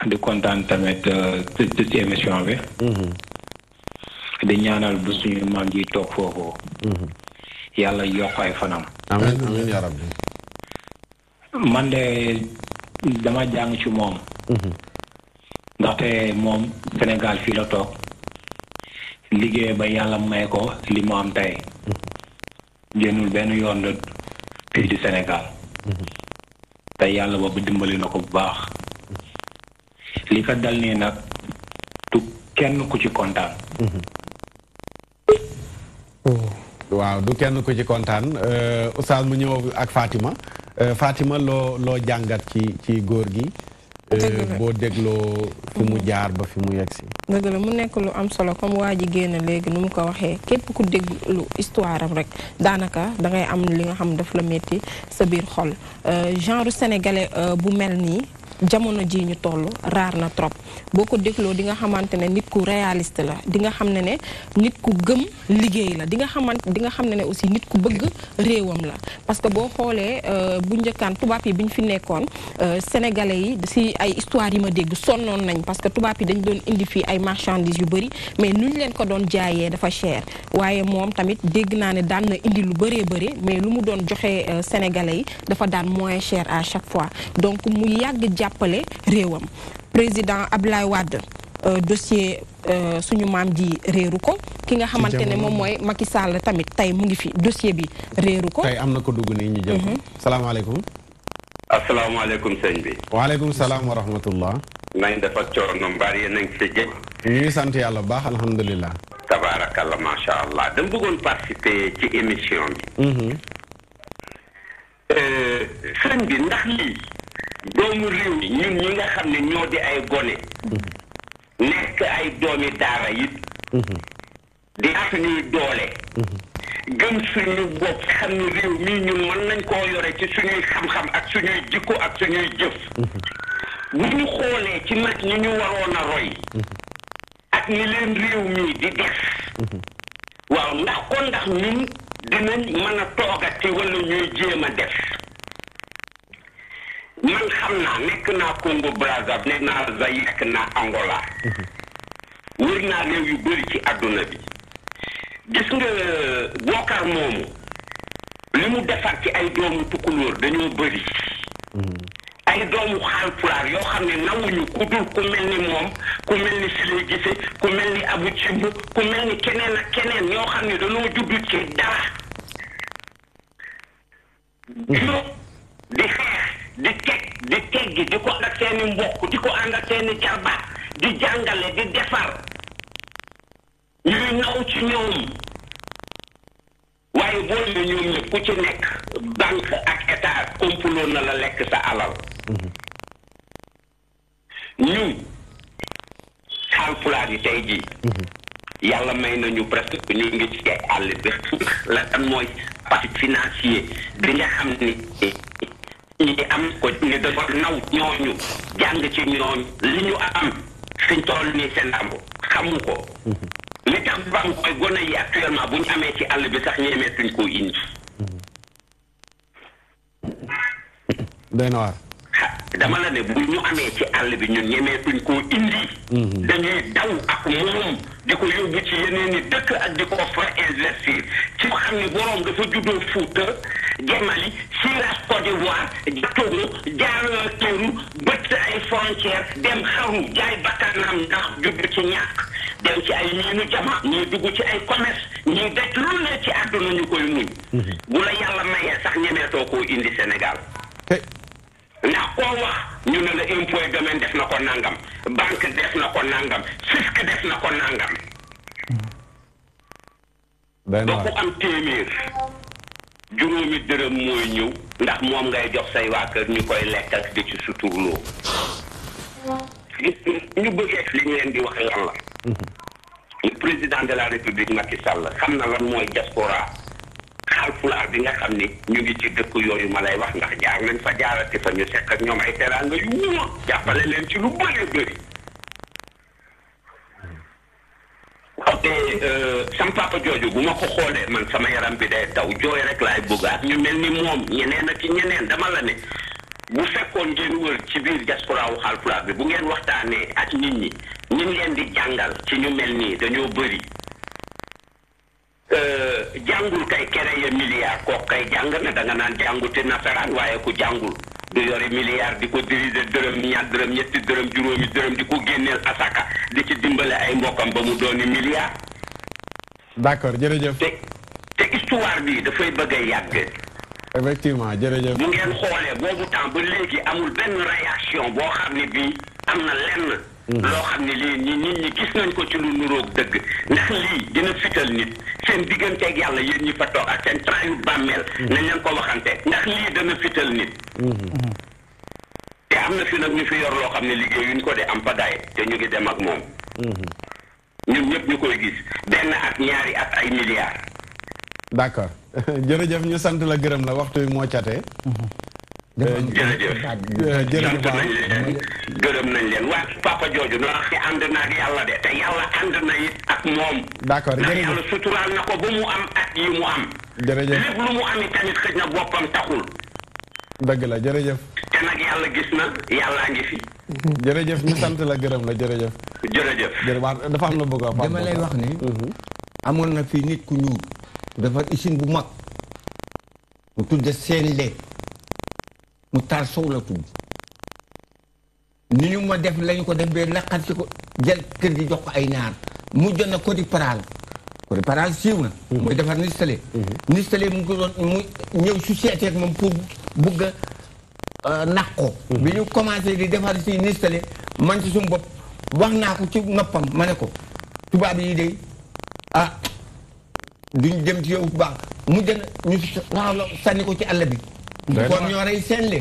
di kontaan tamit euh, ci ci émission bi. Mm-hmm. di ñaanal bu suñu maam ji toog foofu. Mm-hmm. yàlla yokk ay fanam. amiin amiin man de dama jàng ci moom. Mm-hmm. ndaxte moom Sénégal fii la toog liggéey ba yàlla may ko li mu am tey. génnul benn yoon la fii di Sénégal. te yàlla boobu dimbali na ko bu baax. li ko dal nii nag du kenn ku ci kontaan. Mm-hmm. waaw du kenn ku ci kontaan euh, oustaz mu ñëw ak Fatima euh, Fatima loo loo jàngat ci ci góor gi. Euh, boo dégloo fi mu jaar ba fi mu yegg si. dëgg mu nekk lu am solo comme waa ji génn léegi nu mu ko waxee képp ku déglu histoire am rek daanaka dangay am li nga xam daf la metti sa biir xol genre sénégalais bu mel nii. jamono ji ñu tollu raar na trop boko ko di nga xamantene nit ku réaliste la di nga xamne ne nit ku gëm liggéey la di nga xamant di nga xamne ne aussi nit ku bëgg réewam la parce que boo xoolee euh, bu njëkkaan tubaab yi bi fi nekkoon euh, sénégalais yi si ay histoire yi ma dégg sonnon nañ parce que tubaab yi dañ doon indi fi ay marchandises yu bëri mais nuñ leen ko doon jaayee dafa cher waaye moom tamit dégg naa ne daan na indi lu bëree bëri mais lu mu doon joxe euh, sénégalais yi dafa daan moins cher à chaque fois donc mu yàgg jàppale réewam président Abdoulaye euh, dossier euh, suñu maam ji réeru ko ki nga xamante ne moom mooy Macky Sall tamit tey mu ngi fi dossier bi réeru ko tey am na ko dugg nii ñu jël mhm. salaamaaleykum asalaamaaleykum sëñ bi waaleykum salaam wa rahmatullah nañ dafa coono mbaar yéen a ngi ñu ngi sant yàlla bu baax alhamdulilah tabaarakalla macha allah dama bëggoon participer ci émission bi mhm. euh, sëñ bi ndax lii doomu réew mi ñun ñi nga xam ne ñoo di ay gone mm-hmm. nekk ay doomi daara it mm-hmm. di ak ñuy doole mm-hmm. gëm suñu bopp xam ne réew mii ñun mën nañ koo yore ci suñuy xam-xam ak suñuy jikko ak suñuy jëf bu ñu xoolee ci nag ñi ñu waroon a roy ak ñi leen réew mii di def waaw ndax kon ndax ñun dinañ mën a toogat ci walla ñuy jéem a def man xam naa nekk naa Congo Brazzaville nekk naa Angola wër naa réew yu bëri ci àdduna bi gis nga Bokar moomu li mu defar ci ay doomu tukulóor dañoo bëri ay doomu xaalpulaar yoo xam ne nawuñu ku dul ku mel ni moom ku mel ni Sile Gise ku mel ni Abu Cimb ku mel ni keneen ak keneen ñoo xam ne dañoo juddu ci dara di teg di teg di ko ànd ak seeni mbokk di ko ak seeni jarbaat di jàngale di defar ñuy naw ci ñoom waaye boole na ku ci nekk banque ak état complot na la lekk sa alal ñun xaalpulaar yi tey jii yàlla may nañu presque ñu ngi ci àll bi la lan mooy parti financier bi nga xam ni ñi am ko ñu dafa naw ñooñu jàng ci ñooñu li ñu am fiñ toll nii seen am xamu ko li tax ba am koy gone yi actuellement bu amee ci àll bi sax ñemeetuñ koo indi doy na dama la ne bu ñu amee ci àll bi ñun ñemeetuñ koo indi. Mhm. dañuy daw ak moom di ko yóbbu ci yeneen i dëkk ak di ko fa investir ci xam ne borom dafa juddoo Fuuta Jemali Siraas Côte d'Ivoire Togo jaar Kéru bët jaay bakkanam ndax juddu ci ñàkk dem ci ay miinu jama ñuy dugg ci ay commerce ñuy daj lu ne ci àdduna ñu koy muñ. Mhm. bu la yàlla mayee sax ñemeetoo koo indi Sénégal. Eh, ndax koo wax ñu ne la impôt domaine def na ko nangam banque def na ko nangam fisc def na ko nangam. ba ku am téeméer juróomi dërëm mooy ñëw ndax moom ngay jox say waa kër ñu koy lekk ak di ci suturloo ñu bëggee li leen di wax lan la. Mm-hmm. le président de la république Macky Sall xam na lan mooy diaspora xalpulaar bi nga xam ni ñu ngi ci dëkk yooyu ma lay wax ndax jaar nañ fa jaarati fa ñu sekk ñoom ay teraanga yu wóor jàppale leen ci lu bëri bëri te euh, sam papa jooju bu ma ko xoolee man sama yaram bi day daw jooy rek laay bëgg ak ñu mel ni moom ñeneen ak ñeneen dama la ne bu fekkoon ngeen wër ci biir diaspora wu xalpulaar bi bu ngeen waxtaanee ak nit ñi ñi ngeen di jàngal ci ñu mel nii dañoo bëri Eh, jàngul kay kere ya milliard kooku kay jàng na da naan jàngu nasaraan waaye ku jàngul du yore milliard di ko diriger dërëm ñaar dërëm ñetti dërëm juróomi dërëm di ko génneel asaka di ci dimbale ay mbokkam ba mu dooni milliard d'accord jërëjëf te te histoire bi dafay bëgg a yàgg effectivement jërëjëf bu ngeen xoolee boobu temps ba léegi amul benn réaction boo xam ne bi am na lenn Mm-hmm. loo xam ne lii ni nit ñi gis nañ ko ci lu nuróog dëgg ndax lii dina fital nit seen digganteeg yàlla yéen ñi fa toog ak seen traayu bàmmeel mm-hmm. nañ leen ko waxante ndax lii dana fital nit mm-hmm. te am na fi nag ñu fi yor loo xam ne liggéeyuñ ko de am fa daay te ñu ngi dem ak moom ñun ñëpp ñu koy gis benn ak ñaari ak ay milliards d'accord jërëjëf ñu sant la gërëm la waxtu wi moo cate jërëjëf jërëjëf gërëm nañ leen waa papa jooju ndax ànd na ak yàlla de te yàlla ànd na it ak moom. d'accord yàlla suturaal na ko ba mu am at yi mu am. jërëjëf lépp lu mu am tamit xëj na la jërëjëf. te na yàllaa ngi gërëm la jërëjëf. jërëjëf dafa am lu bëgg a. dama lay wax ni. Mhm. amoon na fii nit ku ñuul. dafa usine bu mag. mu tudde seen leeg. mu Moutar Sow la tudd ni ñu ma def lañu ko def bee laqal ci ko jël kër gi jox ko ay mu jën na Codi Paral Codi Paral siiw na. Mhm. mooy defar Nestlé. Mhm. Nestlé mu ngi ko doon mu ñëw société ak moom pour bugg a euh, nax ko. Mhm. bi ñu commencé di defar si Nestlé man ci suñu bopp wax naa ko ci noppam ma ne ko tubaab yi de ah duñ dem ci yow bu baax mujj na ñu sànni ko ci àll bi. kon ñoorey seen li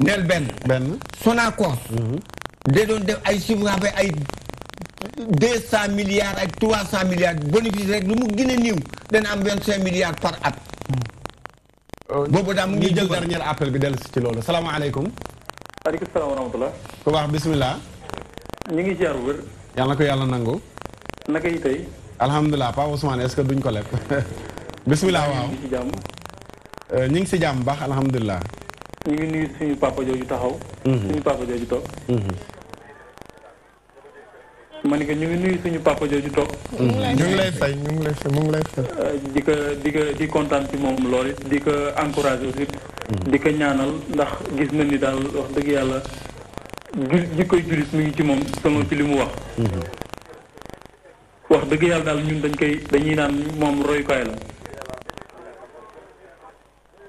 ndel benn benn Sonacos mhm. da doon def ay subvention ay deux cent milliards ak trois cent milliards bénéfice rek lu mu gën a néew dana am vingt milliards par at euh, boobu daal mu ngi jël dernier appel bi dellu si ci loolu salaamaaleykum aleykum salaam wa rahmatulah ku baax bisimilah ñu ngi jaar wër yàlla na ko yàlla nangu naka yi tey alhamdulilah Paa Ousmane est-ce que duñ ko leb bisimilah waaw Eh, ñu ngi si jàmm baax alhamdulilah. ñu ngi nuyu suñu papa jooju taxaw. Mhm. suñu papa jooju toog. Mhm. ma ne que ñu ngi nuyu suñu papa jooju toog. Mhm. ñu ngi lay fay ñu ngi lay fay ngi lay fay. Eh, di ko di ko di kontaan ci moom lool it di ko encouragé aussi. di ko ñaanal ndax gis na ni daal wax dëgg yàlla jul jikkoy julit mi ngi ci moom sama ci li mu wax. wax dëgg yàlla daal ñun dañ koy dañuy naan moom la.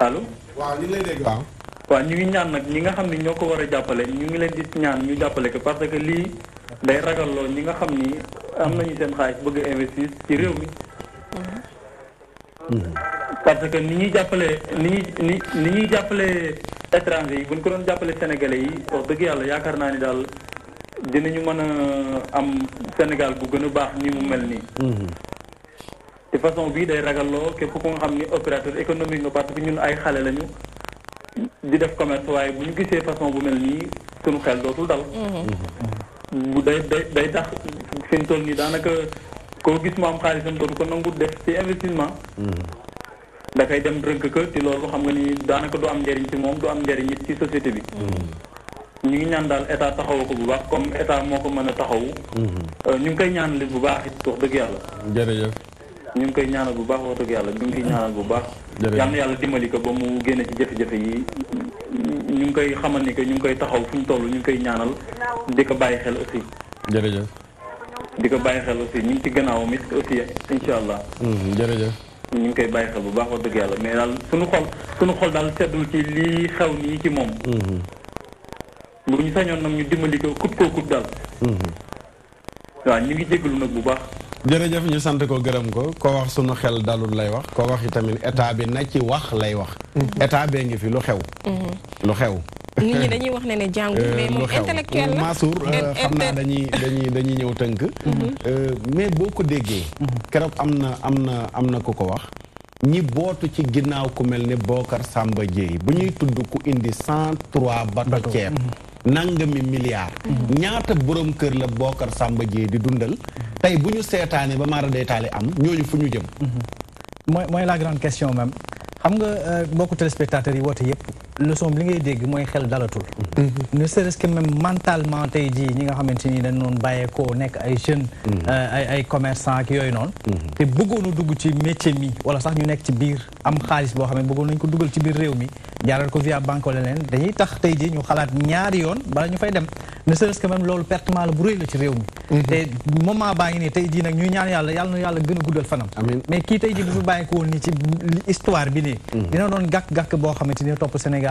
allo. waaw ñu ngi waaw. waaw ñu ngi ñaan nag ñi nga xam ne ñoo ko war a jàppale ñu ngi leen di ñaan ñu jàppale ko parce que lii day ragalloo ñi nga xam ni am na nañu seen xaalis bëgg a investir ci réew mi. Mhm. parce que ni ñuy jàppale ni ñuy ni ni ñuy jàppale étranger yi bu ñu ko doon jàppale sénégalais yi wax dëgg yàlla yaakaar naa ni daal dinañu mën a am Sénégal bu gën a baax ni mu mel nii. Mhm. te façon bii day ragalloo képp ko nga xam ni opérateur économique nga parce que ñun ay xale lañu di def commerce waaye bu ñu gisee façon bu mel nii suñu xel dootul dal. Mm-hmm. bu day day day tax fi mu toll nii daanaka koo gis mu xaalis xaalisam dootu ko nangu def ci investissement. Mm-hmm. dafay dem rënk ka te loolu xam nga ni daanaka du am njëriñ ci moom du am njëriñ it ci société bi. Mm-hmm. ñu ngi ñaan daal état taxawu ko bu baax comme état moo ko mën a taxawu. Euh, ñu ngi koy ñaan li bu baax it dëgg yàlla. jërëjëf. ñu ngi koy ñaanal bu baax wax dëgg yàlla ñu ngi koy ñaanal bu baax. yal na yàlla dimbali ko ba mu génne ci jafe-jafe yi ñu ngi koy xamal ni que ñu ngi koy taxaw fu mu toll ñu ngi koy ñaanal ko bàyyi xel aussi. jërëjëf. di ko bàyyi xel aussi ñu ngi ci gannaawam it aussi incha allah. Hmm, jërëjëf. ñu ngi koy bàyyi xel bu baax wax dëgg yàlla mais daal suñu xol suñu xol daal seddul ci lii xew nii ci moom. Hmm. bu ñu sañoon nag ñu dimbali ko kut koo kut daal. Hmm. waaw ñu ngi jégalu nag bu baax. jërëjëf ñu sant ko gërëm ko ko wax sunu xel dalul lay wax ko wax yi tamit état bi na ci wax lay wax. Mhm. état bee ngi fi lu xew. Mhm. lu xew. nit ñi dañuy wax ne ne jàngu euh, mais moom intellectuel la Mansour euh, dañuy ñëw tënk. Mhm. Euh, mais boo ko déggee. keroog am na am na am na ku ko wax. ñi bootu ci ginnaaw ku mel ni Bokar Samba Dieye bu ñuy tudd ku indi cent trois bato ceeb. nangami milliard ñaata borom kër la Bocar Samba Dièye di dundal tey bu ñu seetaanee ba maara day am ñooñu fu ñu jëm mhm. mooy la grande question même xam nga euh, mbokku téléspectateurs yi woote yëpp leçon bi li ngay dégg mooy xel dalatul mhm. ne serait-ce mentalement tey jii ñi nga xamante ni dañ noon bàyyeekoo nekk ay jeunes mhm. euh, ay ay commerçant ak yooyu noonu mhm. te bëggoonu dugg ci métier mi wala sax ñu nekk ci biir am xaalis boo xam ne bëggoon nañ ko dugal ci biir réew mi jaaral ko via banque wala leen dañuy tax tey jii ñu xalaat ñaari yoon bala ñu fay dem ne serait-ce que même loolu pertement la bu réy la ci réew mi te moment baa ngi nii tey nag ñuy ñaan yàlla yàl na yàlla gën a guddal fanam mais kii tey bi nii dina boo xamante ni topp Sénégal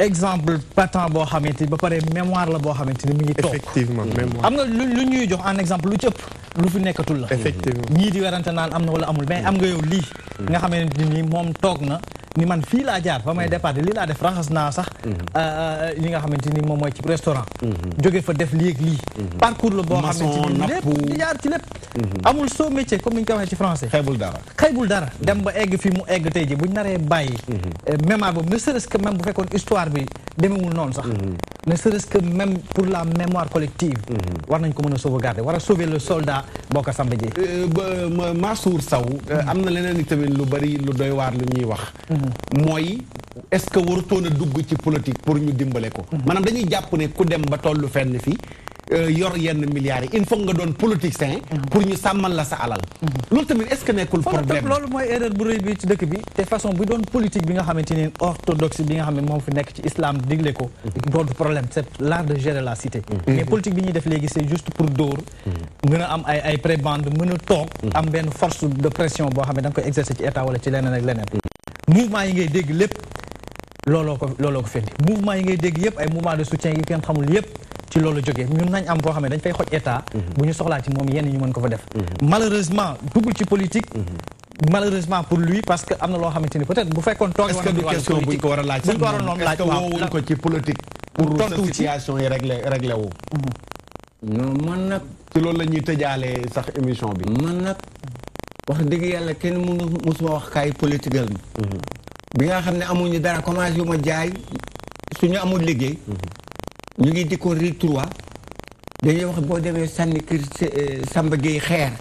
exemple patent bo xamante ba paré mémoire la bo xamante mi ngi tok effectivement mm. mémoire am nga lu ñuy jox en exemple lu cëpp lu fi nekkatul la effectivement ñi di werante naan am na wala amul mais am nga yow lii mm. nga xamante ni moom toog na ni man fii laa jaar fa may mm-hmm. départ lii laa def raxas naa sax mm-hmm. euh, li nga xamante ni moom mooy ci restaurant mm-hmm. jóge fa def lii ak lii parcours la boo xamante ni lépp jaar ci lépp amul soo métier comme ni ñu koy waxee ci français xeebul dara xeebul dara dem ba egg fi mu egg tey ji buñ naree bàyyi euh, mémoire boobu ne serait que même bu fekkoon histoire bi demewul noonu sax ne serait-ce que même pour la mémoire collective. Mhm. war nañ ko mën a sauvegarder war a sauver le soldat Bokar Samba Dièye. Euh, ba Mansour saw euh, mhm. am na leneen tamit lu bari lu doy waar lu ñuy wax. Mhm. mooy est-ce que warutoon a dugg ci politique pour ñu dimbale ko. maanaam dañuy jàpp ne ku dem ba tollu fenn fii. Euh, yor yenn milliards yi il faut nga doon politicien pour ñu sàmmal la sa alal loolu tamit est-ce que nekkul problème loolu mooy erreur bu rëy bi ci dëkk bi te façon bu doon politique bi nga xamante ne orthodoxe bi nga xam ne moom fi nekk ci islam digle ko dootu problème c'est l'art de gérer la cité mais politique bi ñuy def léegi c'est juste pour dóor mën a am ay ay prébande mën a toog am benn force de pression boo xam ne da nga koy exercer ci état wala ci leneen ak leneen mouvement yi ngay dégg lépp looloo ko looloo ko fendi mouvement yi ngay dégg yépp ay mouvement de soutien yi kenn xamul yépp ci loolu jógee ñun nañ am boo xam ne dañ fay xoj état mhm. bu ñu soxlaa ci moom yenn ñu mën ko fa def mhm. malheureusement duggul ci politique mhm. malheureusement pour lui parce que am na loo xamante ni peut-être bu fekkoon toog est a laaj a noonu laaj waaw woowuñ ko yi réglé réglé wu non man nag ci loolu la ñuy tëjaalee sax émission bi man nag wax dëgg yàlla kenn mënu mosuma wax kaay politiqueal bi nga xam ne amuñu dara commencé yu ma jaay su ñu amul liggéey ñu ngi dikkoon ri 3 dañuy wax boo demee sànni kër euh, Samba Gueye xeer.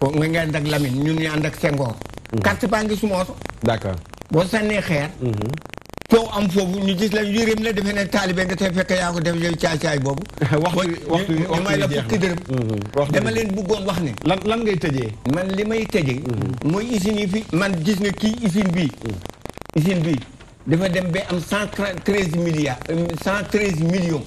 ko nga ngi ànd ak Lamine ñun ñu ànd ak Senghor. Mm-hmm. carte baa ngi suma oto. d'accord boo sànnee xeer. Mm-hmm. coow am foofu ñu gis la yërëm la defe ne taalibe nga tey fekk yaa ko def yooyu caay-caay boobu. waxtu waxtu waxtu may la fukki dërëm. Mm-hmm. dama leen bëggoon wax ni lan lan ngay tëjee. man li may tëjee. mooy usine yi fi man gis nga kii usine bii. Mm. usine bii dafa dem ba am cent treize milliards euh, cent treize millions.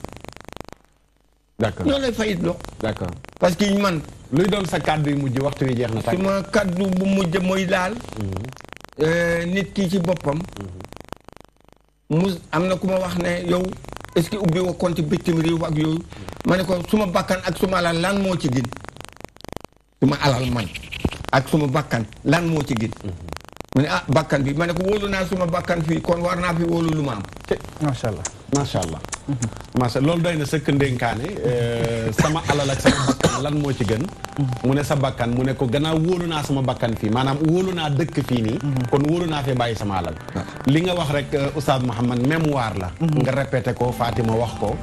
d'accord loolu lay fayit lo d'accord parce que man. luy doon sa kàddu yu mujj waxtu wi jeex na. tàggat sama kàddu bu mujj mooy laal. Mhm. Euh, nit ki ci boppam. Mhm. mu am na ku ma wax ne yow est-ce que ubbi wa compte bitim réew ak yooyu mhm. ma ne ko suma bakkan ak ma alal lan moo ci gën suma alal man ak suma bakkan lan moo ci gën. mu ne ah bakkan bi ma ne ko wóolu naa suma bàkkan fii kon war naa fi wóolu lu ma am. macha allah. macha allah. macha allah loolu doy na sëkk ndénkaane euh, sama alal ak sama bakkan lan moo ci gën. mu ne sa bakkan mu ne ko gannaaw wóolu naa sama bakkan fii maanaam wóolu naa dëkk fii nii. kon wóolu naa fee bàyyi sama alal. li nga wax rek euh, Oustaz Mouhamed mémoire la. nga répété ko Fatima wax ko.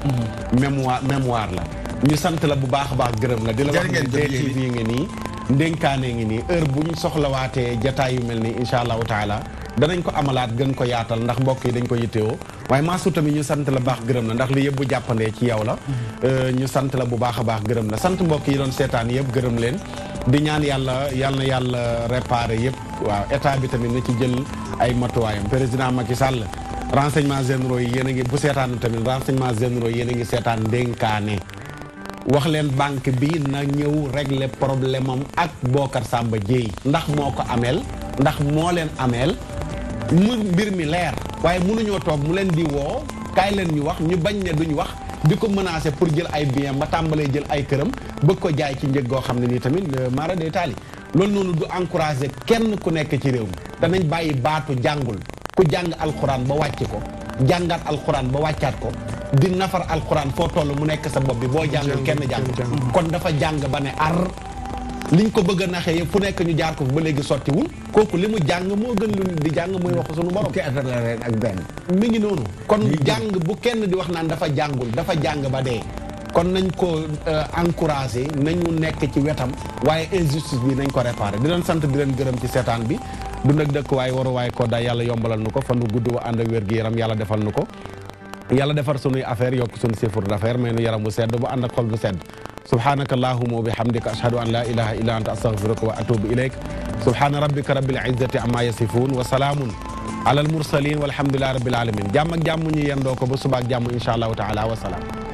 mémoire mémoire la. ñu sant la bu baax a baax gërëm la. di la wax ne DTV nga nii. ndénkaane ngi nii heure bu soxla soxlawaatee jataay yu mel nii incha allahu taala. danañ ko amalaat gën ko yaatal ndax mbokk yi dañ ko yittewoo waaye maasu tamit ñu sant la baax gërëm la ndax li yëpp bu jàppandee ci yow la euh, ñu sant la bu baax a baax gërëm la sant mbokk yi doon seetaan yëpp gërëm leen di ñaan yàlla yàlla na yàlla réparé yëpp waaw état bi tamit na ci jël ay matuwaayam président Macky Sall renseignement généraux yi yéen a ngi bu seetaanu tamit renseignement généraux yi yéen a ngi seetaan dénkaane wax leen banque bi na ñëw régler problème am ak Bocar Samba Dièye ndax moo ko ameel ndax moo leen ameel mu mbir mi leer waaye mënuñoo toog mu leen di woo kaay leen ñu wax ñu bañ ne duñ wax di ko menacer pour jël ay bien ba tàmbalee jël ay këram bëgg ko jaay ci njëg goo xam ne nii tamit euh, mara day taali loolu noonu du encourager kenn ku nekk ci réew mi danañ bàyyi baatu jàngul ku jàng alxuraan ba wàcc ko jàngaat alxuraan ba wàccaat ko di nafar alxuraan foo toll mu nekk sa bopp bi boo jàngul kenn jàngul kon dafa jàng ba ne ar liñ ko bëgg a naxee fu nekk ñu jaar ko ba léegi sottiwul kooku li mu jàng moo gën lu di jàng muy wax sunu borom. fukki ak benn. mi ngi noonu. kon jàng bu kenn di wax naan dafa jàngul dafa jàng ba dee. kon nañ ko euh, encouragé nañu nekk ci wetam waaye injustice bi nañ ko réparé di leen sant di leen gërëm ci seetaan bi dund ak dëkk waaye waru waaye ko daay yàlla yombalal nu ko fan wu gudd wa ànd ak wér gi yaram yàlla defal nu ko yàlla defar sunuy affaire yokk sunu chiffre d'affaires sedd bu ànd ak xol bu sedd سبحانك اللهم وبحمدك أشهد أن لا إله إلا أنت أستغفرك وأتوب إليك سبحان ربك رب العزة عما يصفون وسلام على المرسلين والحمد لله رب العالمين jàmm ak jàmm ñu yendoo ko ba suba ak jàmm incha